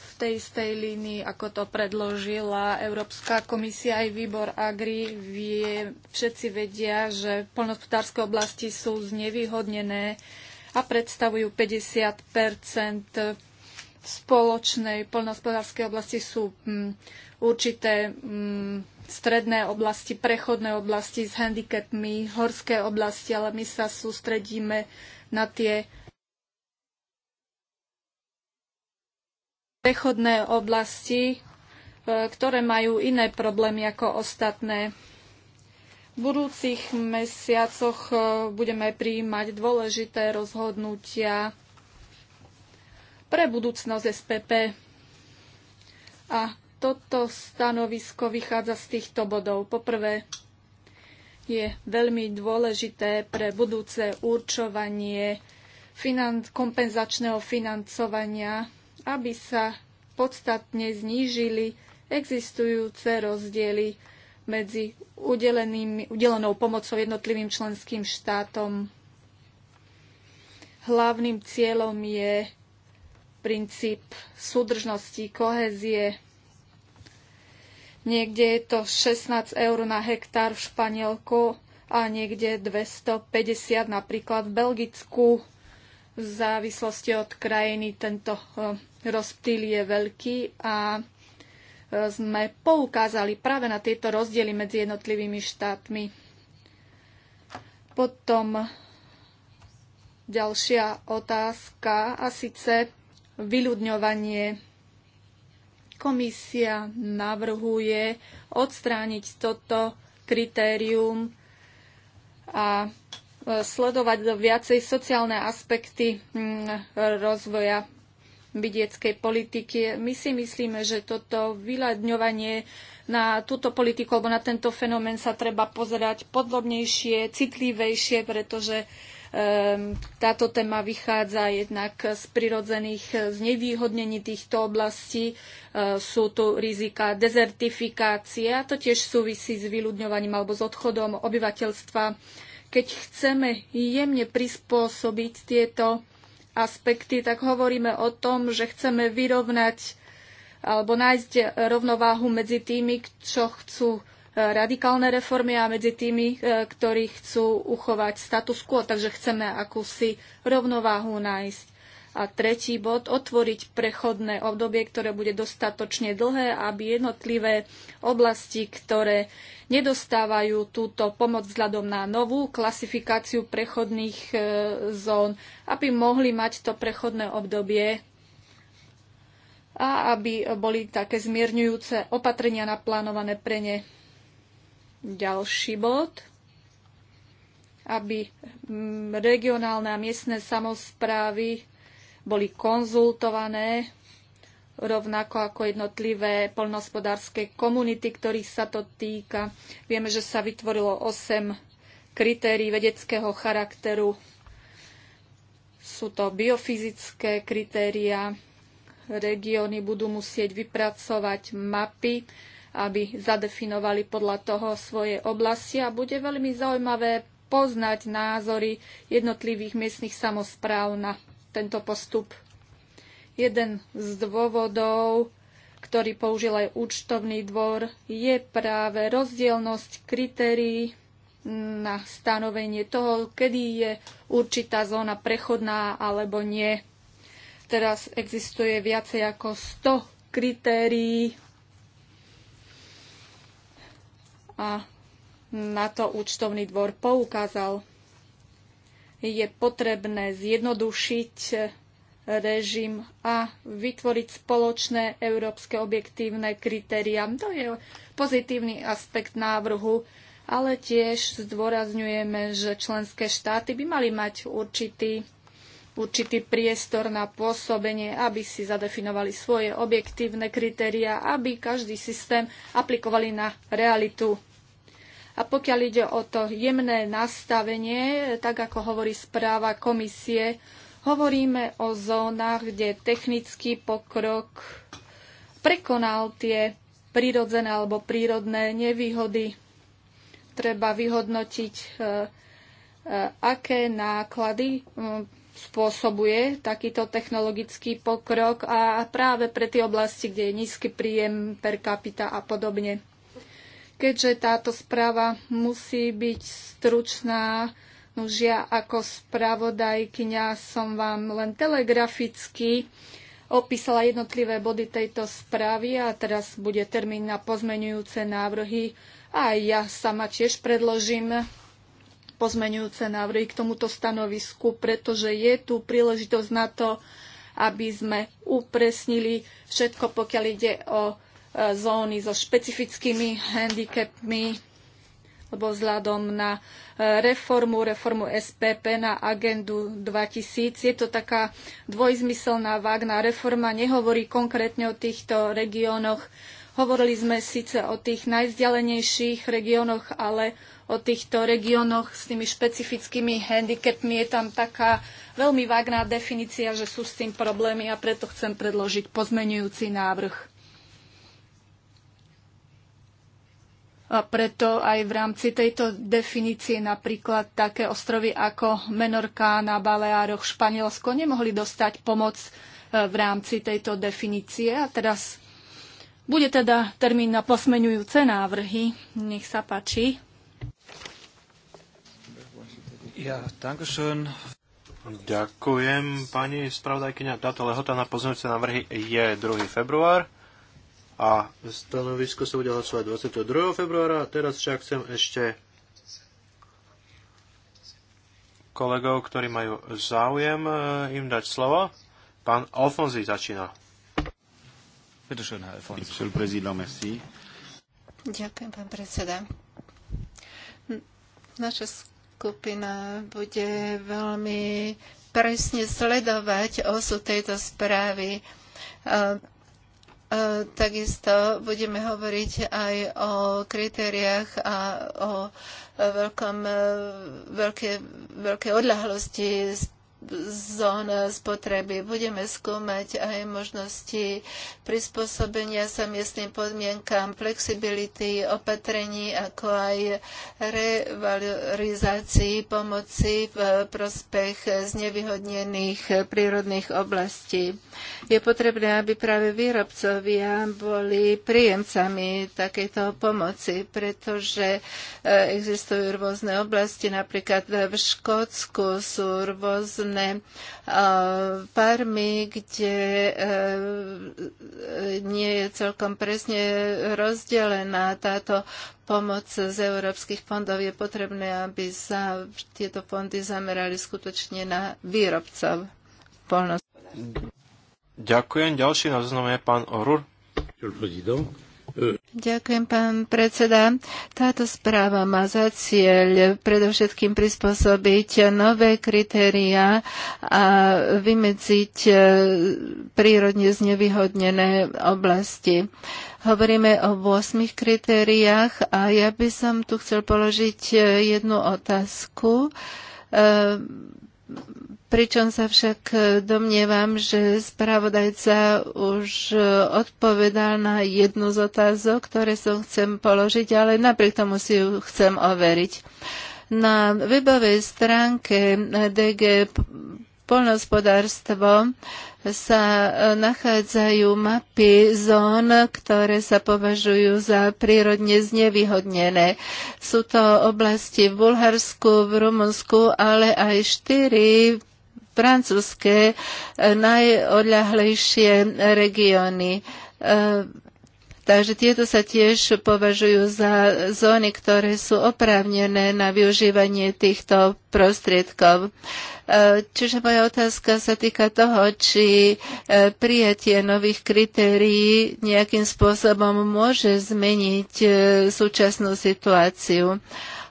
v tej istej línii, ako to predložila Európska komisia aj výbor Agri. Vie, všetci vedia, že poľnohospodárske oblasti sú znevýhodnené a predstavujú 50 spoločnej poľnohospodárskej oblasti sú m, mm, určité m, mm, stredné oblasti, prechodné oblasti s handicapmi, horské oblasti, ale my sa sústredíme na tie prechodné oblasti, e, ktoré majú iné problémy ako ostatné budúcich mesiacoch e, budeme prijímať dôležité rozhodnutia pre budúcnosť SPP. A toto stanovisko vychádza z týchto bodov. Poprvé, je veľmi dôležité pre budúce určovanie finan- kompenzačného financovania, aby sa podstatne znížili existujúce rozdiely medzi udelenou pomocou jednotlivým členským štátom. Hlavným cieľom je princíp súdržnosti, kohezie. Niekde je to 16 eur na hektár v Španielku a niekde 250 napríklad v Belgicku. V závislosti od krajiny tento eh, rozptýl je veľký a sme poukázali práve na tieto rozdiely medzi jednotlivými štátmi. Potom ďalšia otázka a síce vyľudňovanie. Komisia navrhuje odstrániť toto kritérium a e, sledovať viacej sociálne aspekty mm, rozvoja vidieckej politiky. My si myslíme, že toto vyľadňovanie na túto politiku alebo na tento fenomén sa treba pozerať podrobnejšie, citlivejšie, pretože ehm, táto téma vychádza jednak z prirodzených e, znevýhodnení týchto oblastí. E, sú tu rizika dezertifikácie a to tiež súvisí s vyľudňovaním alebo s odchodom obyvateľstva. Keď chceme jemne prispôsobiť tieto aspekty, tak hovoríme o tom, že chceme vyrovnať alebo nájsť rovnováhu medzi tými, čo chcú e, radikálne reformy a medzi tými, e, ktorí chcú uchovať status quo. Takže chceme akúsi rovnováhu nájsť. A tretí bod, otvoriť prechodné obdobie, ktoré bude dostatočne dlhé, aby jednotlivé oblasti, ktoré nedostávajú túto pomoc vzhľadom na novú klasifikáciu prechodných e, zón, aby mohli mať to prechodné obdobie a aby boli také zmierňujúce opatrenia naplánované pre ne. Ďalší bod aby regionálne a miestne samozprávy boli konzultované rovnako ako jednotlivé poľnohospodárske komunity, ktorých sa to týka. Vieme, že sa vytvorilo 8 kritérií vedeckého charakteru. Sú to biofyzické kritéria. Regióny budú musieť vypracovať mapy, aby zadefinovali podľa toho svoje oblasti a bude veľmi zaujímavé poznať názory jednotlivých miestnych samozpráv na tento postup. Jeden z dôvodov, ktorý použil aj účtovný dvor, je práve rozdielnosť kritérií na stanovenie toho, kedy je určitá zóna prechodná alebo nie. Teraz existuje viacej ako 100 kritérií a na to účtovný dvor poukázal je potrebné zjednodušiť režim a vytvoriť spoločné európske objektívne kritéria. To je pozitívny aspekt návrhu, ale tiež zdôrazňujeme, že členské štáty by mali mať určitý, určitý priestor na pôsobenie, aby si zadefinovali svoje objektívne kritéria, aby každý systém aplikovali na realitu. A pokiaľ ide o to jemné nastavenie, tak ako hovorí správa komisie, hovoríme o zónach, kde technický pokrok prekonal tie prírodzené alebo prírodné nevýhody. Treba vyhodnotiť, e, e, aké náklady spôsobuje takýto technologický pokrok a práve pre tie oblasti, kde je nízky príjem per capita a podobne. Keďže táto správa musí byť stručná, už ja ako spravodajkyňa som vám len telegraficky opísala jednotlivé body tejto správy a teraz bude termín na pozmenujúce návrhy a ja sama tiež predložím pozmenujúce návrhy k tomuto stanovisku, pretože je tu príležitosť na to, aby sme upresnili všetko, pokiaľ ide o zóny so špecifickými handicapmi, lebo vzhľadom na e, reformu, reformu SPP na agendu 2000. Je to taká dvojzmyselná vágná reforma, nehovorí konkrétne o týchto regiónoch. Hovorili sme síce o tých najvzdialenejších regiónoch, ale o týchto regiónoch s tými špecifickými handicapmi je tam taká veľmi vágná definícia, že sú s tým problémy a preto chcem predložiť pozmenujúci návrh. A preto aj v rámci tejto definície napríklad také ostrovy ako Menorka na Baleároch Španielsko nemohli dostať pomoc e, v rámci tejto definície. A teraz bude teda termín na posmenujúce návrhy. Nech sa páči. Ja, dankeschön. Ďakujem, pani spravodajkyňa. Táto lehota na pozmeňujúce návrhy je 2. február a stanovisko sa bude hlasovať 22. februára. A teraz však chcem ešte kolegov, ktorí majú záujem, e, im dať slovo. Pán Alfonzi začína. Ďakujem, pán predseda. Naša skupina bude veľmi presne sledovať osu tejto správy E, takisto budeme hovoriť aj o kritériách a o e, veľkom, e, veľké, veľké odľahlosti zón spotreby. Budeme skúmať aj možnosti prispôsobenia sa miestnym podmienkam, flexibility, opatrení, ako aj revalorizácii pomoci v prospech znevýhodnených prírodných oblastí. Je potrebné, aby práve výrobcovia boli príjemcami takejto pomoci, pretože e, existujú rôzne oblasti, napríklad v Škótsku sú rôzne rôzne eh, farmy, kde eh, nie je celkom presne rozdelená táto pomoc z európskych fondov. Je potrebné, aby sa tieto fondy zamerali skutočne na výrobcov polnospodárstva. Ďakujem. Ďalší na zozname je pán Orur. Ďakujem. Ďakujem, pán predseda. Táto správa má za cieľ predovšetkým prispôsobiť nové kritéria a vymedziť e, prírodne znevýhodnené oblasti. Hovoríme o 8 kritériách a ja by som tu chcel položiť e, jednu otázku e, pričom sa však domnievam, že spravodajca už odpovedal na jednu z otázok, ktoré som chcem položiť, ale napriek tomu si ju chcem overiť. Na webovej stránke DG poľnohospodárstvo sa e, nachádzajú mapy zón, ktoré sa považujú za prírodne znevýhodnené. Sú to oblasti v Bulharsku, v Rumunsku, ale aj štyri francúzske e, najodľahlejšie regióny. E, takže tieto sa tiež považujú za zóny, ktoré sú oprávnené na využívanie týchto prostriedkov. Čiže moja otázka sa týka toho, či e, prijatie nových kritérií nejakým spôsobom môže zmeniť e, súčasnú situáciu.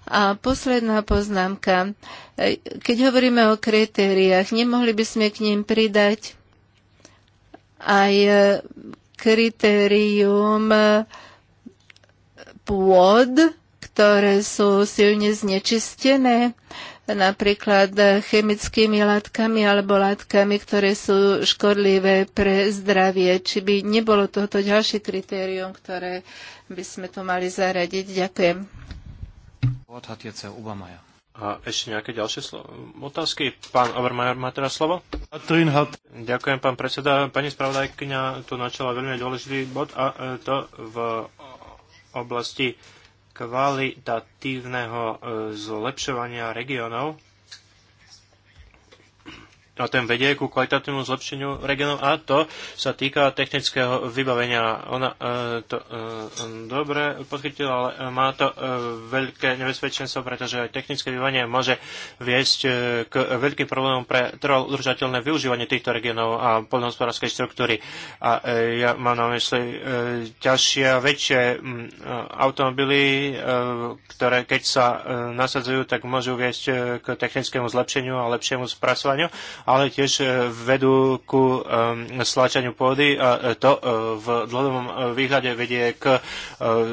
A posledná poznámka. E, keď hovoríme o kritériách, nemohli by sme k ním pridať aj kritérium pôd, ktoré sú silne znečistené napríklad chemickými látkami alebo látkami, ktoré sú škodlivé pre zdravie. Či by nebolo toto ďalšie kritérium, ktoré by sme tu mali zaradiť? Ďakujem. A ešte nejaké ďalšie slo- otázky? Pán Obermajer má teraz slovo. Ďakujem, pán predseda. Pani spravodajkyňa tu načala veľmi dôležitý bod a e, to v oblasti kvalitatívneho e, zlepšovania regiónov a ten vedie ku kvalitatívnemu zlepšeniu regionov a to sa týka technického vybavenia. Ona e, to e, dobre podchytila, ale má to e, veľké nebezpečenstvo, pretože aj technické vybavenie môže viesť e, k veľkým problémom pre trvalo udržateľné využívanie týchto regionov a poľnohospodárskej štruktúry. A e, ja mám na mysli e, ťažšie a väčšie m, automobily, e, ktoré keď sa e, nasadzujú, tak môžu viesť e, k technickému zlepšeniu a lepšiemu spracovaniu ale tiež e, vedú ku e, stlačaniu pôdy a e, to v dlhodobom výhľade vedie k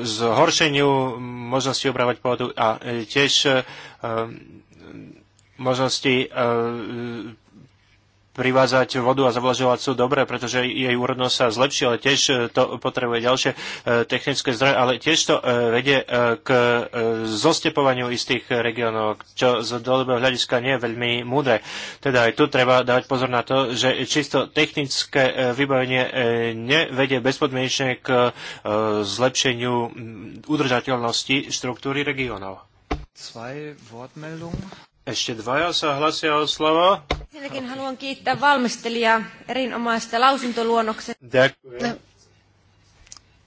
zhoršeniu možnosti obrávať pôdu a tiež možnosti privázať vodu a zavlažovať sú dobré, pretože jej úrodnosť sa zlepší, ale tiež e, to potrebuje ďalšie e, technické zdroje, ale tiež to e, vedie k zostepovaniu istých regiónov, čo z dlhodobého hľadiska nie je veľmi múdre. Teda aj tu treba dávať pozor na to, že čisto technické vybavenie nevedie bezpodmienečne k zlepšeniu udržateľnosti štruktúry regiónov. Zwei Wortmeldungen. Ešte dvaja sa hlasia o slovo. Ensinnäkin haluan kiittää valmistelijaa erinomaisesta lausuntoluonnoksesta. Ďakujem. No,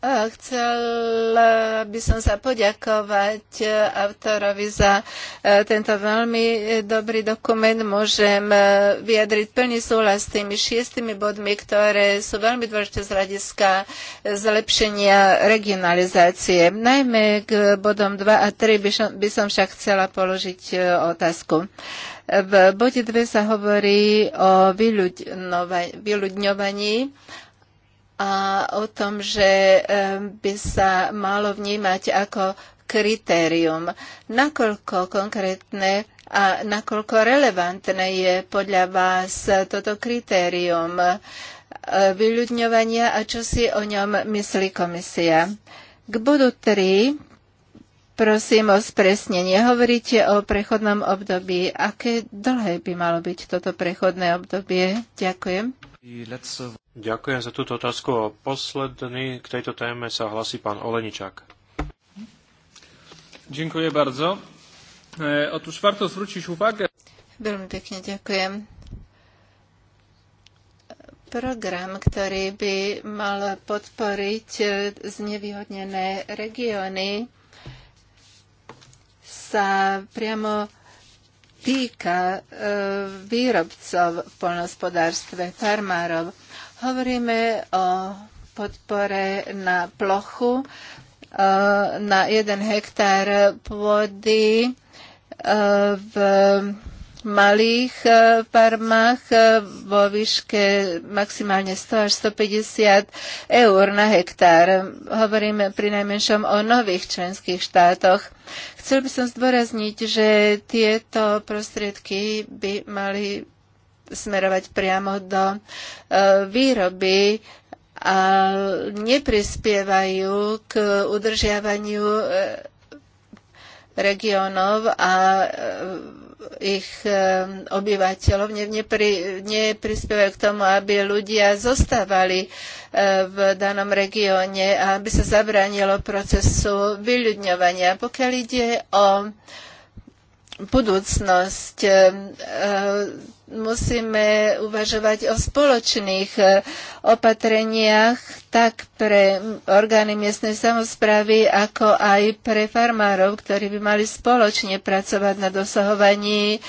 Chcel by som sa poďakovať autorovi za e, tento veľmi e, dobrý dokument. Môžem e, vyjadriť plný súhlas s tými šiestimi bodmi, ktoré sú veľmi dôležité z hľadiska zlepšenia regionalizácie. Najmä k bodom 2 a 3 by som, by som však chcela položiť otázku. V bode 2 sa hovorí o vyľudňovaní a o tom, že by sa malo vnímať ako kritérium. Nakoľko konkrétne a nakoľko relevantné je podľa vás toto kritérium e, vyľudňovania a čo si o ňom myslí komisia. K bodu 3 Prosím o spresnenie. Hovoríte o prechodnom období. Aké dlhé by malo byť toto prechodné obdobie? Ďakujem. Ďakujem za túto otázku. A posledný k tejto téme sa hlasí pán Oleničák. Ďakujem bardzo. E, otóż warto zwrócić uwagę. Veľmi pekne ďakujem. Program, ktorý by mal podporiť znevýhodnené regióny, sa priamo týka e, výrobcov v polnospodárstve, farmárov. Hovoríme o podpore na plochu e, na jeden hektár pôdy e, v malých e, farmách e, vo výške maximálne 100 až 150 eur na hektár. Hovoríme pri najmenšom o nových členských štátoch. Chcel by som zdôrazniť, že tieto prostriedky by mali smerovať priamo do e, výroby a neprispievajú k udržiavaniu regionov a ich eh, obyvateľov neprispievajú k tomu, aby ľudia zostávali eh, v danom regióne a aby sa zabránilo procesu vyľudňovania. Pokiaľ ide o budúcnosť. Eh, musíme uvažovať o spoločných opatreniach, tak pre orgány miestnej samozprávy, ako aj pre farmárov, ktorí by mali spoločne pracovať na dosahovaní e,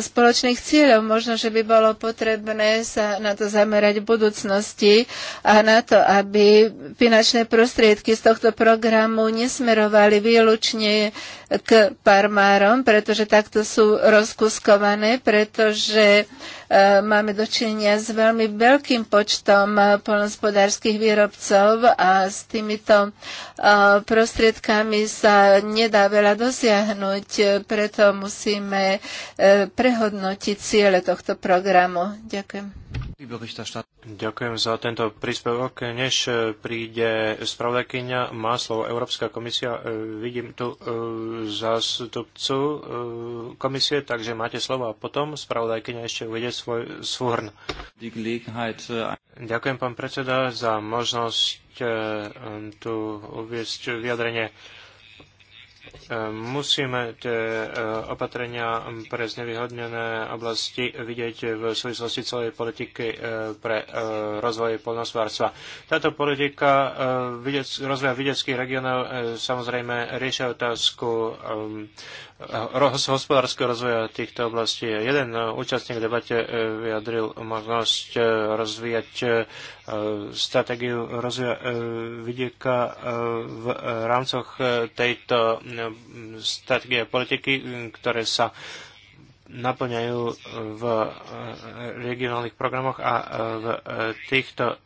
spoločných cieľov. Možno, že by bolo potrebné sa na to zamerať v budúcnosti a na to, aby finančné prostriedky z tohto programu nesmerovali výlučne k farmárom, pretože takto sú rozkuskované, pretože e, máme dočinenia s veľmi veľkým počtom e, polnospodárských výrobcov a s týmito uh, prostriedkami sa nedá veľa dosiahnuť, preto musíme uh, prehodnotiť ciele tohto programu. Ďakujem. Ďakujem za tento príspevok. Než e, príde spravodajkyňa, má slovo Európska komisia. E, vidím tu e, zástupcu komisie, takže máte slovo a potom spravodajkyňa ešte uvedie svoj súhrn. Ďakujem, pán predseda, za možnosť tu uviesť vyjadrenie musíme tie e, opatrenia pre znevýhodnené oblasti vidieť v súvislosti celej politiky e, pre e, rozvoj polnospodárstva. Táto politika rozvoja vidieckých regionov samozrejme riešia otázku hospodárskeho rozvoja týchto oblastí. Jeden e, účastník v debate e, vyjadril možnosť e, rozvíjať stratégiu rozvoja vidieka v rámcoch tejto stratégie politiky, ktoré sa naplňajú v regionálnych programoch a v týchto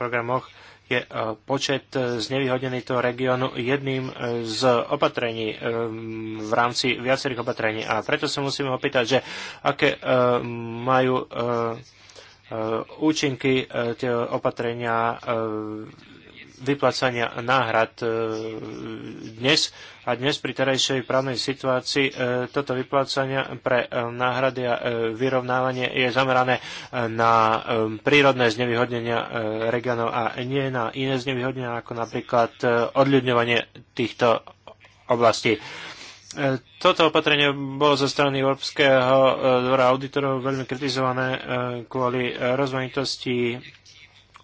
programoch je e, počet e, znevýhodnených toho regiónu jedným e, z opatrení v rámci viacerých opatrení. A preto sa musíme opýtať, že aké majú účinky tie opatrenia vyplácania náhrad e, dnes a dnes pri terajšej právnej situácii e, toto vyplácania pre e, náhrady a vyrovnávanie je zamerané na prírodné znevýhodnenia regionov a nie na iné znevýhodnenia ako napríklad odľudňovanie týchto oblastí. Toto opatrenie bolo zo strany Európskeho dvora auditorov veľmi kritizované kvôli rozmanitosti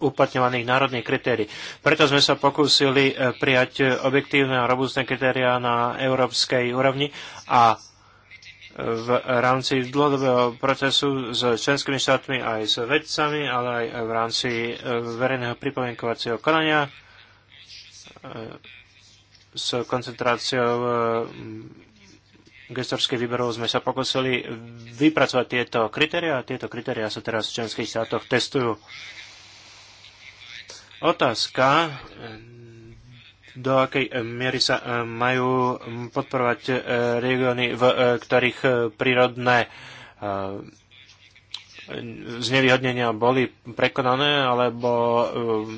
uplatňovaných národných kritérií. Preto sme sa pokúsili e, prijať e, objektívne a robustné kritériá na európskej úrovni a e, v rámci dlhodobého procesu s členskými štátmi aj s vedcami, ale aj v rámci verejného pripomienkovacieho konania s koncentráciou gestorských výberov sme sa pokusili vypracovať tieto kritéria a tieto kritéria sa teraz v členských štátoch testujú. Otázka, do akej miery sa e, majú podporovať e, regióny, v e, ktorých prírodné znevýhodnenia boli prekonané alebo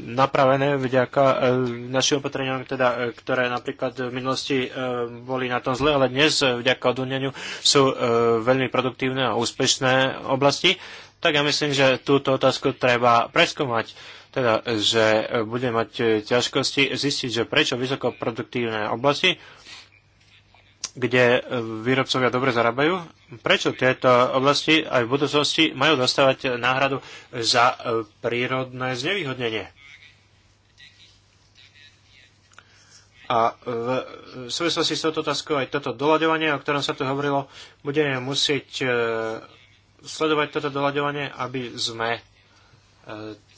napravené vďaka našim opatreniam, teda, ktoré napríklad v minulosti boli na tom zle, ale dnes vďaka odúneniu sú veľmi produktívne a úspešné oblasti. Tak ja myslím, že túto otázku treba preskúmať teda, že bude mať e, ťažkosti zistiť, že prečo vysokoproduktívne oblasti, kde e, výrobcovia dobre zarábajú, prečo tieto oblasti aj v budúcnosti majú dostávať náhradu za e, prírodné znevýhodnenie. A v súvislosti s touto otázkou aj toto doľaďovanie, o ktorom sa tu hovorilo, budeme musieť sledovať toto doľaďovanie, aby sme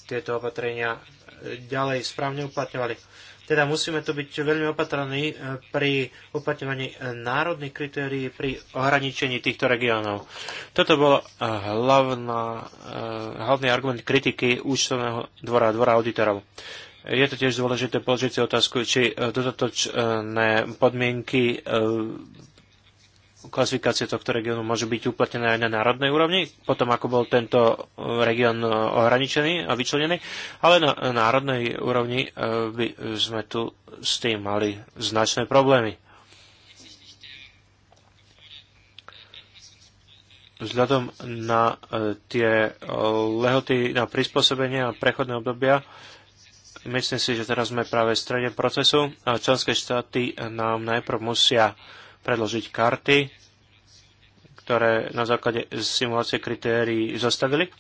tieto opatrenia e, ďalej správne uplatňovali. Teda musíme tu byť veľmi opatrní e, pri uplatňovaní e, národných kritérií pri ohraničení týchto regiónov. Toto bol hlavná, hlavný argument kritiky účtovného dvora, dvora auditorov. Je to tiež dôležité položiť si otázku, či dodatočné podmienky klasifikácie tohto regiónu môže byť uplatnené aj na národnej úrovni, potom ako bol tento eh, región eh, ohraničený a vyčlenený, ale na eh, národnej úrovni by sme tu s tým mali značné problémy. Vzhľadom na tie lehoty na prispôsobenie a prechodné obdobia, myslím si, že teraz sme práve v strede procesu a členské štáty nám najprv musia predložiť karty, ktoré na základe simulácie kritérií zostavili.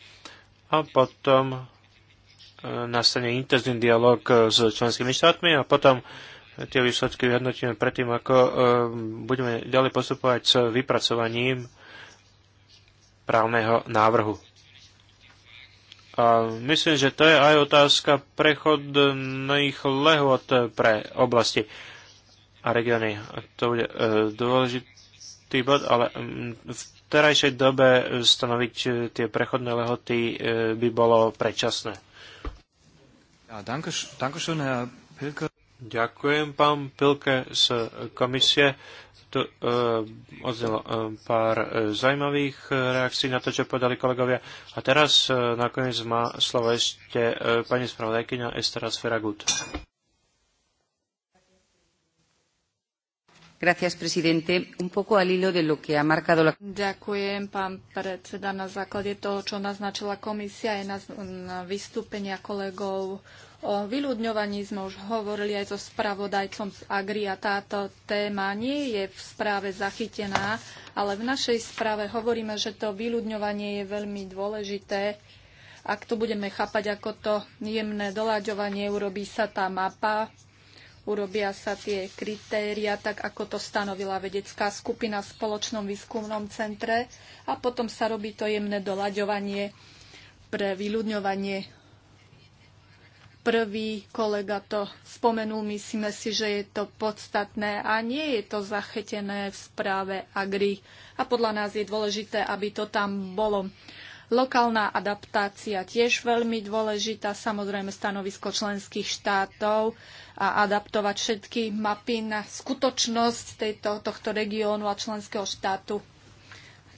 A potom e, nastane intenzívny dialog e, s členskými štátmi a potom tie výsledky vyhodnotíme predtým, ako e, budeme ďalej postupovať s vypracovaním právneho návrhu. A myslím, že to je aj otázka prechodných lehot pre oblasti a regióny. To bude e, dôležitý bod, ale v terajšej dobe stanoviť e, tie prechodné lehoty e, by bolo predčasné. Ja, danke, danke Ďakujem, pán Pilke z komisie. Tu e, odznelo e, pár zaujímavých reakcií na to, čo povedali kolegovia. A teraz e, nakoniec má slovo ešte e, pani spravodajkyňa Estera Sferagut. Gracias, presidente. Un poco al hilo de lo que ha marcado la... Ďakujem, pán predseda. Na základe toho, čo naznačila komisia aj na, na vystúpenia kolegov o vyľudňovaní sme už hovorili aj so spravodajcom z Agri a táto téma nie je v správe zachytená, ale v našej správe hovoríme, že to vyľudňovanie je veľmi dôležité. Ak to budeme chápať ako to jemné doľaďovanie, urobí sa tá mapa, urobia sa tie kritéria, tak ako to stanovila vedecká skupina v spoločnom výskumnom centre a potom sa robí to jemné dolaďovanie pre vyľudňovanie. Prvý kolega to spomenul, myslíme si, že je to podstatné a nie je to zachetené v správe Agri. A podľa nás je dôležité, aby to tam bolo. Lokálna adaptácia tiež veľmi dôležitá, samozrejme stanovisko členských štátov a adaptovať všetky mapy na skutočnosť tejto, tohto regiónu a členského štátu.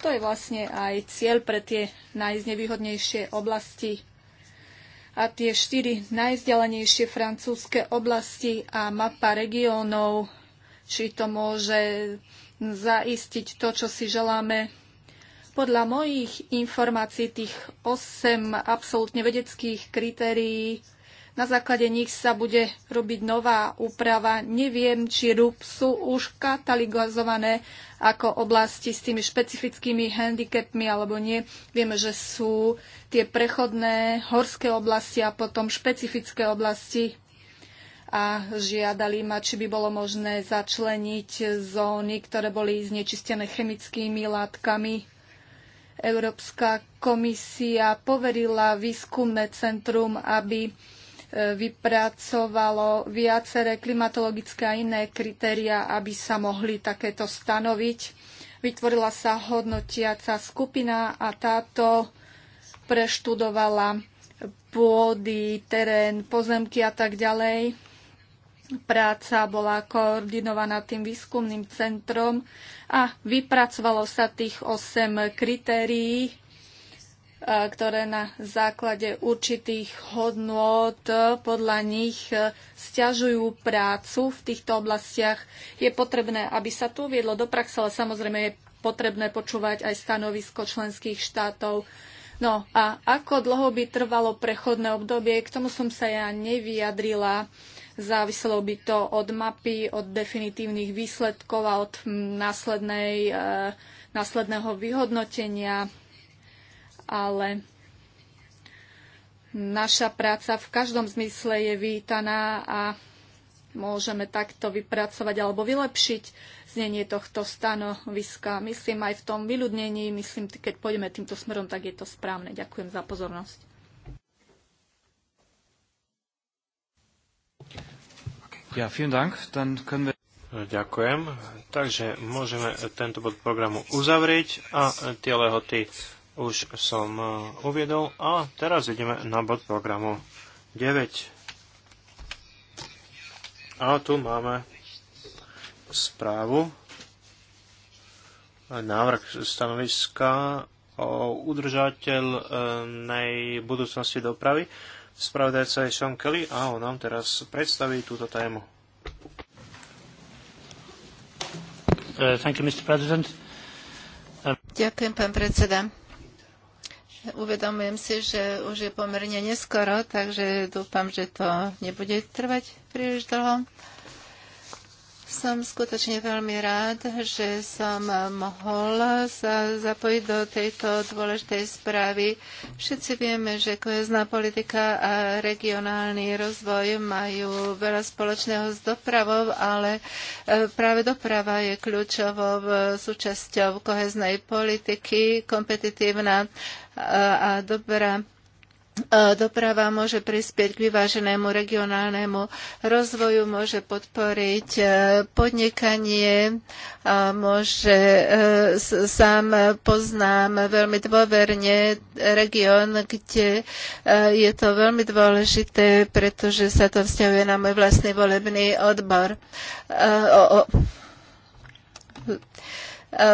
To je vlastne aj cieľ pre tie najznevýhodnejšie oblasti a tie štyri najzdelenejšie francúzske oblasti a mapa regiónov, či to môže zaistiť to, čo si želáme podľa mojich informácií tých 8 absolútne vedeckých kritérií, na základe nich sa bude robiť nová úprava. Neviem, či rúb sú už katalogizované ako oblasti s tými špecifickými handicapmi alebo nie. Vieme, že sú tie prechodné horské oblasti a potom špecifické oblasti a žiadali ma, či by bolo možné začleniť zóny, ktoré boli znečistené chemickými látkami Európska komisia poverila výskumné centrum, aby e, vypracovalo viaceré klimatologické a iné kritéria, aby sa mohli takéto stanoviť. Vytvorila sa hodnotiaca skupina a táto preštudovala pôdy, terén, pozemky a tak ďalej práca bola koordinovaná tým výskumným centrom a vypracovalo sa tých 8 kritérií, e, ktoré na základe určitých hodnôt e, podľa nich e, stiažujú prácu v týchto oblastiach. Je potrebné, aby sa tu viedlo do praxe, ale samozrejme je potrebné počúvať aj stanovisko členských štátov. No a ako dlho by trvalo prechodné obdobie, k tomu som sa ja nevyjadrila Záviselo by to od mapy, od definitívnych výsledkov a od následnej, eh, následného vyhodnotenia, ale naša práca v každom zmysle je vítaná a môžeme takto vypracovať alebo vylepšiť znenie tohto stanoviska. Myslím aj v tom vyľudnení, myslím, keď pôjdeme týmto smerom, tak je to správne. Ďakujem za pozornosť. Ja, vielen Dank. Dann können wir... Ďakujem. Takže môžeme tento bod programu uzavrieť a tie lehoty už som e, uviedol. A teraz ideme na bod programu 9. A tu máme správu, návrh stanoviska o udržateľnej budúcnosti dopravy Spravodajca je Sean Kelly a on nám teraz predstaví túto tému. Uh, thank you, Mr. President. Um, Ďakujem, pán predseda. Uvedomujem si, že už je pomerne neskoro, takže dúfam, že to nebude trvať príliš dlho. Uh, som skutočne veľmi rád, že som mohol sa zapojiť do tejto dôležitej správy. Všetci vieme, že kohezná politika a regionálny rozvoj majú veľa spoločného s dopravou, ale e, práve doprava je kľúčovou e, súčasťou koheznej politiky, kompetitívna e, a dobrá E, doprava môže prispieť k vyváženému regionálnemu rozvoju, môže podporiť e, podnikanie, a môže, e, sám poznám veľmi dôverne región, kde je to veľmi dôležité, pretože sa to vzťahuje na môj vlastný volebný odbor. O, o E,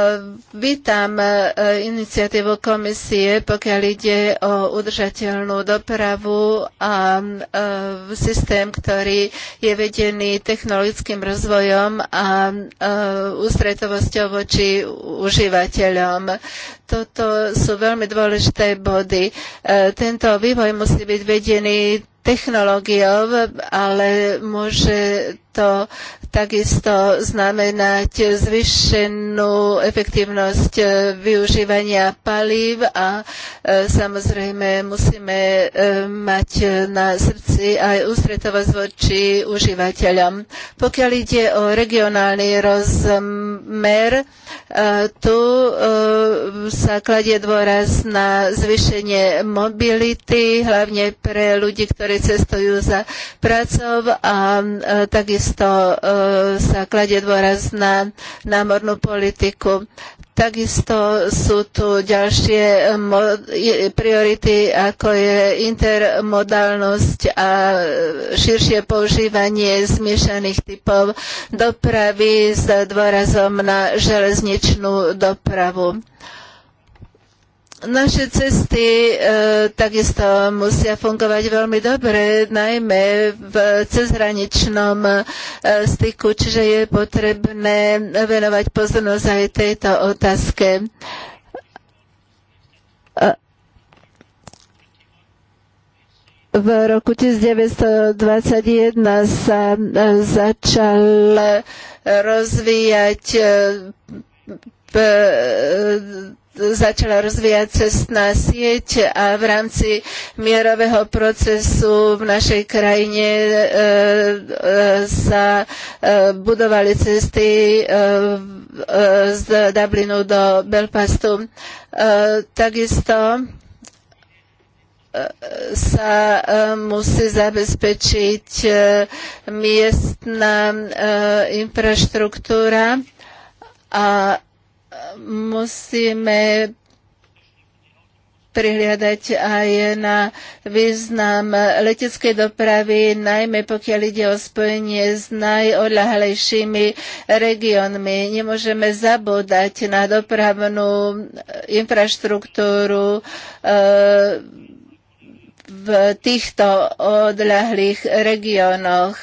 vítam e, iniciatívu komisie, pokiaľ ide o udržateľnú dopravu a e, systém, ktorý je vedený technologickým rozvojom a ústretovosťou voči užívateľom. Toto sú veľmi dôležité body. Tento vývoj musí byť vedený technológiou, ale môže to takisto znamenať zvyšenú efektívnosť e, využívania palív a e, samozrejme musíme e, mať na srdci aj ústretovosť voči užívateľom. Pokiaľ ide o regionálny rozmer, tu sa kladie dôraz na zvýšenie mobility, hlavne pre ľudí, ktorí cestujú za prácou a takisto Takisto e, sa kladie dôraz na námornú politiku. Takisto sú tu ďalšie e, priority, ako je intermodálnosť a širšie používanie zmiešaných typov dopravy s dôrazom na železničnú dopravu. Naše cesty e, takisto musia fungovať veľmi dobre, najmä v cezhraničnom e, styku, čiže je potrebné venovať pozornosť aj tejto otázke. E, v roku 1921 sa e, začal rozvíjať e, začala rozvíjať cestná sieť a v rámci mierového procesu v našej krajine e, e, sa e, budovali cesty z Dublinu do Belfastu. Takisto sa musí zabezpečiť miestna infraštruktúra a musíme prihliadať aj na význam leteckej dopravy, najmä pokiaľ ide o spojenie s najodľahlejšími regiónmi. Nemôžeme zabúdať na dopravnú eh, infraštruktúru eh, v týchto odľahlých regiónoch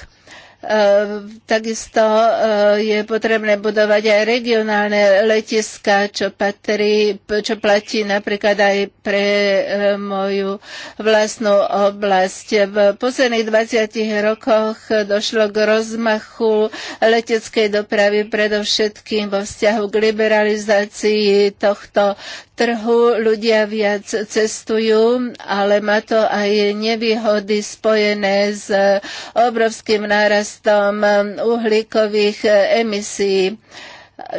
Ehm, takisto ehm, je potrebné budovať aj regionálne letiska, čo, patrí, čo platí napríklad aj pre ehm, moju vlastnú oblasť. V posledných 20 rokoch došlo k rozmachu leteckej dopravy predovšetkým vo vzťahu k liberalizácii tohto trhu, ľudia viac cestujú, ale má to aj nevýhody spojené s obrovským nárastom uhlíkových emisí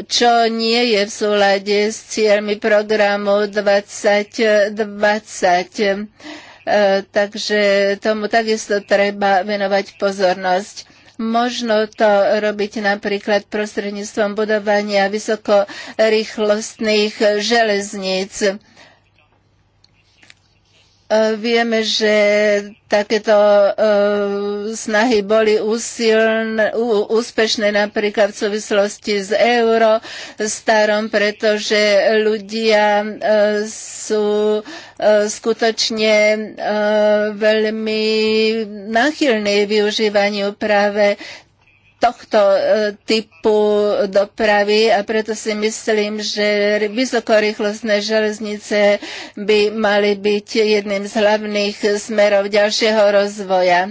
čo nie je v súlade s cieľmi programu 2020. E, takže tomu takisto treba venovať pozornosť. Možno to robiť napríklad prostredníctvom budovania vysokorýchlostných železníc E, vieme, že takéto e, snahy boli úsilné, úspešné napríklad v súvislosti s euro starom, pretože ľudia e, sú skutočne veľmi nachylní využívaniu práve tohto e, typu dopravy a preto si myslím, že vysokorýchlostné železnice by mali byť jedným z hlavných smerov ďalšieho rozvoja. E,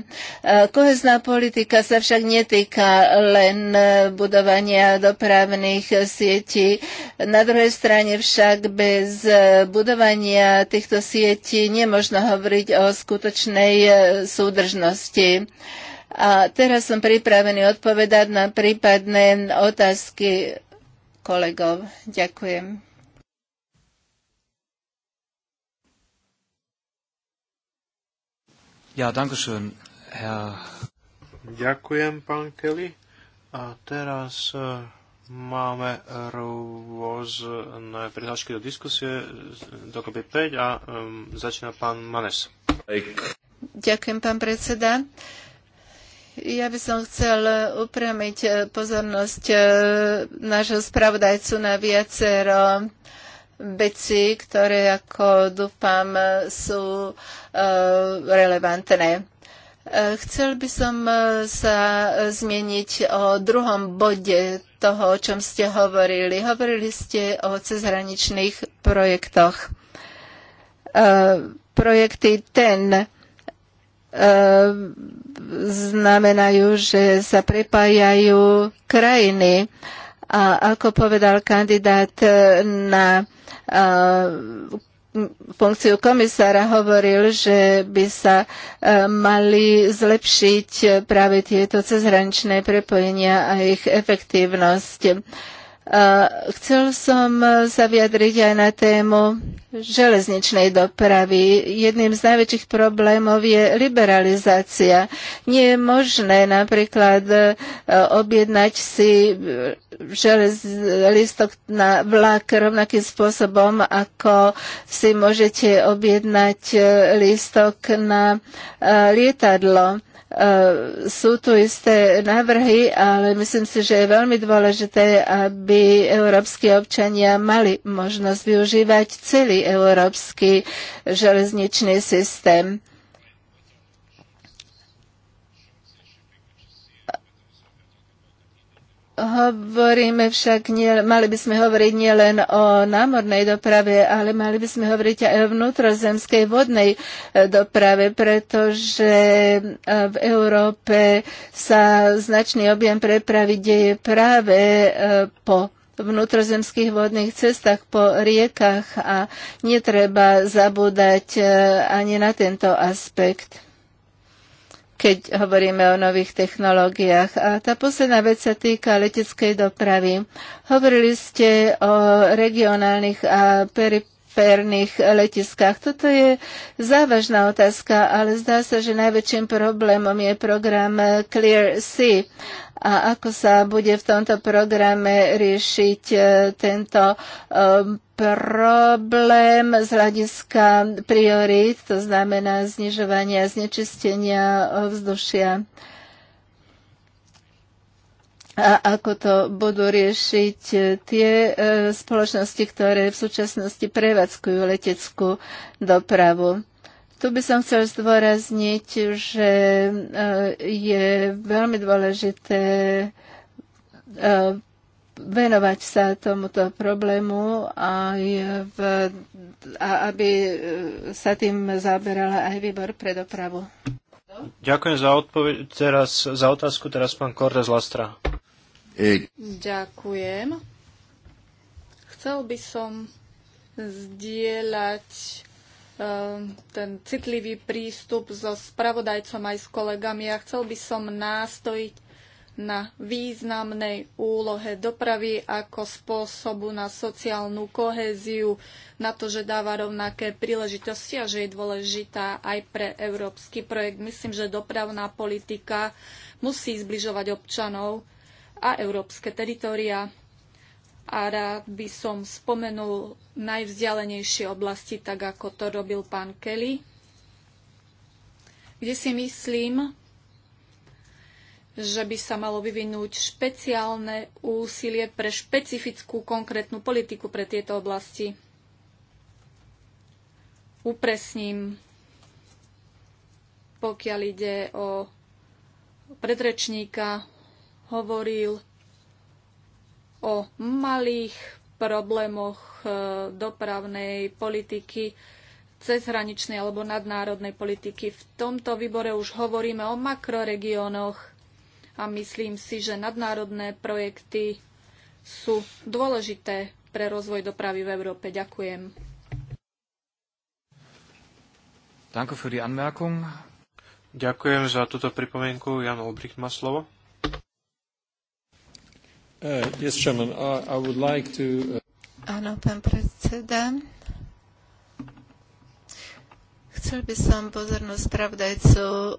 kohezná politika sa však netýka len budovania dopravných sietí. Na druhej strane však bez budovania týchto sietí nemožno hovoriť o skutočnej e, súdržnosti. A teraz som pripravený odpovedať na prípadné otázky kolegov. Ďakujem. Ja, danke schön, Herr... Ďakujem, pán Kelly. A teraz e, máme rôzne prihlášky do diskusie, dokopy 5 a um, začína pán Manes. Ďakujem, pán predseda. Uh, ja by som chcel upriamiť e, pozornosť e, nášho spravodajcu na viacero veci, ktoré, ako dúfam, e, sú relevantné. Chcel by som sa zmieniť o druhom bode toho, o čom ste hovorili. Hovorili ste o cezhraničných projektoch. Projekty TEN znamenajú, že sa prepájajú krajiny. A ako povedal kandidát na funkciu komisára hovoril, že by sa mali zlepšiť práve tieto cezhraničné prepojenia a ich efektívnosť. Chcel som sa vyjadriť aj na tému železničnej dopravy. Jedným z najväčších problémov je liberalizácia. Nie je možné napríklad e, objednať si e, želez, listok na vlak rovnakým spôsobom, ako si môžete objednať e, listok na lietadlo Eh, sú tu isté návrhy, ale myslím si, že je veľmi dôležité, aby európsky občania mali možnosť využívať celý európsky železničný systém. Hovoríme však, nie, mali by sme hovoriť nielen o námornej doprave, ale mali by sme hovoriť aj o vnútrozemskej vodnej e, doprave, pretože e, v Európe sa značný objem prepravy deje práve e, po vnútrozemských vodných cestách po riekach a netreba zabúdať ani na tento aspekt keď hovoríme o nových technológiách. A tá posledná vec sa týka leteckej dopravy. Hovorili ste o regionálnych a perip perných letiskách. Toto je závažná otázka, ale zdá sa, že najväčším problémom je program Clear Sea a ako sa bude v tomto programe riešiť e, tento e, problém z hľadiska priorít, to znamená znižovania znečistenia vzdušia a ako to budú riešiť e, tie spoločnosti, ktoré v súčasnosti prevádzkujú leteckú dopravu. Tu by som chcel zdôrazniť, že e, je veľmi dôležité e, venovať sa tomuto problému aj v, a aby e, sa tým zaoberala aj výbor pre dopravu. Ďakujem za, odpoveď, teraz, za otázku. Teraz pán Kordes Lastra. Ďakujem. Chcel by som zdieľať Ehm, ten citlivý prístup so spravodajcom aj s kolegami a chcel by som nástojiť na významnej úlohe dopravy ako spôsobu na sociálnu kohéziu, na to, že dáva rovnaké príležitosti a že je dôležitá aj pre európsky projekt. Myslím, že dopravná politika musí zbližovať občanov a európske teritória a rád by som spomenul najvzdialenejšie oblasti, tak ako to robil pán Kelly, kde si myslím, že by sa malo vyvinúť špeciálne úsilie pre špecifickú konkrétnu politiku pre tieto oblasti. Upresním, pokiaľ ide o predrečníka, hovoril o malých problémoch e, dopravnej politiky, cezhraničnej alebo nadnárodnej politiky. V tomto výbore už hovoríme o makroregiónoch a myslím si, že nadnárodné projekty sú dôležité pre rozvoj dopravy v Európe. Ďakujem. für die Anmerkung. Ďakujem za túto pripomienku. Jan Ulbricht má slovo. Uh, yes, Chairman, uh, I would like to... Uh, Áno, pán predseda. Chcel by som pozornosť pravdajcu uh,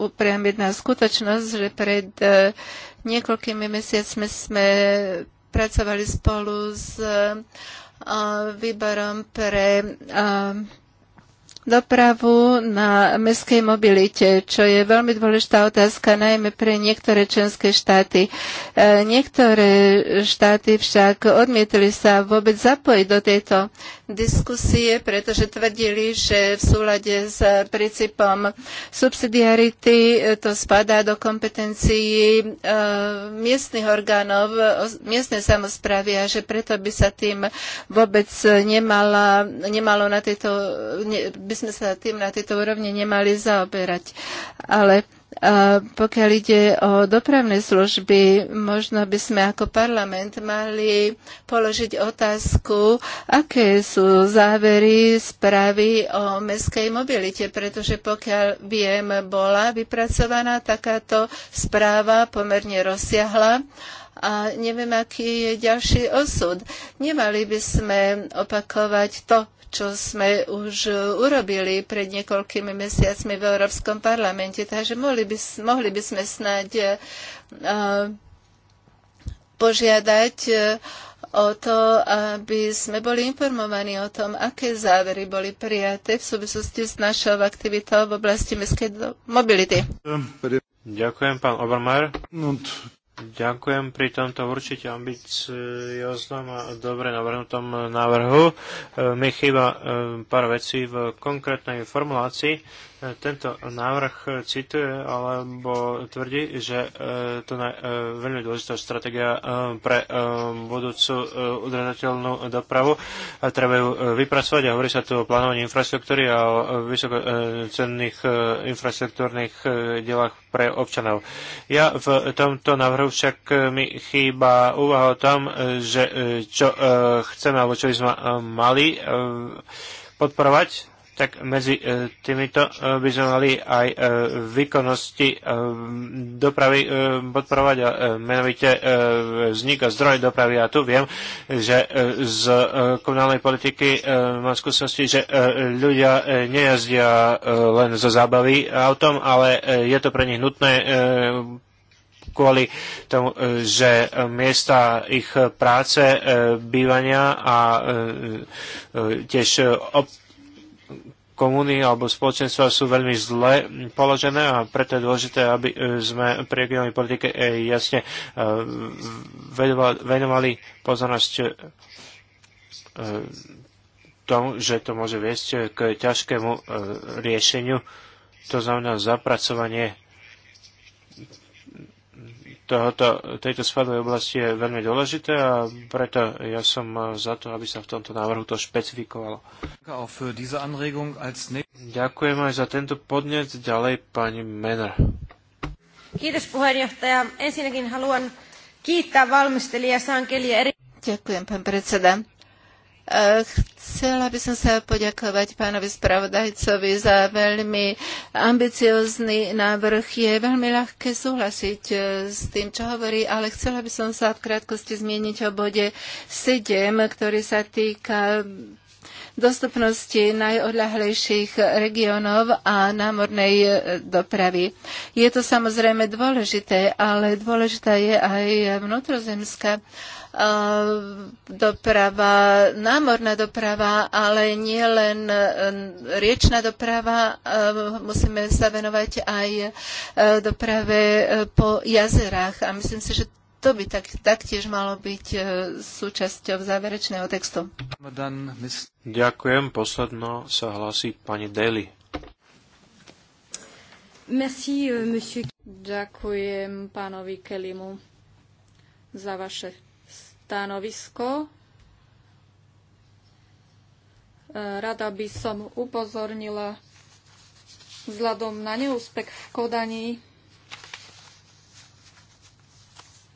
upriamiť na skutočnosť, že pred uh, niekoľkými mesiacmi sme pracovali spolu s výborom pre dopravu na mestskej mobilite, čo je veľmi dôležitá otázka najmä pre niektoré členské štáty. E, niektoré štáty však odmietli sa vôbec zapojiť do tejto diskusie, pretože tvrdili, že v súlade s princípom subsidiarity e, to spadá do kompetencií e, miestnych orgánov, e, miestnej samozprávy a že preto by sa tým vôbec nemala, nemalo na tejto, by sme sa tým na tejto úrovni nemali zaoberať. Ale a pokiaľ ide o dopravné služby, možno by sme ako parlament mali položiť otázku, aké sú závery správy o meskej mobilite, pretože pokiaľ viem, bola vypracovaná takáto správa pomerne rozsiahla a neviem, aký je ďalší osud. Nemali by sme opakovať to, čo sme už e, urobili pred niekoľkými mesiacmi v Európskom parlamente. Takže mohli by, mohli by sme snáď e, e, požiadať o to, aby sme boli informovaní o tom, aké závery boli prijaté v súvislosti s našou aktivitou v oblasti mestskej mobility. Ďakujem, pán Obermeier. Ďakujem pri tomto určite ambicioznom a dobre navrhnutom návrhu. E, mi chýba e, pár vecí v konkrétnej formulácii tento návrh cituje alebo tvrdí, že e, to je e, veľmi dôležitá stratégia e, pre budúcu udržateľnú dopravu a treba ju vypracovať a hovorí sa tu o plánovaní infraštruktúry a o vysokocenných infraštruktúrnych dielach pre občanov. Ja v tomto návrhu však mi chýba úvaha o tom, že čo chceme alebo čo by sme mali podporovať tak medzi e, týmito e, by sme mali aj e, výkonnosti dopravy podporovať a menovite vznik a zdroj dopravy. A tu viem, že z komunálnej politiky mám skúsenosti, že ľudia nejazdia len zo zábavy autom, ale je to pre nich nutné kvôli tomu, že miesta ich práce, bývania a tiež ob komúny alebo spoločenstva sú veľmi zle položené a preto je dôležité, aby e, sme pri regionálnej politike e, jasne e, venovali pozornosť tomu, že to môže viesť k ťažkému riešeniu, to znamená zapracovanie tohoto, tejto spadovej oblasti je veľmi dôležité a preto ja som eh, za to, aby sa v tomto návrhu to špecifikovalo. Ďakujem aj za tento podnec. Ďalej pani Mener. Kiitos puheenjohtaja. Ensinnäkin haluan kiittää valmistelijaa Sankelia eri... Ďakujem, pán predseda. Chcela by som sa poďakovať pánovi spravodajcovi za veľmi ambiciózny návrh. Je veľmi ľahké súhlasiť e, s tým, čo hovorí, ale chcela by som sa v krátkosti zmieniť o bode 7, ktorý sa týka dostupnosti najodľahlejších regiónov a námornej e, dopravy. Je to samozrejme dôležité, ale dôležitá je aj vnútrozemská Eh, doprava, námorná doprava, ale nie len eh, riečná doprava, eh, musíme sa venovať aj doprave po jazerách. A myslím si, že to by tak, taktiež malo byť súčasťou záverečného textu. Ďakujem. Posledno sa hlási pani Daly. Merci, monsieur. Ďakujem pánovi Kelimu za vaše stanovisko. E, rada by som upozornila vzhľadom na neúspech v Kodani.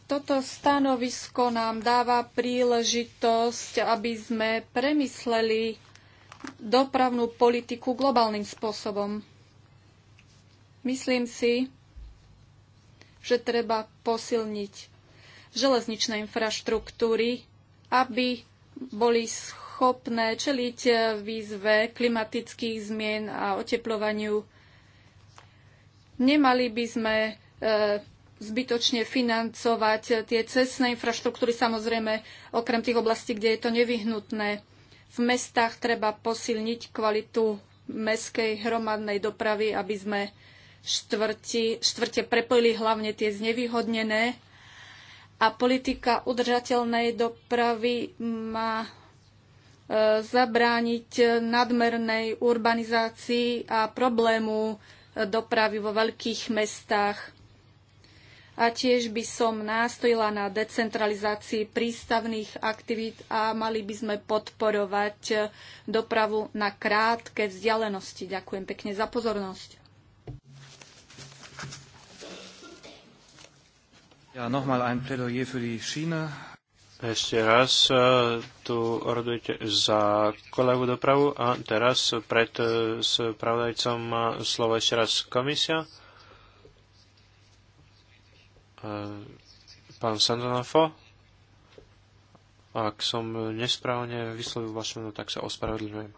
Toto stanovisko nám dáva príležitosť, aby sme premysleli dopravnú politiku globálnym spôsobom. Myslím si, že treba posilniť železničnej infraštruktúry, aby boli schopné čeliť výzve klimatických zmien a oteplovaniu. Nemali by sme e, zbytočne financovať tie cestné infraštruktúry, samozrejme okrem tých oblastí, kde je to nevyhnutné. V mestách treba posilniť kvalitu mestskej hromadnej dopravy, aby sme štvrti, štvrte prepojili hlavne tie znevýhodnené a politika udržateľnej dopravy má e, zabrániť nadmernej urbanizácii a problému e, dopravy vo veľkých mestách. A tiež by som nástojila na decentralizácii prístavných aktivít a mali by sme podporovať e, dopravu na krátke vzdialenosti. Ďakujem pekne za pozornosť. Ja, nochmal ein Plädoyer für die Schiene. Ešte raz e, tu orodujte za kolegu dopravu a teraz pred e, spravodajcom e, slovo ešte raz komisia. Pán Sandonafo, ak som nesprávne vyslovil vašu meno, tak sa ospravedlňujem.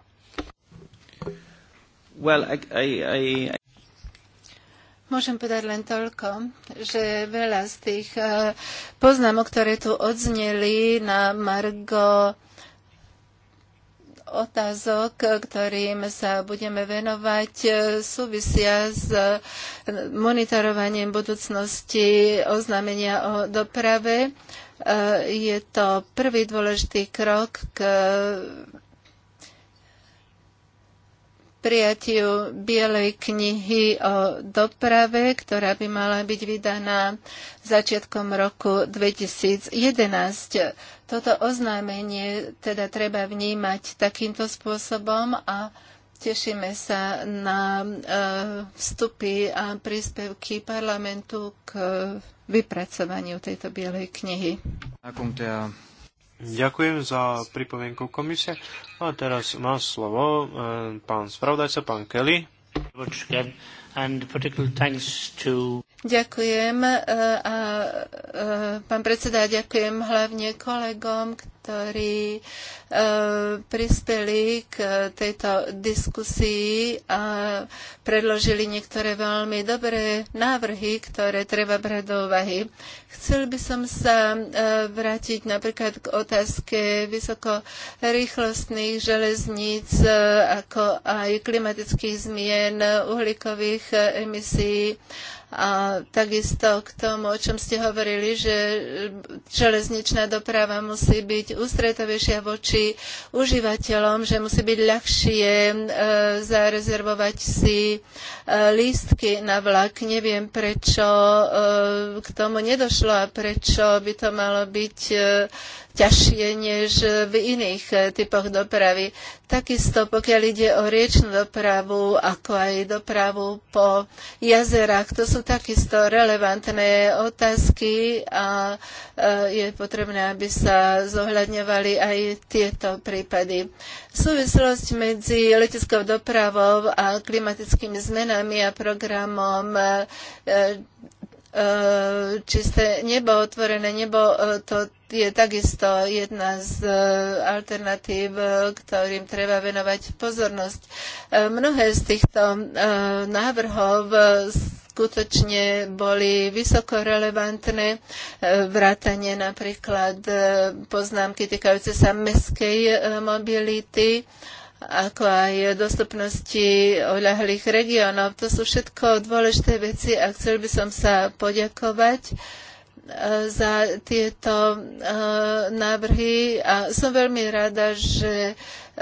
Well, I, I, Môžem povedať len toľko, že veľa z tých eh, poznámok, ktoré tu odzneli na Margo otázok, ktorým sa budeme venovať, eh, súvisia s eh, monitorovaním budúcnosti oznámenia o doprave. Je to prvý dôležitý krok k prijatiu Bielej knihy o doprave, ktorá by mala byť vydaná začiatkom roku 2011. Toto oznámenie teda treba vnímať takýmto spôsobom a tešíme sa na eh, vstupy a príspevky parlamentu k eh, vypracovaniu tejto Bielej knihy. Ďakujem za pripomienku komisie. A teraz má slovo e, pán spravodajca, pán Kelly and particular thanks to Ďakujem eh, a eh, pán predseda, ďakujem hlavne kolegom, ktorí eh, prispeli k tejto diskusii a predložili niektoré veľmi dobré návrhy, ktoré treba brať do úvahy. Chcel by som sa vrátiť napríklad k otázke vysokorýchlostných železníc, ako aj klimatických zmien, uhlíkových skleníkových eh, emisí a takisto k tomu, o čom ste hovorili, že eh, železničná doprava musí byť ústretovejšia voči užívateľom, že musí byť ľahšie e, zarezervovať si e, lístky na vlak. Neviem, prečo e, k tomu nedošlo a prečo by to malo byť e, ťažšie než v iných eh, typoch dopravy. Takisto pokiaľ ide o riečnú dopravu, ako aj dopravu po jazerách, to sú takisto relevantné otázky a eh, je potrebné, aby sa zohľadňovali aj tieto prípady. Súvislosť medzi leteckou dopravou a klimatickými zmenami a programom eh, čisté nebo, otvorené nebo, to je takisto jedna z e, alternatív, e, ktorým treba venovať pozornosť. E, mnohé z týchto návrhov skutočne boli vysoko relevantné, vrátanie napríklad poznámky týkajúce sa meskej mobility, ako aj dostupnosti oľahlých regiónov. To sú všetko dôležité veci a chcel by som sa poďakovať Eh, za tieto eh, návrhy a som veľmi rada, že eh,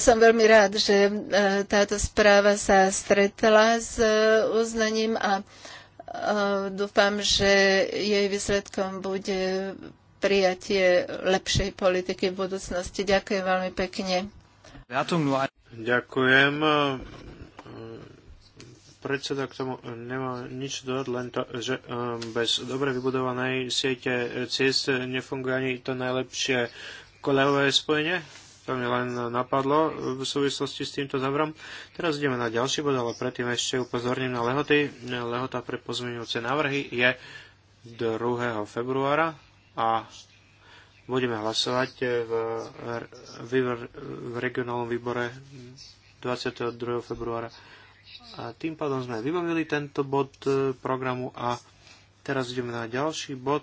som veľmi rád, že táto správa sa stretla s uznaním a dúfam, že jej výsledkom bude prijatie lepšej politiky v budúcnosti. Ďakujem veľmi pekne. Ďakujem predseda, k tomu nemá nič dodať, len to, že eh, bez dobre vybudovanej siete eh, ciest nefunguje ani to najlepšie kolejové spojenie. To mi len napadlo eh, v súvislosti s týmto zavrom. Teraz ideme na ďalší bod, ale predtým ešte upozorním na lehoty. Lehota pre pozmeňujúce návrhy je 2. februára a budeme hlasovať v, v, v regionálnom výbore 22. februára. A tým pádom sme vybavili tento bod e, programu a teraz ideme na ďalší bod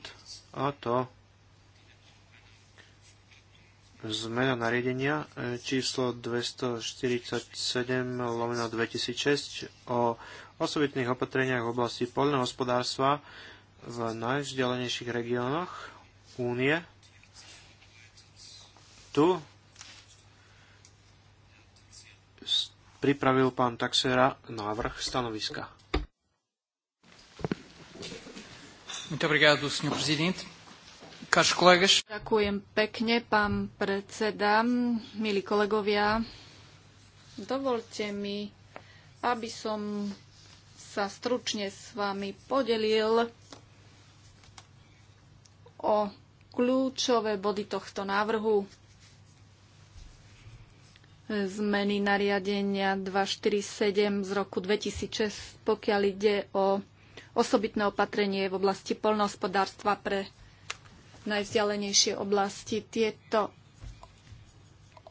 a to zmena nariadenia e, číslo 247 lomeno 2006 o osobitných opatreniach v oblasti poľnohospodárstva v najvzdelenejších regiónoch únie. Tu pripravil pán Taxera návrh stanoviska. Ďakujem pekne, pán predseda, milí kolegovia. Dovolte mi, aby som sa stručne s vami podelil o kľúčové body tohto návrhu zmeny nariadenia 247 z roku 2006, pokiaľ ide o osobitné opatrenie v oblasti polnohospodárstva pre najvzdialenejšie oblasti. Tieto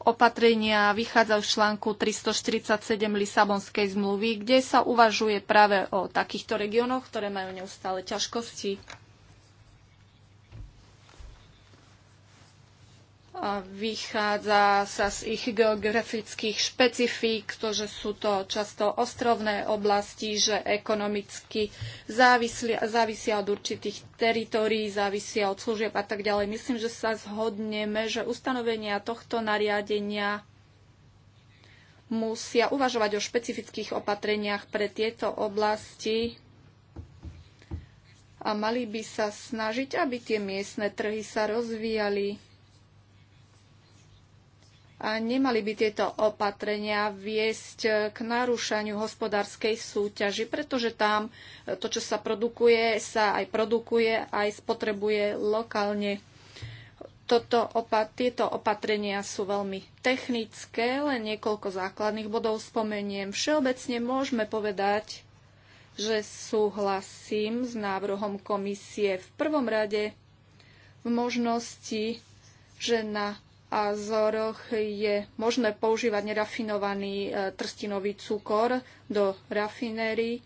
opatrenia vychádzajú z článku 347 Lisabonskej zmluvy, kde sa uvažuje práve o takýchto regiónoch, ktoré majú neustále ťažkosti Vychádza sa z ich geografických špecifík, to, že sú to často ostrovné oblasti, že ekonomicky závislia, závisia od určitých teritórií, závisia od služieb a tak ďalej. Myslím, že sa zhodneme, že ustanovenia tohto nariadenia musia uvažovať o špecifických opatreniach pre tieto oblasti a mali by sa snažiť, aby tie miestne trhy sa rozvíjali a nemali by tieto opatrenia viesť eh, k narúšaniu hospodárskej súťaži, pretože tam eh, to, čo sa produkuje, sa aj produkuje, aj spotrebuje lokálne. Toto opa- tieto opatrenia sú veľmi technické, len niekoľko základných bodov spomeniem. Všeobecne môžeme povedať, že súhlasím s návrhom komisie v prvom rade v možnosti, že na Azoroch je možné používať nerafinovaný e, trstinový cukor do rafinérií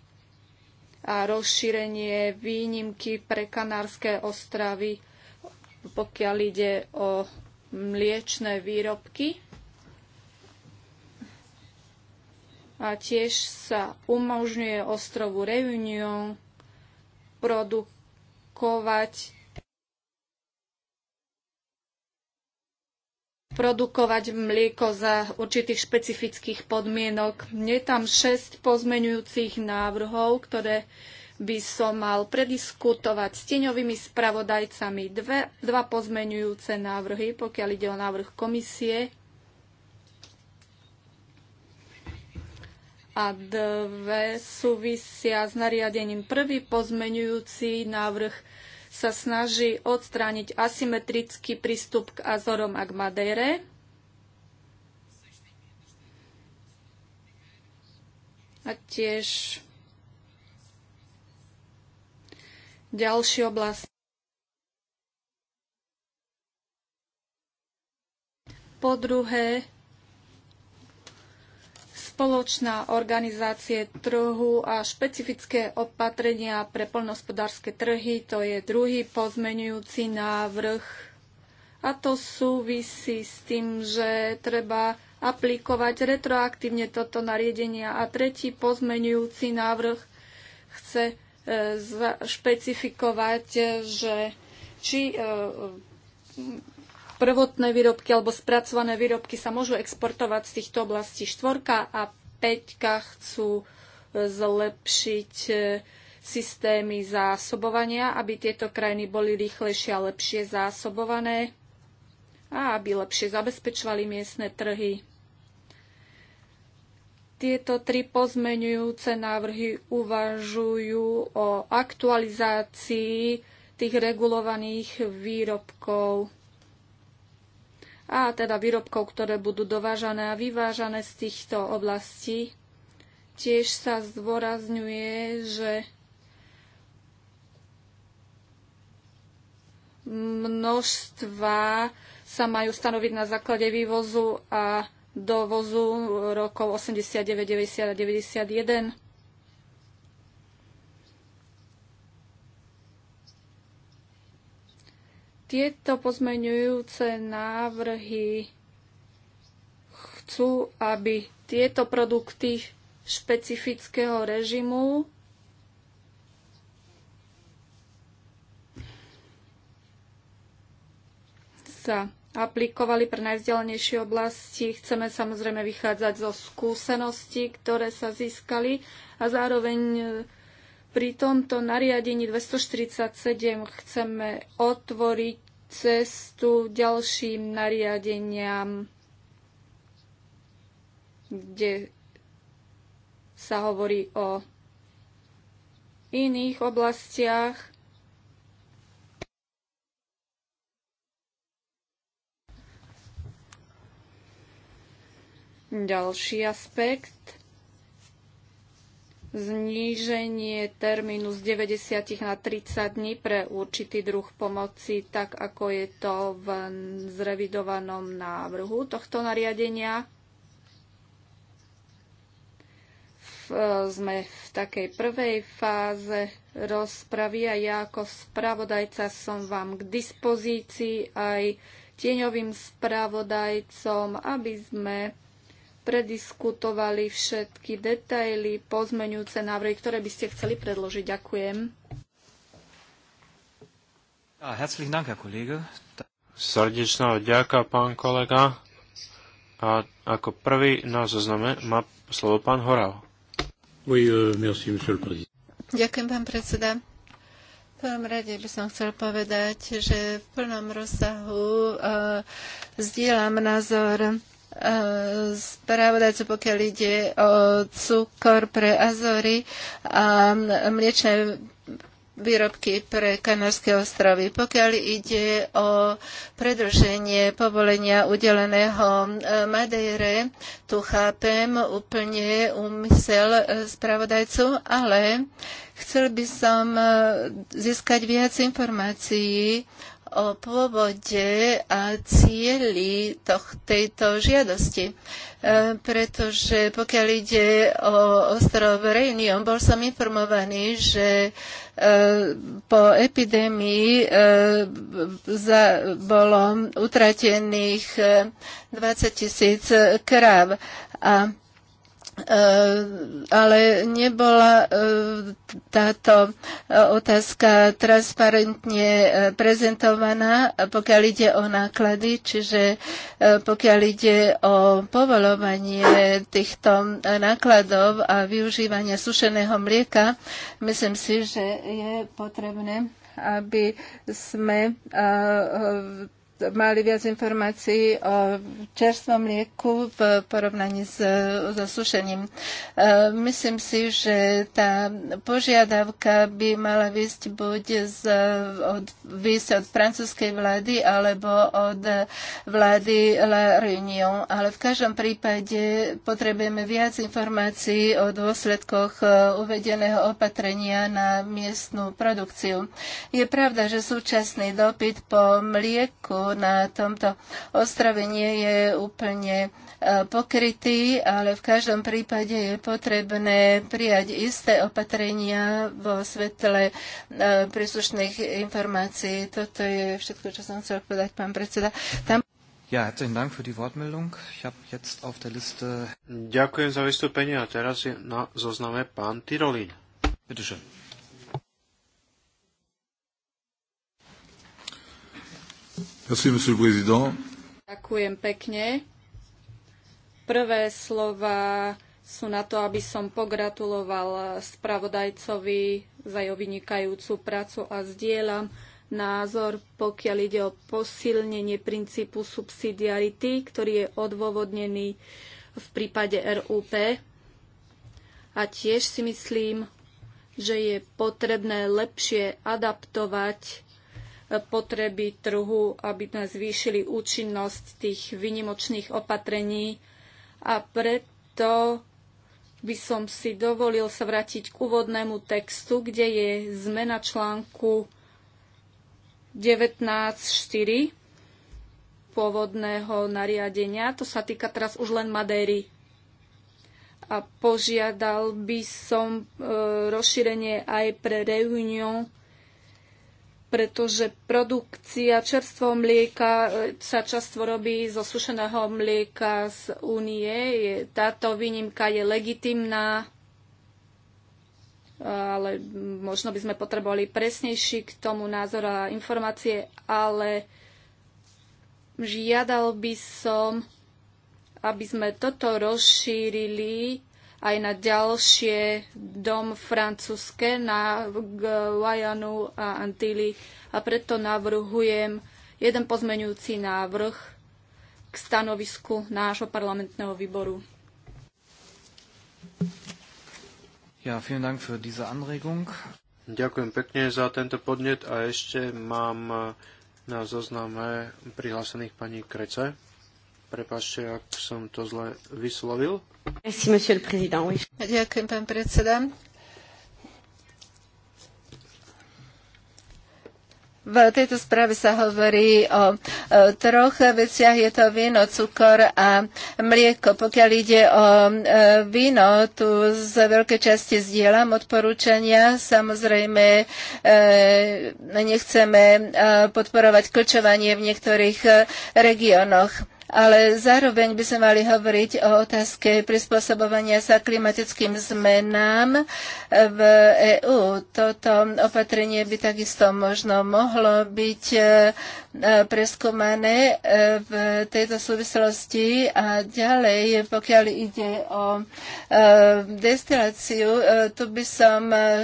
a rozšírenie výnimky pre Kanárske ostravy, pokiaľ ide o mliečné výrobky. A tiež sa umožňuje ostrovu Reunion produkovať produkovať mlieko za určitých špecifických podmienok. Je tam 6 pozmeňujúcich návrhov, ktoré by som mal prediskutovať s tieňovými spravodajcami. Dve, dva pozmeňujúce návrhy, pokiaľ ide o návrh komisie. A dve súvisia s nariadením. Prvý pozmeňujúci návrh sa snaží odstrániť asymetrický prístup k Azorom a k Madejre. A tiež ďalší oblast. Po druhé, spoločná organizácie trhu a špecifické opatrenia pre poľnohospodárske trhy, to je druhý pozmenujúci návrh. A to súvisí s tým, že treba aplikovať retroaktívne toto nariadenie. A tretí pozmenujúci návrh chce e, špecifikovať, že či e, prvotné výrobky alebo spracované výrobky sa môžu exportovať z týchto oblastí. Štvorka a peťka chcú e, zlepšiť e, systémy zásobovania, aby tieto krajiny boli rýchlejšie a lepšie zásobované a aby lepšie zabezpečovali miestne trhy. Tieto tri pozmenujúce návrhy uvažujú o aktualizácii tých regulovaných výrobkov a teda výrobkov, ktoré budú dovážané a vyvážané z týchto oblastí. Tiež sa zdôrazňuje, že množstva sa majú stanoviť na základe vývozu a dovozu rokov 89, 90 a 91. Tieto pozmeňujúce návrhy chcú, aby tieto produkty špecifického režimu sa aplikovali pre najvzdialenejšie oblasti. Chceme samozrejme vychádzať zo skúseností, ktoré sa získali a zároveň pri tomto nariadení 247 chceme otvoriť cestu ďalším nariadeniam, kde sa hovorí o iných oblastiach. Ďalší aspekt zníženie termínu z 90 na 30 dní pre určitý druh pomoci, tak ako je to v zrevidovanom návrhu tohto nariadenia. V, sme v takej prvej fáze rozpravy a ja ako spravodajca som vám k dispozícii aj tieňovým spravodajcom, aby sme prediskutovali všetky detaily, pozmeňujúce návrhy, ktoré by ste chceli predložiť. Ďakujem. Ja, herzlichen Dank, Herr Kollege. Srdečná ďaká, pán kolega. A ako prvý na zozname má slovo pán Horal. Oui, euh, merci, monsieur le président. Ďakujem, pán predseda. V prvom rade by som chcel povedať, že v plnom rozsahu uh, zdieľam názor spravodajcu, pokiaľ ide o cukor pre Azory a mliečne výrobky pre Kanárske ostrovy. Pokiaľ ide o predlženie povolenia udeleného e, Madeire, tu chápem úplne úmysel e, spravodajcu, ale chcel by som e, získať viac informácií o pôvode a cieli tejto žiadosti. E, pretože pokiaľ ide o ostrov Reunion, bol som informovaný, že e, po epidémii e, za, bolo utratených 20 e, tisíc kráv. A Eh, ale nebola eh, táto eh, otázka transparentne prezentovaná, pokiaľ ide o náklady, čiže pokiaľ ide o povolovanie týchto nákladov a využívania sušeného mlieka, myslím si, že je potrebné aby sme mali viac informácií o čerstvom mlieku v porovnaní s, zasušením. E, myslím si, že tá požiadavka by mala vysť buď z, od, vysť od francúzskej vlády alebo od vlády La Réunion, ale v každom prípade potrebujeme viac informácií o dôsledkoch e, uvedeného opatrenia na miestnú produkciu. Je pravda, že súčasný dopyt po mlieku na tomto ostrove nie je úplne e, pokrytý, ale v každom prípade je potrebné prijať isté opatrenia vo svetle e, príslušných informácií. Toto je všetko, čo som chcel povedať, pán predseda. Tam... Ja, herzlichen Dank für die Wortmeldung. Ich habe jetzt auf der Liste... Ďakujem za vystúpenie a teraz je na zozname pán Tyrolín. Bitte schön. Merci, monsieur le président. Ďakujem pekne. Prvé slova sú na to, aby som pogratuloval spravodajcovi za jeho vynikajúcu prácu a zdieľam názor, pokiaľ ide o posilnenie princípu subsidiarity, ktorý je odôvodnený v prípade RUP. A tiež si myslím, že je potrebné lepšie adaptovať potreby trhu, aby sme zvýšili účinnosť tých vynimočných opatrení a preto by som si dovolil sa vrátiť k úvodnému textu, kde je zmena článku 19.4 pôvodného nariadenia. To sa týka teraz už len Madéry. A požiadal by som e, rozšírenie aj pre Reunion pretože produkcia čerstvého mlieka e, sa často robí zo sušeného mlieka z únie. Táto výnimka je legitimná, ale možno by sme potrebovali presnejší k tomu názor a informácie, ale žiadal by som, aby sme toto rozšírili aj na ďalšie dom francúzske, na Guajanu a Antily. A preto navrhujem jeden pozmenujúci návrh k stanovisku nášho parlamentného výboru. Ja, vielen Dank für diese Anregung. Ďakujem pekne za tento podnet a ešte mám e, na zozname prihlásených pani Krece. Prepašte, ak som to zle vyslovil. Ďakujem, pán predseda. V tejto správe sa hovorí o troch veciach. Je to víno, cukor a mlieko. Pokiaľ ide o víno, tu z veľkej časti zdieľam odporúčania. Samozrejme, e, nechceme e, podporovať kočovanie v niektorých e, regiónoch ale zároveň by sme mali hovoriť o otázke prispôsobovania sa klimatickým zmenám v EÚ. Toto opatrenie by takisto možno mohlo byť e, preskúmané e, v tejto súvislosti a ďalej, pokiaľ ide o e, destiláciu, tu by som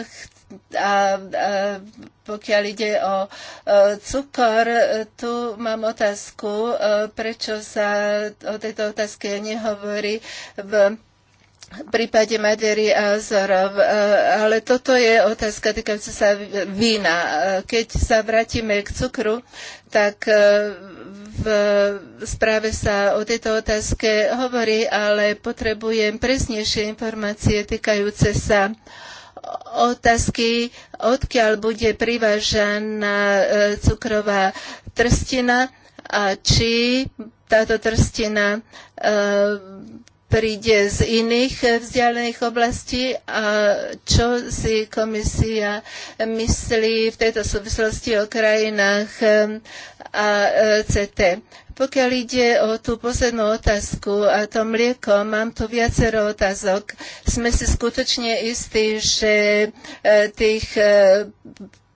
chcel a, a pokiaľ ide o cukor, tu mám otázku, e, prečo sa o tejto otázke nehovorí v v prípade Madery a Azorov. E, ale toto je otázka týkajúca sa vína. E, keď sa vrátime k cukru, tak v správe sa o tejto otázke hovorí, ale potrebujem presnejšie informácie týkajúce sa uh, otázky, odkiaľ bude privážaná e, cukrová trstina a či táto trstina e, príde z iných vzdialených oblastí a čo si komisia myslí v tejto súvislosti o krajinách eh, a eh, CT. Pokiaľ ide o tú poslednú otázku a to mlieko, mám tu viacero otázok. Sme si skutočne istí, že eh, tých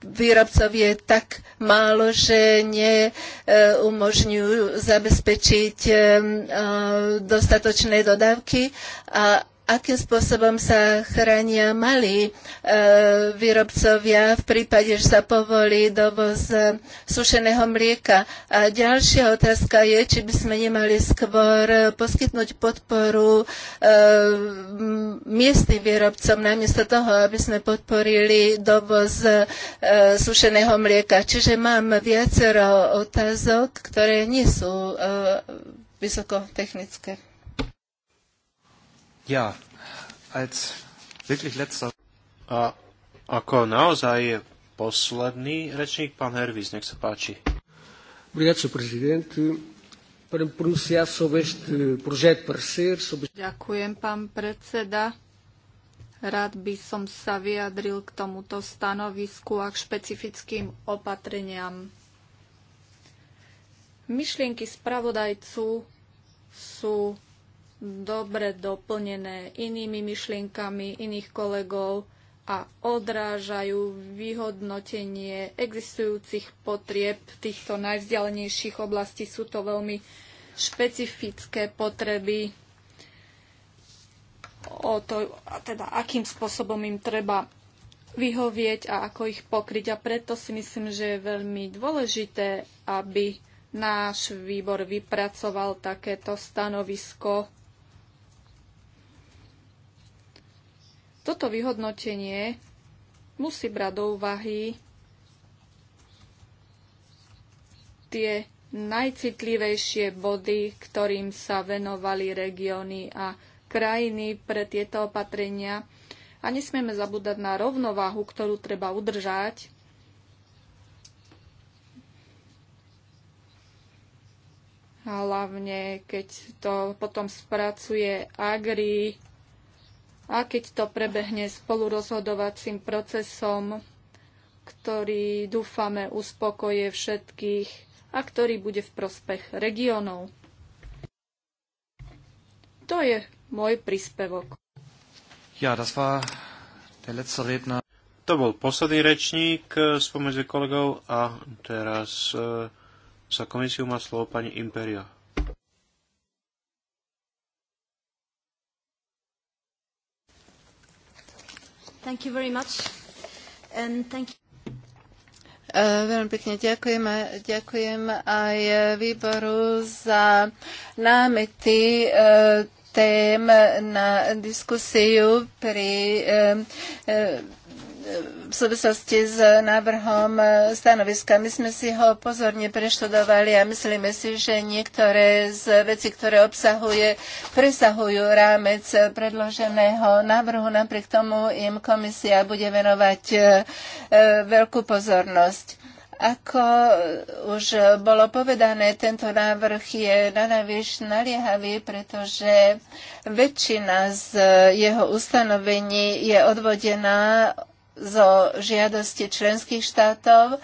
výrobcov je tak málo, že neumožňujú zabezpečiť ehm, dostatočné dodávky a akým spôsobom sa chránia malí e, výrobcovia v prípade, že sa povolí dovoz e, sušeného mlieka. A ďalšia otázka je, či by sme nemali skôr poskytnúť podporu e, miestnym výrobcom, namiesto toho, aby sme podporili dovoz e, sušeného mlieka. Čiže mám viacero otázok, ktoré nie sú e, vysokotechnické. Ja, als wirklich letzter... A ako naozaj je posledný rečník, pán Hervis, nech sa páči. Obrigado, Sr. Para pronunciar sobre este projeto parecer... Sobre... Ďakujem, pán predseda. Rád by som sa vyjadril k tomuto stanovisku a k špecifickým opatreniam. Myšlienky spravodajcu sú dobre doplnené inými myšlienkami iných kolegov a odrážajú vyhodnotenie existujúcich potrieb týchto najvzdialenejších oblastí. Sú to veľmi špecifické potreby o to, a teda akým spôsobom im treba vyhovieť a ako ich pokryť. A preto si myslím, že je veľmi dôležité, aby náš výbor vypracoval takéto stanovisko Toto vyhodnotenie musí brať do úvahy tie najcitlivejšie body, ktorým sa venovali regióny a krajiny pre tieto opatrenia. A nesmieme zabúdať na rovnováhu, ktorú treba udržať. Hlavne, keď to potom spracuje Agri a keď to prebehne spolurozhodovacím procesom, ktorý dúfame uspokoje všetkých a ktorý bude v prospech regiónov. To je môj príspevok. Ja, das war der letzte Redner. To bol posledný rečník eh, spomedzi kolegov a teraz eh, za komisiu má slovo pani Imperia. Thank you very much. And thank you. E, veľmi pekne ďakujem a ďakujem aj výboru za námety e, tém na diskusiu pri e, v súvislosti s návrhom stanoviska. My sme si ho pozorne preštudovali a myslíme si, že niektoré z vecí, ktoré obsahuje, presahujú rámec predloženého návrhu. Napriek tomu im komisia bude venovať e, veľkú pozornosť. Ako už bolo povedané, tento návrh je nanajvyš naliehavý, pretože väčšina z jeho ustanovení je odvodená zo žiadosti členských štátov,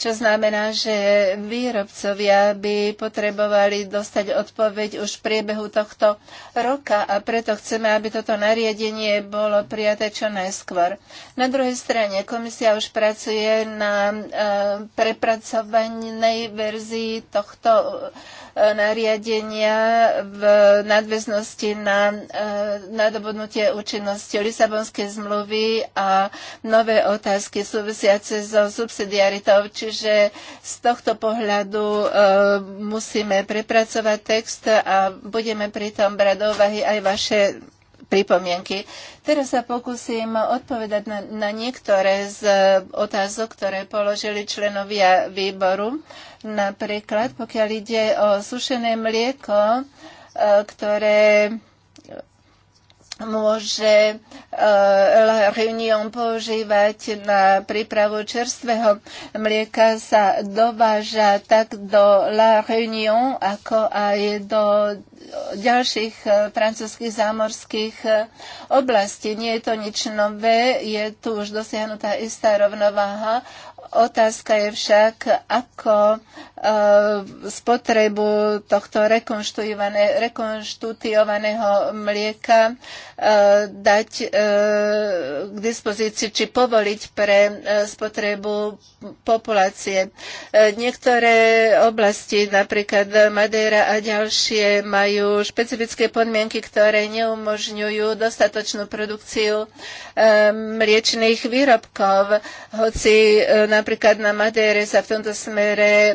čo znamená, že výrobcovia by potrebovali dostať odpoveď už v priebehu tohto roka a preto chceme, aby toto nariadenie bolo prijaté čo najskôr. Na druhej strane komisia už pracuje na eh, prepracovanej verzii tohto nariadenia v nadväznosti na e, nadobudnutie účinnosti Lisabonskej zmluvy a nové otázky súvisiace so subsidiaritou. Čiže z tohto pohľadu e, musíme prepracovať text a budeme pritom brať do úvahy aj vaše pripomienky. Teraz sa pokúsim odpovedať na, na niektoré z otázok, ktoré položili členovia výboru. Napríklad, pokiaľ ide o sušené mlieko, e, ktoré môže eh, La Réunion používať na prípravu čerstvého mlieka sa dováža tak do La Réunion, ako aj do ďalších eh, francúzských zámorských eh, oblastí. Nie je to nič nové, je tu už dosiahnutá istá rovnováha Otázka je však, ako eh, spotrebu tohto rekonštutiovaného mlieka eh, dať eh, k dispozícii, či povoliť pre spotrebu populácie. Niektoré oblasti, napríklad Madeira a ďalšie, majú špecifické podmienky, ktoré neumožňujú dostatočnú produkciu mliečných výrobkov. Hoci e, napríklad na Madére sa v tomto smere e,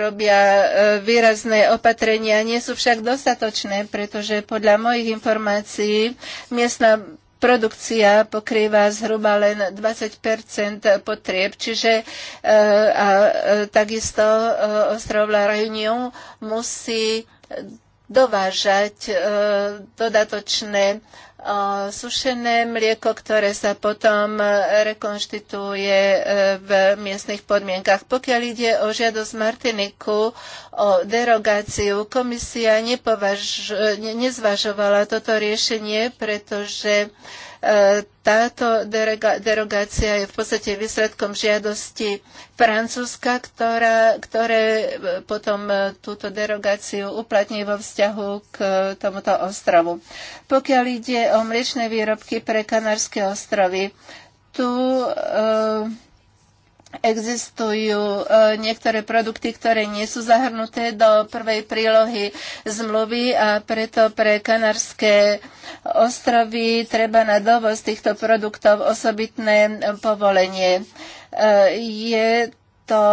robia e, výrazné opatrenia, nie sú však dostatočné, pretože podľa mojich informácií miestna produkcia pokrýva zhruba len 20 potrieb, čiže a takisto ostrov La Réunion musí dovážať dodatočné sušené mlieko, ktoré sa potom e, rekonštituje e, v miestnych podmienkach. Pokiaľ ide o žiadosť Martiniku o derogáciu, komisia nepovaž, nezvažovala toto riešenie, pretože táto derogácia je v podstate výsledkom žiadosti Francúzska, ktorá, ktoré e, potom e, túto derogáciu uplatní vo vzťahu k e, tomuto ostrovu. Pokiaľ ide o mliečne výrobky pre Kanárske ostrovy, tu e, existujú e, niektoré produkty, ktoré nie sú zahrnuté do prvej prílohy zmluvy a preto pre Kanárske ostrovy treba na dovoz týchto produktov osobitné e, povolenie. E, je to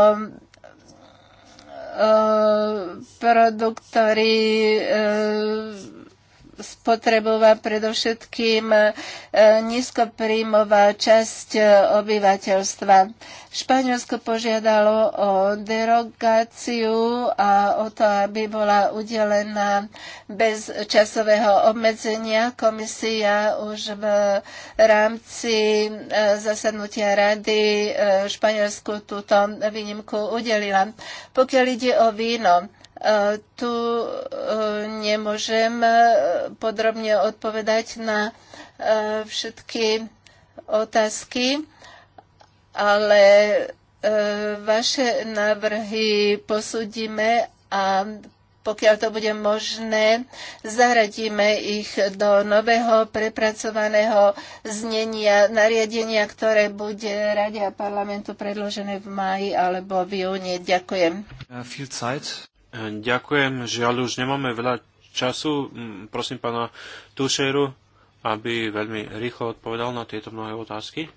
produkt, ktorý spotrebová predovšetkým e, nízkopríjmová časť e, obyvateľstva. Španielsko požiadalo o derogáciu a o to, aby bola udelená bez časového obmedzenia. Komisia už v rámci e, zasadnutia rady Španielsku túto výnimku udelila. Pokiaľ ide o víno, tu eh, nemôžem eh, podrobne odpovedať na eh, všetky otázky, ale vaše návrhy posúdime a pokiaľ to bude možné, zaradíme ich do nového prepracovaného znenia nariadenia, ktoré bude Rade a parlamentu predložené v máji alebo v júni. Ďakujem. Ďakujem, žiaľ už nemáme veľa času. Prosím pána Tušeru, aby veľmi rýchlo odpovedal na tieto mnohé otázky.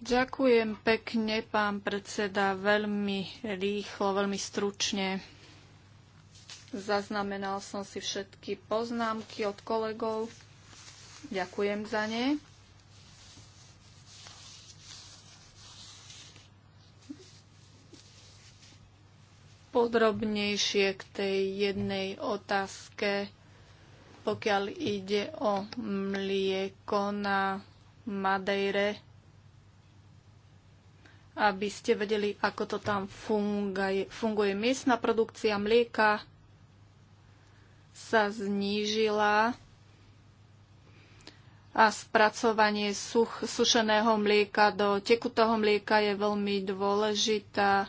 Ďakujem pekne, pán predseda, veľmi rýchlo, veľmi stručne. Zaznamenal som si všetky poznámky od kolegov. Ďakujem za ne. podrobnejšie k tej jednej otázke, pokiaľ ide o mlieko na Madejre, aby ste vedeli, ako to tam funguje. funguje. Miestna produkcia mlieka sa znížila a spracovanie such, sušeného mlieka do tekutého mlieka je veľmi dôležitá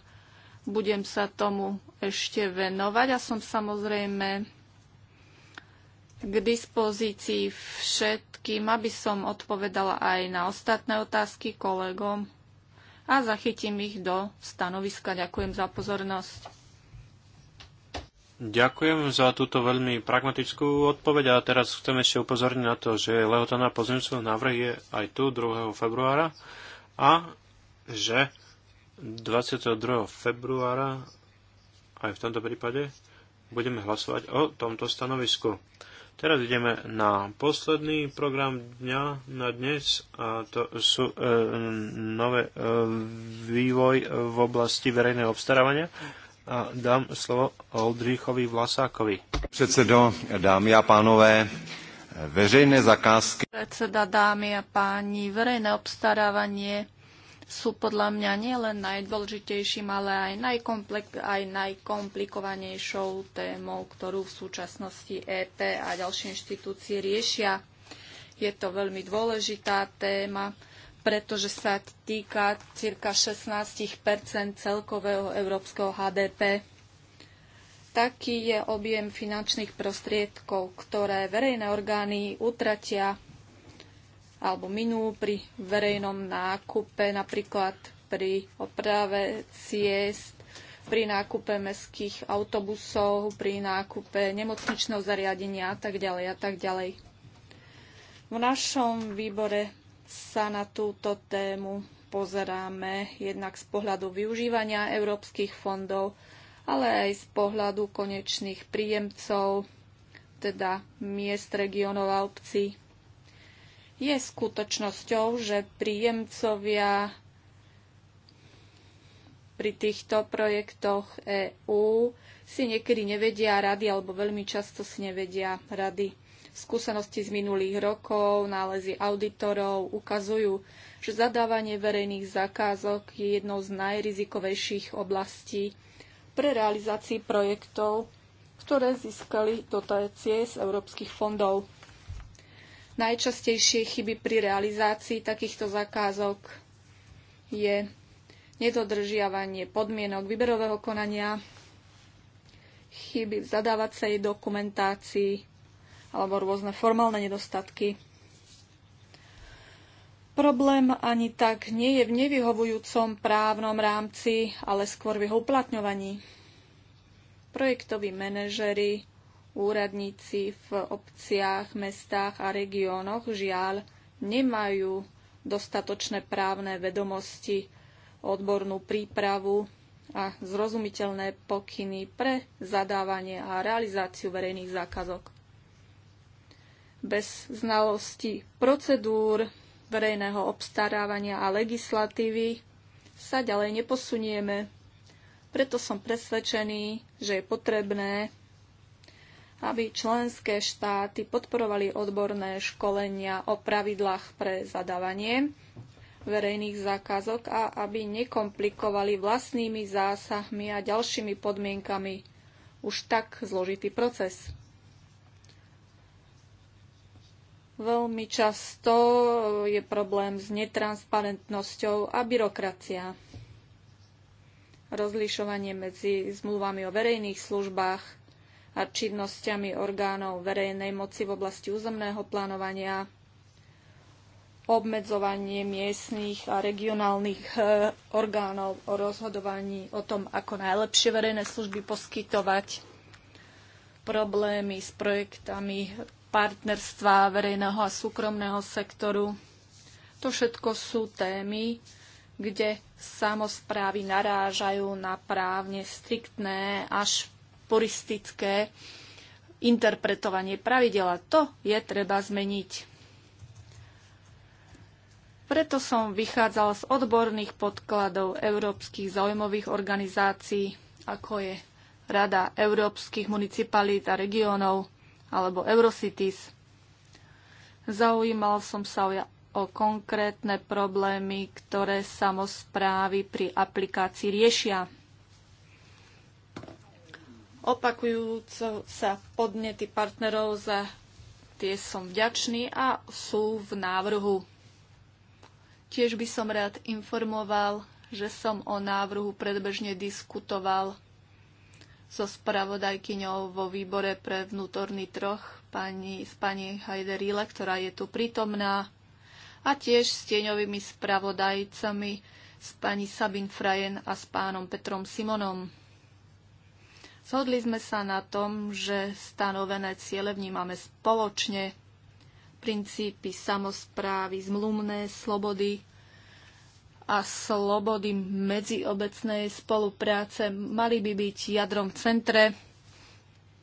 budem sa tomu ešte venovať a som samozrejme k dispozícii všetkým, aby som odpovedala aj na ostatné otázky kolegom a zachytím ich do stanoviska. Ďakujem za pozornosť. Ďakujem za túto veľmi pragmatickú odpoveď a teraz chcem ešte upozorniť na to, že lehota na pozemcov návrh je aj tu 2. februára a že 22. februára, aj v tomto prípade, budeme hlasovať o tomto stanovisku. Teraz ideme na posledný program dňa na dnes a to sú e, nové e, vývoj v oblasti verejného obstarávania. A dám slovo Oldrichovi Vlasákovi. Předsedo, dámy a pánové, veřejné zakázky. Predseda, dámy a páni, verejné obstarávanie sú podľa mňa nielen najdôležitejším, ale aj, aj najkomplikovanejšou témou, ktorú v súčasnosti EP a ďalšie inštitúcie riešia. Je to veľmi dôležitá téma, pretože sa týka cirka 16 celkového európskeho HDP. Taký je objem finančných prostriedkov, ktoré verejné orgány utratia alebo minú pri verejnom nákupe, napríklad pri oprave ciest, pri nákupe mestských autobusov, pri nákupe nemocničného zariadenia a tak ďalej a tak ďalej. V našom výbore sa na túto tému pozeráme jednak z pohľadu využívania európskych fondov, ale aj z pohľadu konečných príjemcov, teda miest, regionov a obcí je skutočnosťou, že príjemcovia pri týchto projektoch EÚ si niekedy nevedia rady alebo veľmi často si nevedia rady. Skúsenosti z minulých rokov, nálezy auditorov ukazujú, že zadávanie verejných zakázok je jednou z najrizikovejších oblastí pre realizácii projektov, ktoré získali dotácie z európskych fondov. Najčastejšie chyby pri realizácii takýchto zakázok je nedodržiavanie podmienok výberového konania, chyby v zadávacej dokumentácii alebo rôzne formálne nedostatky. Problém ani tak nie je v nevyhovujúcom právnom rámci, ale skôr v jeho uplatňovaní. Projektoví manažery úradníci v obciach, mestách a regiónoch žiaľ nemajú dostatočné právne vedomosti, odbornú prípravu a zrozumiteľné pokyny pre zadávanie a realizáciu verejných zákazok. Bez znalosti procedúr verejného obstarávania a legislatívy sa ďalej neposunieme. Preto som presvedčený, že je potrebné aby členské štáty podporovali odborné školenia o pravidlách pre zadávanie verejných zákazok a aby nekomplikovali vlastnými zásahmi a ďalšími podmienkami už tak zložitý proces. Veľmi často je problém s netransparentnosťou a byrokracia. Rozlišovanie medzi zmluvami o verejných službách a činnosťami orgánov verejnej moci v oblasti územného plánovania, obmedzovanie miestných a regionálnych e, orgánov o rozhodovaní o tom, ako najlepšie verejné služby poskytovať, problémy s projektami partnerstva verejného a súkromného sektoru. To všetko sú témy, kde samozprávy narážajú na právne striktné až puristické interpretovanie pravidela. To je treba zmeniť. Preto som vychádzal z odborných podkladov európskych zaujímových organizácií, ako je Rada európskych municipalít a regiónov alebo Eurocities. Zaujímal som sa o konkrétne problémy, ktoré samozprávy pri aplikácii riešia opakujúco sa podnety partnerov za tie som vďačný a sú v návrhu. Tiež by som rád informoval, že som o návrhu predbežne diskutoval so spravodajkyňou vo výbore pre vnútorný troch pani, s pani Hajderile, ktorá je tu prítomná, a tiež s tieňovými spravodajcami s pani Sabin Frajen a s pánom Petrom Simonom. Zhodli sme sa na tom, že stanovené ciele vnímame spoločne, princípy samozprávy, zmlumné slobody a slobody medziobecnej spolupráce mali by byť jadrom centre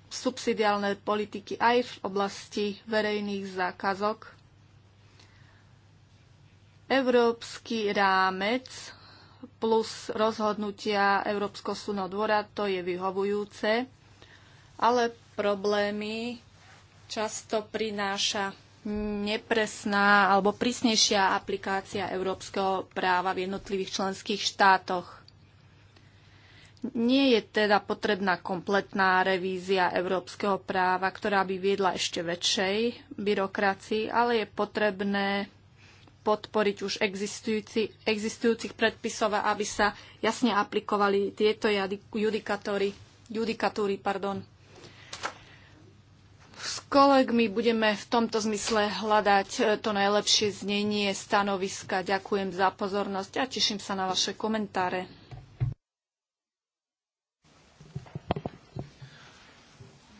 subsidiálnej politiky aj v oblasti verejných zákazok. Európsky rámec plus rozhodnutia Európskeho súdneho dvora, to je vyhovujúce, ale problémy často prináša nepresná alebo prísnejšia aplikácia európskeho práva v jednotlivých členských štátoch. Nie je teda potrebná kompletná revízia európskeho práva, ktorá by viedla ešte väčšej byrokracii, ale je potrebné podporiť už existujúci, existujúcich predpisov, aby sa jasne aplikovali tieto judikatory, judikatúry. Pardon. S kolegmi budeme v tomto zmysle hľadať e, to najlepšie znenie stanoviska. Ďakujem za pozornosť a teším sa na vaše komentáre.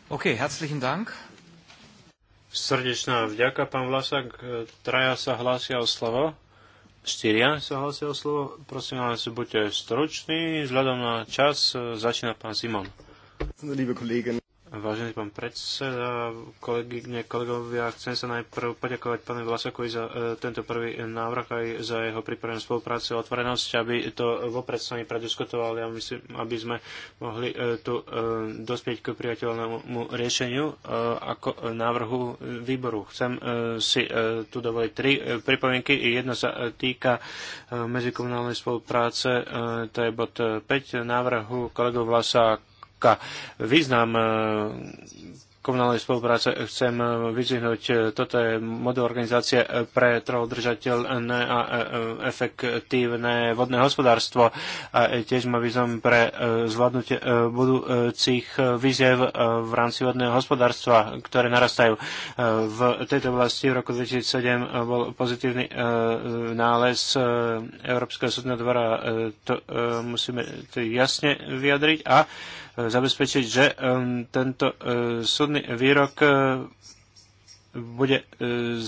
Okay, herzlichen Dank. Srdečná vďaka, pán Vlasák. E, traja sa hlásia o slovo. Štyria sa hlásia o slovo. Prosím vás, buďte stručný. Vzhľadom na čas e, začína pán Simon. Vážený pán predseda, kolegyne, kolegovia, chcem sa najprv poďakovať pánovi Vlasakovi za e, tento prvý návrh aj za jeho pripravenú spoluprácu a otvorenosť, aby to vopred s nami prediskutovali a myslím, aby sme mohli e, tu e, dospieť k priateľnému riešeniu ako návrhu výboru. Chcem si tu dovoliť tri pripomienky. Jedna sa týka medzikomunálnej spolupráce, to je bod 5 návrhu kolegov vlasák. Kupka. Význam e, komunálnej spolupráce chcem vyzvihnúť. Toto je model organizácie pre trojodržateľné a e, e, efektívne vodné hospodárstvo a tiež má význam pre zvládnutie budúcich výziev v rámci vodného hospodárstva, ktoré narastajú. V tejto oblasti v roku 2007 bol pozitívny nález Európskeho súdneho dvora. To musíme jasne vyjadriť a E, zabezpečiť, že tento e, súdny výrok e, bude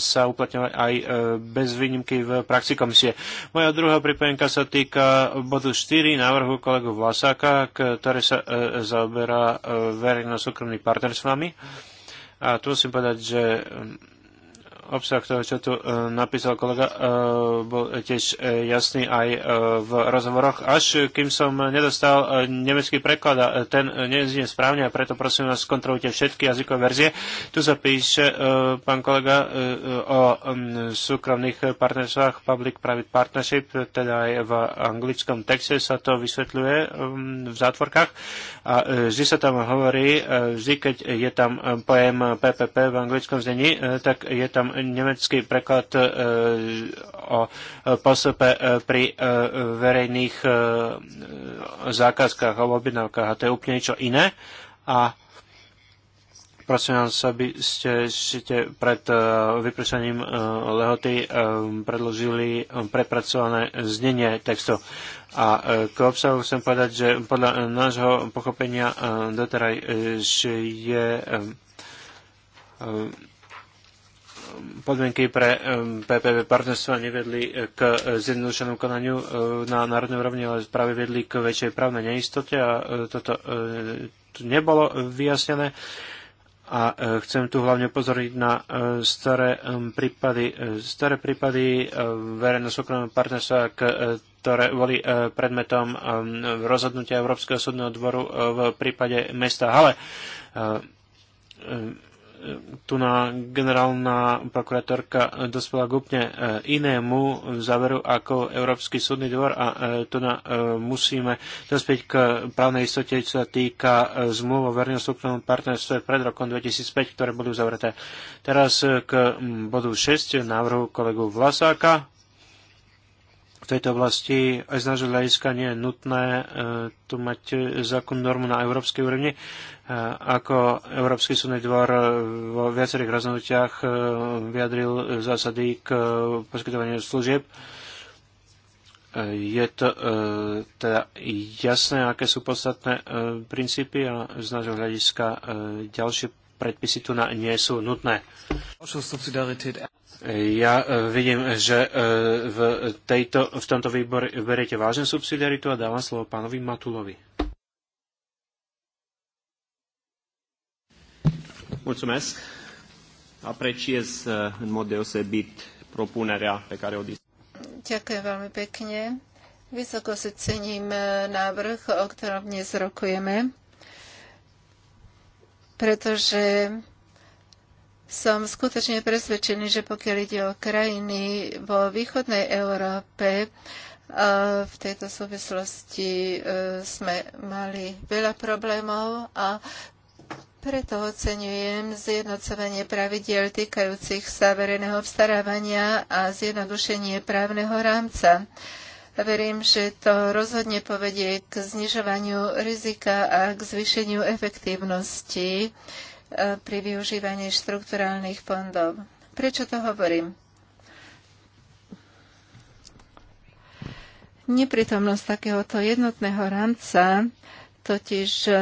sa uplatňovať aj bez výnimky v praxi komisie. Moja druhá pripojenka sa týka bodu 4 návrhu kolegu Vlasáka, ktoré sa zaoberá verejno-súkromný partnerstvami. A tu musím povedať, že obsah toho, čo tu e, napísal kolega, e, bol tiež e, jasný aj v rozhovoroch, až kým som nedostal nemecký preklad a ten neznie správne a preto prosím vás kontrolujte všetky jazykové verzie. Tu sa píše pán kolega o súkromných partnerstvách public-private partnership, teda aj v anglickom texte sa to vysvetľuje v zátvorkách a vždy sa tam hovorí, vždy keď je tam pojem PPP v anglickom znení, tak je tam nemecký preklad e, o postupe e, pri e, verejných zákazkách alebo objednávkach a to je úplne niečo iné. A Prosím vás, aby ste ešte pred vypršaním lehoty predložili prepracované znenie textu. A k obsahu chcem povedať, že podľa nášho pochopenia doteraj je podmienky pre PPP partnerstva nevedli k zjednodušenému konaniu e, na národnej úrovni, ale práve vedli k väčšej právnej neistote a e, toto e, nebolo vyjasnené. A chcem tu hlavne pozoriť na staré prípady, staré prípady verejno-súkromného partnerstva, ktoré boli predmetom rozhodnutia Európskeho súdneho dvoru v prípade mesta Hale tu na generálna prokurátorka dospela k úplne e, inému záveru ako Európsky súdny dvor a e, tu na e, musíme dospieť k právnej istote, čo sa týka zmluv o verejnom súkromnom partnerstve pred rokom 2005, ktoré boli uzavreté. Teraz k bodu 6 návrhu kolegu Vlasáka v tejto oblasti aj z nášho hľadiska nie je nutné e, tu mať zákon normu na európskej úrovni. E, ako Európsky súdny dvor vo viacerých rozhodnutiach e, vyjadril zásady k poskytovaniu služieb, je to teda jasné, aké sú podstatné princípy a z nášho hľadiska ďalšie predpisy tu nie sú nutné. Ja e, vidím, že e, v, tejto, v tomto výbore beriete vážne subsidiaritu a dávam slovo pánovi Matulovi. Mulțumesc. Apreciez e, în mod deosebit propunerea pe care o discutăm. Ďakujem veľmi pekne. Vysoko si cením návrh, o ktorom dnes rokujeme, pretože som skutočne presvedčený, že pokiaľ ide o krajiny vo východnej Európe, a e, v tejto súvislosti e, sme mali veľa problémov a preto ocenujem zjednocovanie pravidiel týkajúcich sa verejného obstarávania a zjednodušenie právneho rámca. Verím, že to rozhodne povedie k znižovaniu rizika a k zvýšeniu efektívnosti pri využívaní štrukturálnych fondov. Prečo to hovorím? Neprítomnosť takéhoto jednotného rámca totiž e,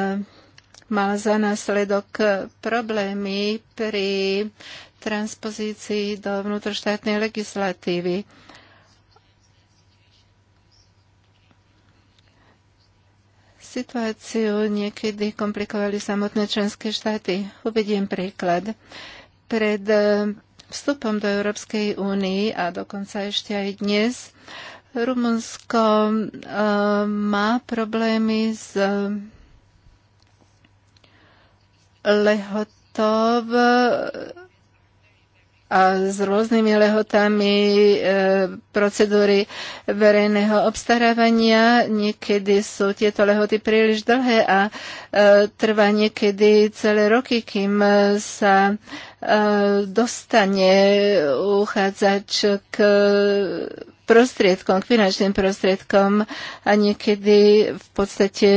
mal za následok problémy pri transpozícii do vnútroštátnej legislatívy. Situáciu niekedy komplikovali samotné členské štáty. Uvediem príklad. Pred eh, vstupom do Európskej únie a dokonca ešte aj dnes Rumunsko eh, má problémy s eh, lehotov a s rôznymi lehotami e, procedúry verejného obstarávania. Niekedy sú tieto lehoty príliš dlhé a e, trvá niekedy celé roky, kým e, sa e, dostane uchádzač k prostriedkom, k finančným prostriedkom a niekedy v podstate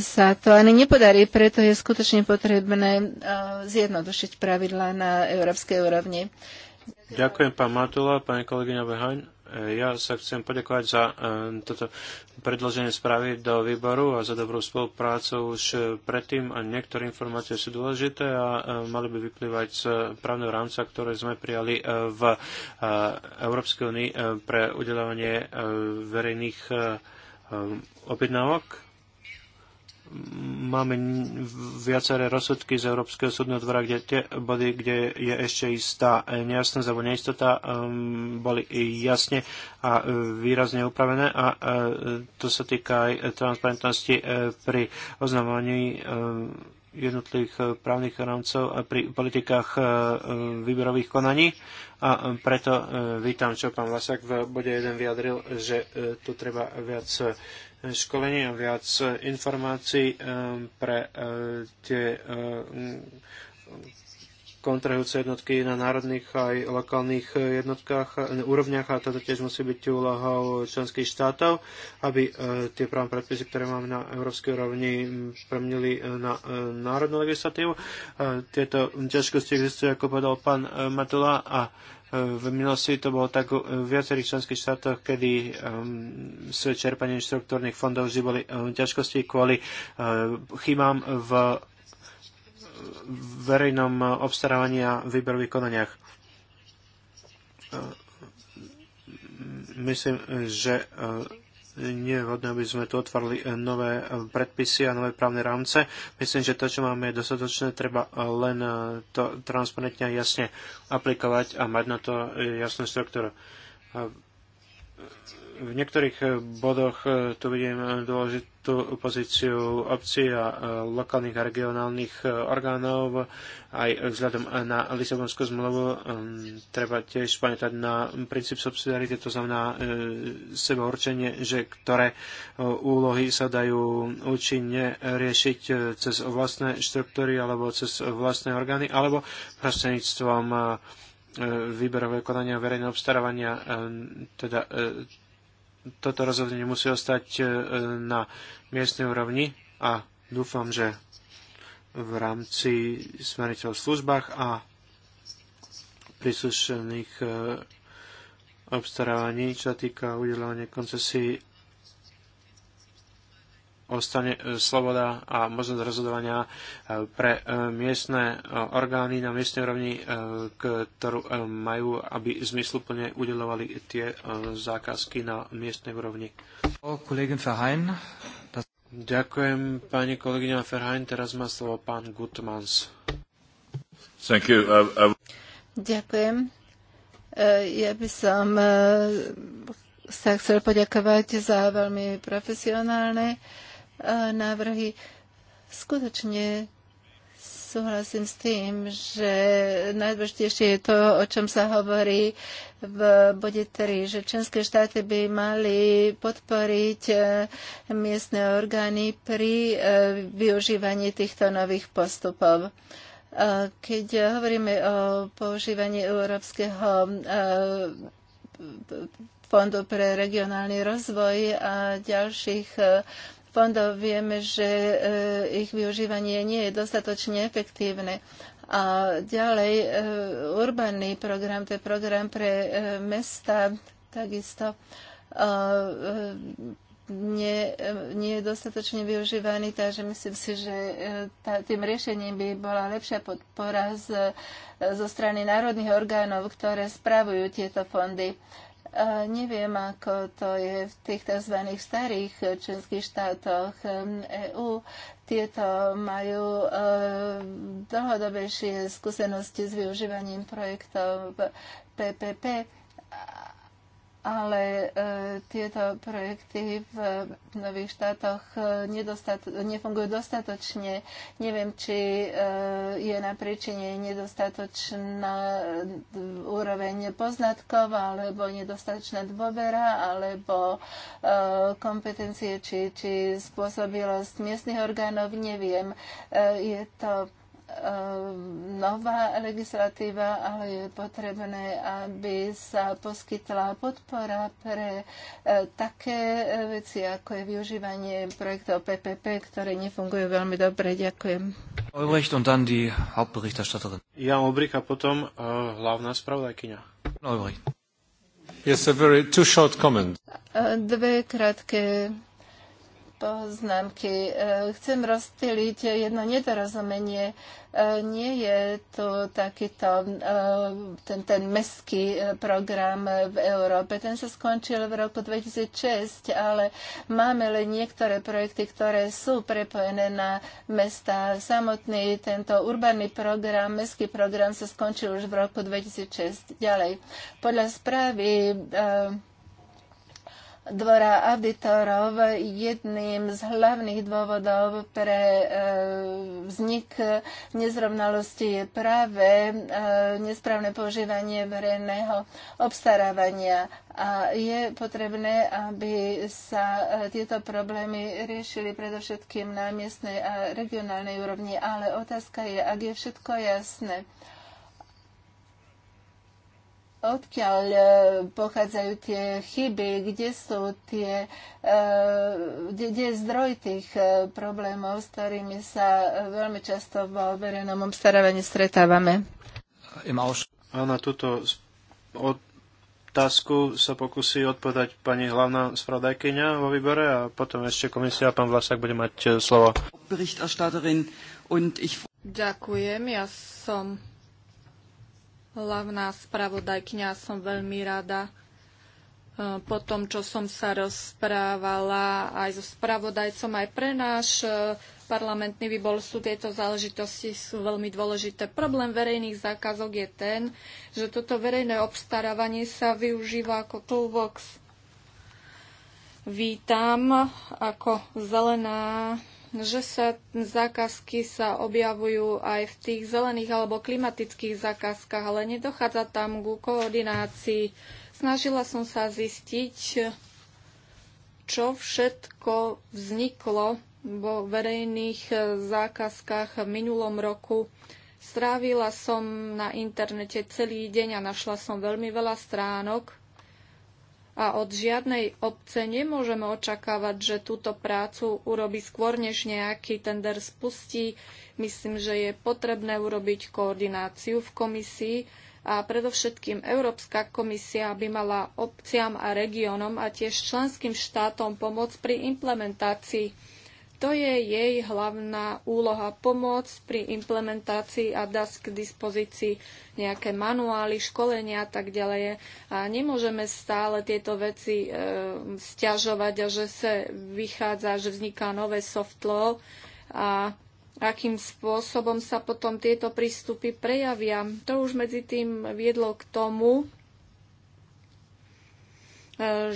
sa to ani nepodarí, preto je skutočne potrebné e, zjednodušiť pravidla na európskej úrovni. Ďakujem pán Matula, pani kolegyňa Behaň. Ja sa chcem poďakovať za e, toto predloženie správy do výboru a za dobrú spoluprácu už predtým. A niektoré informácie sú dôležité a e, mali by vyplývať z právneho rámca, ktoré sme prijali e, v Európskej únii pre udelovanie verejných objednávok máme viaceré rozsudky z Európskeho súdneho dvora, kde tie body, kde je ešte istá e, nejasnosť alebo neistota, e, boli jasne a e, výrazne upravené a to sa týka aj transparentnosti pri oznamovaní jednotlivých právnych rámcov a pri politikách výberových konaní. A preto vítam, čo pán Vlasak v bode 1 vyjadril, že tu treba viac školení a viac e, informácií e, pre e, tie kontrahujúce jednotky na národných aj lokálnych jednotkách, úrovniach a toto tiež musí byť úlohou členských štátov, aby tie právne predpisy, ktoré máme na európskej úrovni, premenili na národnú legislatívu. Tieto ťažkosti existujú, ako povedal pán Matula, a v minulosti to bolo tak v viacerých členských štátoch, kedy um, s čerpaním štruktúrnych fondov vždy boli um, ťažkosti kvôli uh, chybám v verejnom obstarávaní a výberových konaniach uh, myslím, že uh, nie je vhodné, aby sme tu otvorili e, nové e, predpisy a nové právne rámce. Myslím, že to, čo máme, je dostatočné. Treba e, len to transparentne a jasne aplikovať a mať na to jasnú struktúru v niektorých eh, bodoch eh, tu vidím eh, dôležitú pozíciu obcí a lokálnych a regionálnych orgánov. Aj vzhľadom na Lisabonskú zmluvu treba tiež pamätať na princíp subsidiarity, to znamená sebaurčenie, že ktoré úlohy sa dajú účinne riešiť cez vlastné štruktúry alebo cez vlastné orgány alebo prostredníctvom výberové konania verejného obstarávania, teda toto rozhodnutie musí ostať e, na miestnej úrovni a dúfam, že v rámci smeriteľ v službách a príslušných e, obstarávaní, čo sa týka udelovania koncesí ostane e, sloboda a možnosť rozhodovania e, pre e, miestne orgány na miestnej úrovni, ktorú majú, aby zmysluplne udelovali tie zákazky na miestnej úrovni. Ďakujem pani kolegyňa Ferhajn. Teraz má slovo pán Gutmans. Thank you. Ďakujem. ja by som sa chcel poďakovať za veľmi profesionálne návrhy. Skutočne súhlasím s tým, že najdôležitejšie je to, o čom sa hovorí v bode 3, že členské štáty by mali podporiť e, miestne orgány pri e, využívaní týchto nových postupov. E, keď hovoríme o používaní európskeho fondu pre regionálny rozvoj a ďalších fondov vieme, že eh, ich využívanie nie je dostatočne efektívne. A ďalej, eh, urbaný program, to je program pre eh, mesta, takisto nie, nie je dostatočne využívaný, takže myslím si, že tá, tým riešením by bola lepšia podpora z, zo strany národných orgánov, ktoré spravujú tieto fondy. Uh, Neviem, ako to je v tých tzv. starých členských štátoch EÚ. Tieto majú e, dlhodobejšie skúsenosti s využívaním projektov PPP ale e, tieto projekty v nových štátoch e, nedostat- nefungujú dostatočne. Neviem, či e, je na príčine nedostatočná e, úroveň poznatkov, alebo nedostatočná dôvera, alebo e, kompetencie, či, či spôsobilosť miestnych orgánov, neviem. E, je to Eh, nová legislatíva, ale je potrebné, aby sa poskytla podpora pre eh, také eh, veci, ako je využívanie projektov PPP, ktoré nefungujú veľmi dobre. Ďakujem. Ulbricht und dann die Hauptberichterstatterin. Jan Ulbricht a potom uh, hlavná spravodajkyňa. Ulbricht. Yes, a very two short comment. Dve krátke poznámky. E, chcem rozstýliť jedno nedorozumenie. E, nie je tu takýto e, ten, ten meský program v Európe. Ten sa skončil v roku 2006, ale máme len niektoré projekty, ktoré sú prepojené na mesta. Samotný tento urbaný program, meský program sa skončil už v roku 2006. Ďalej. Podľa správy dvora auditorov jedným z hlavných dôvodov pre eh, vznik nezrovnalosti je práve eh, nesprávne používanie verejného obstarávania. A je potrebné, aby sa eh, tieto problémy riešili predovšetkým na miestnej a regionálnej úrovni, ale otázka je, ak je všetko jasné odkiaľ e, pochádzajú tie chyby, kde sú tie, e, kde, kde je zdroj tých e, problémov, s ktorými sa veľmi často vo verejnom obstarávaní stretávame. Áno, túto otázku sa pokusí odpovedať pani hlavná spravodajkyňa vo výbore a potom ešte komisia, pán Vlasák, bude mať slovo. Ďakujem, ja som hlavná spravodajkňa. Som veľmi rada e, po tom, čo som sa rozprávala aj so spravodajcom, aj pre náš e, parlamentný výbor sú tieto záležitosti sú veľmi dôležité. Problém verejných zákazok je ten, že toto verejné obstarávanie sa využíva ako toolbox. Vítam ako zelená že sa zákazky sa objavujú aj v tých zelených alebo klimatických zákazkách, ale nedochádza tam ku koordinácii. Snažila som sa zistiť, čo všetko vzniklo vo verejných zákazkách v minulom roku. Strávila som na internete celý deň a našla som veľmi veľa stránok, a od žiadnej obce nemôžeme očakávať, že túto prácu urobí skôr, než nejaký tender spustí. Myslím, že je potrebné urobiť koordináciu v komisii a predovšetkým Európska komisia by mala obciam a regiónom a tiež členským štátom pomôcť pri implementácii to je jej hlavná úloha pomoc pri implementácii a dá k dispozícii nejaké manuály, školenia a tak ďalej. A nemôžeme stále tieto veci e, stiažovať a že sa vychádza, že vzniká nové soft law a akým spôsobom sa potom tieto prístupy prejavia. To už medzi tým viedlo k tomu,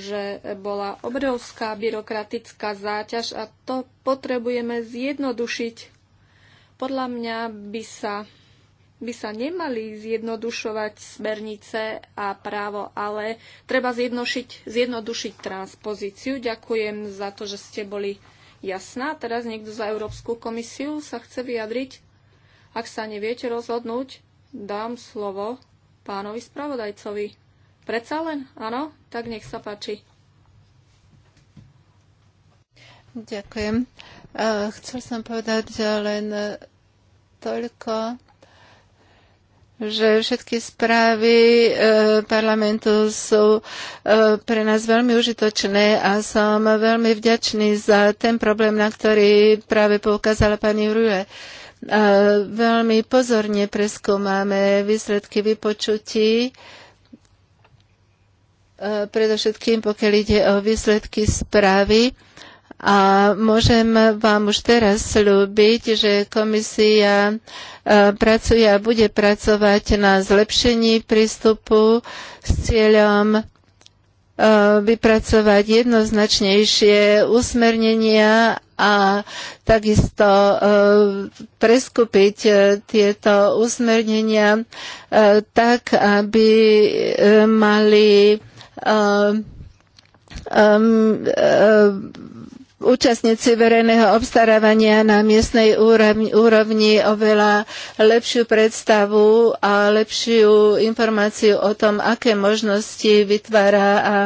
že bola obrovská byrokratická záťaž a to potrebujeme zjednodušiť. Podľa mňa by sa, by sa nemali zjednodušovať smernice a právo, ale treba zjednodušiť, zjednodušiť transpozíciu. Ďakujem za to, že ste boli jasná. Teraz niekto za Európsku komisiu sa chce vyjadriť. Ak sa neviete rozhodnúť, dám slovo pánovi spravodajcovi. Predsa len? Áno? Tak nech sa páči. Ďakujem. E, chcel som povedať len toľko, že všetky správy e, parlamentu sú e, pre nás veľmi užitočné a som veľmi vďačný za ten problém, na ktorý práve poukázala pani Rue. Veľmi pozorne preskúmame výsledky vypočutí E, predovšetkým pokiaľ ide o výsledky správy. A môžem vám už teraz slúbiť, že komisia e, pracuje a bude pracovať na zlepšení prístupu s cieľom e, vypracovať jednoznačnejšie usmernenia a takisto preskúpiť tieto usmernenia tak, aby mali um, účastníci verejného obstarávania na miestnej úrovni, úrovni oveľa lepšiu predstavu a lepšiu informáciu o tom, aké možnosti vytvára a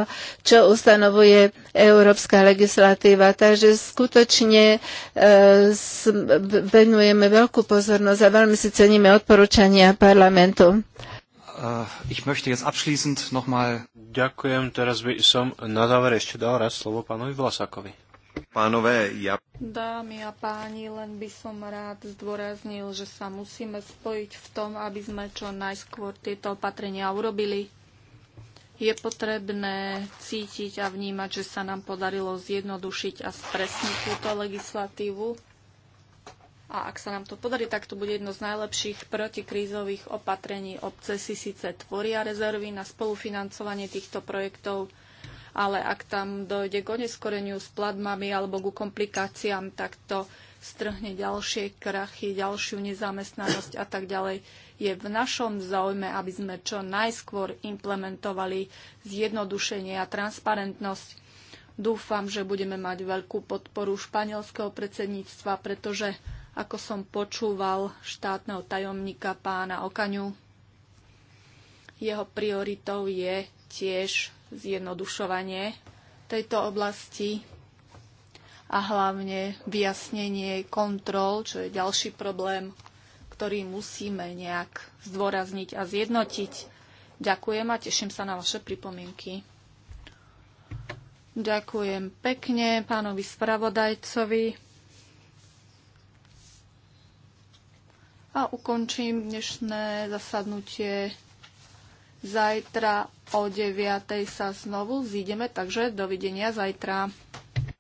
čo ustanovuje európska legislatíva. Takže skutočne venujeme veľkú pozornosť a veľmi si ceníme odporúčania parlamentu. Äh, ich möchte jetzt abschließend nochmal... Ďakujem, teraz by som na záver ešte dal raz slovo pánovi Vlasakovi. Pánové, ja... Dámy a páni, len by som rád zdôraznil, že sa musíme spojiť v tom, aby sme čo najskôr tieto opatrenia urobili. Je potrebné cítiť a vnímať, že sa nám podarilo zjednodušiť a spresniť túto legislatívu a ak sa nám to podarí, tak to bude jedno z najlepších protikrízových opatrení. Obce si síce tvoria rezervy na spolufinancovanie týchto projektov, ale ak tam dojde k oneskoreniu s platbami alebo ku komplikáciám, tak to strhne ďalšie krachy, ďalšiu nezamestnanosť a tak ďalej. Je v našom záujme, aby sme čo najskôr implementovali zjednodušenie a transparentnosť. Dúfam, že budeme mať veľkú podporu španielského predsedníctva, pretože ako som počúval štátneho tajomníka pána Okaňu. Jeho prioritou je tiež zjednodušovanie tejto oblasti a hlavne vyjasnenie kontrol, čo je ďalší problém, ktorý musíme nejak zdôrazniť a zjednotiť. Ďakujem a teším sa na vaše pripomienky. Ďakujem pekne pánovi spravodajcovi. a ukončím dnešné zasadnutie. Zajtra o 9.00 sa znovu zídeme, takže dovidenia zajtra.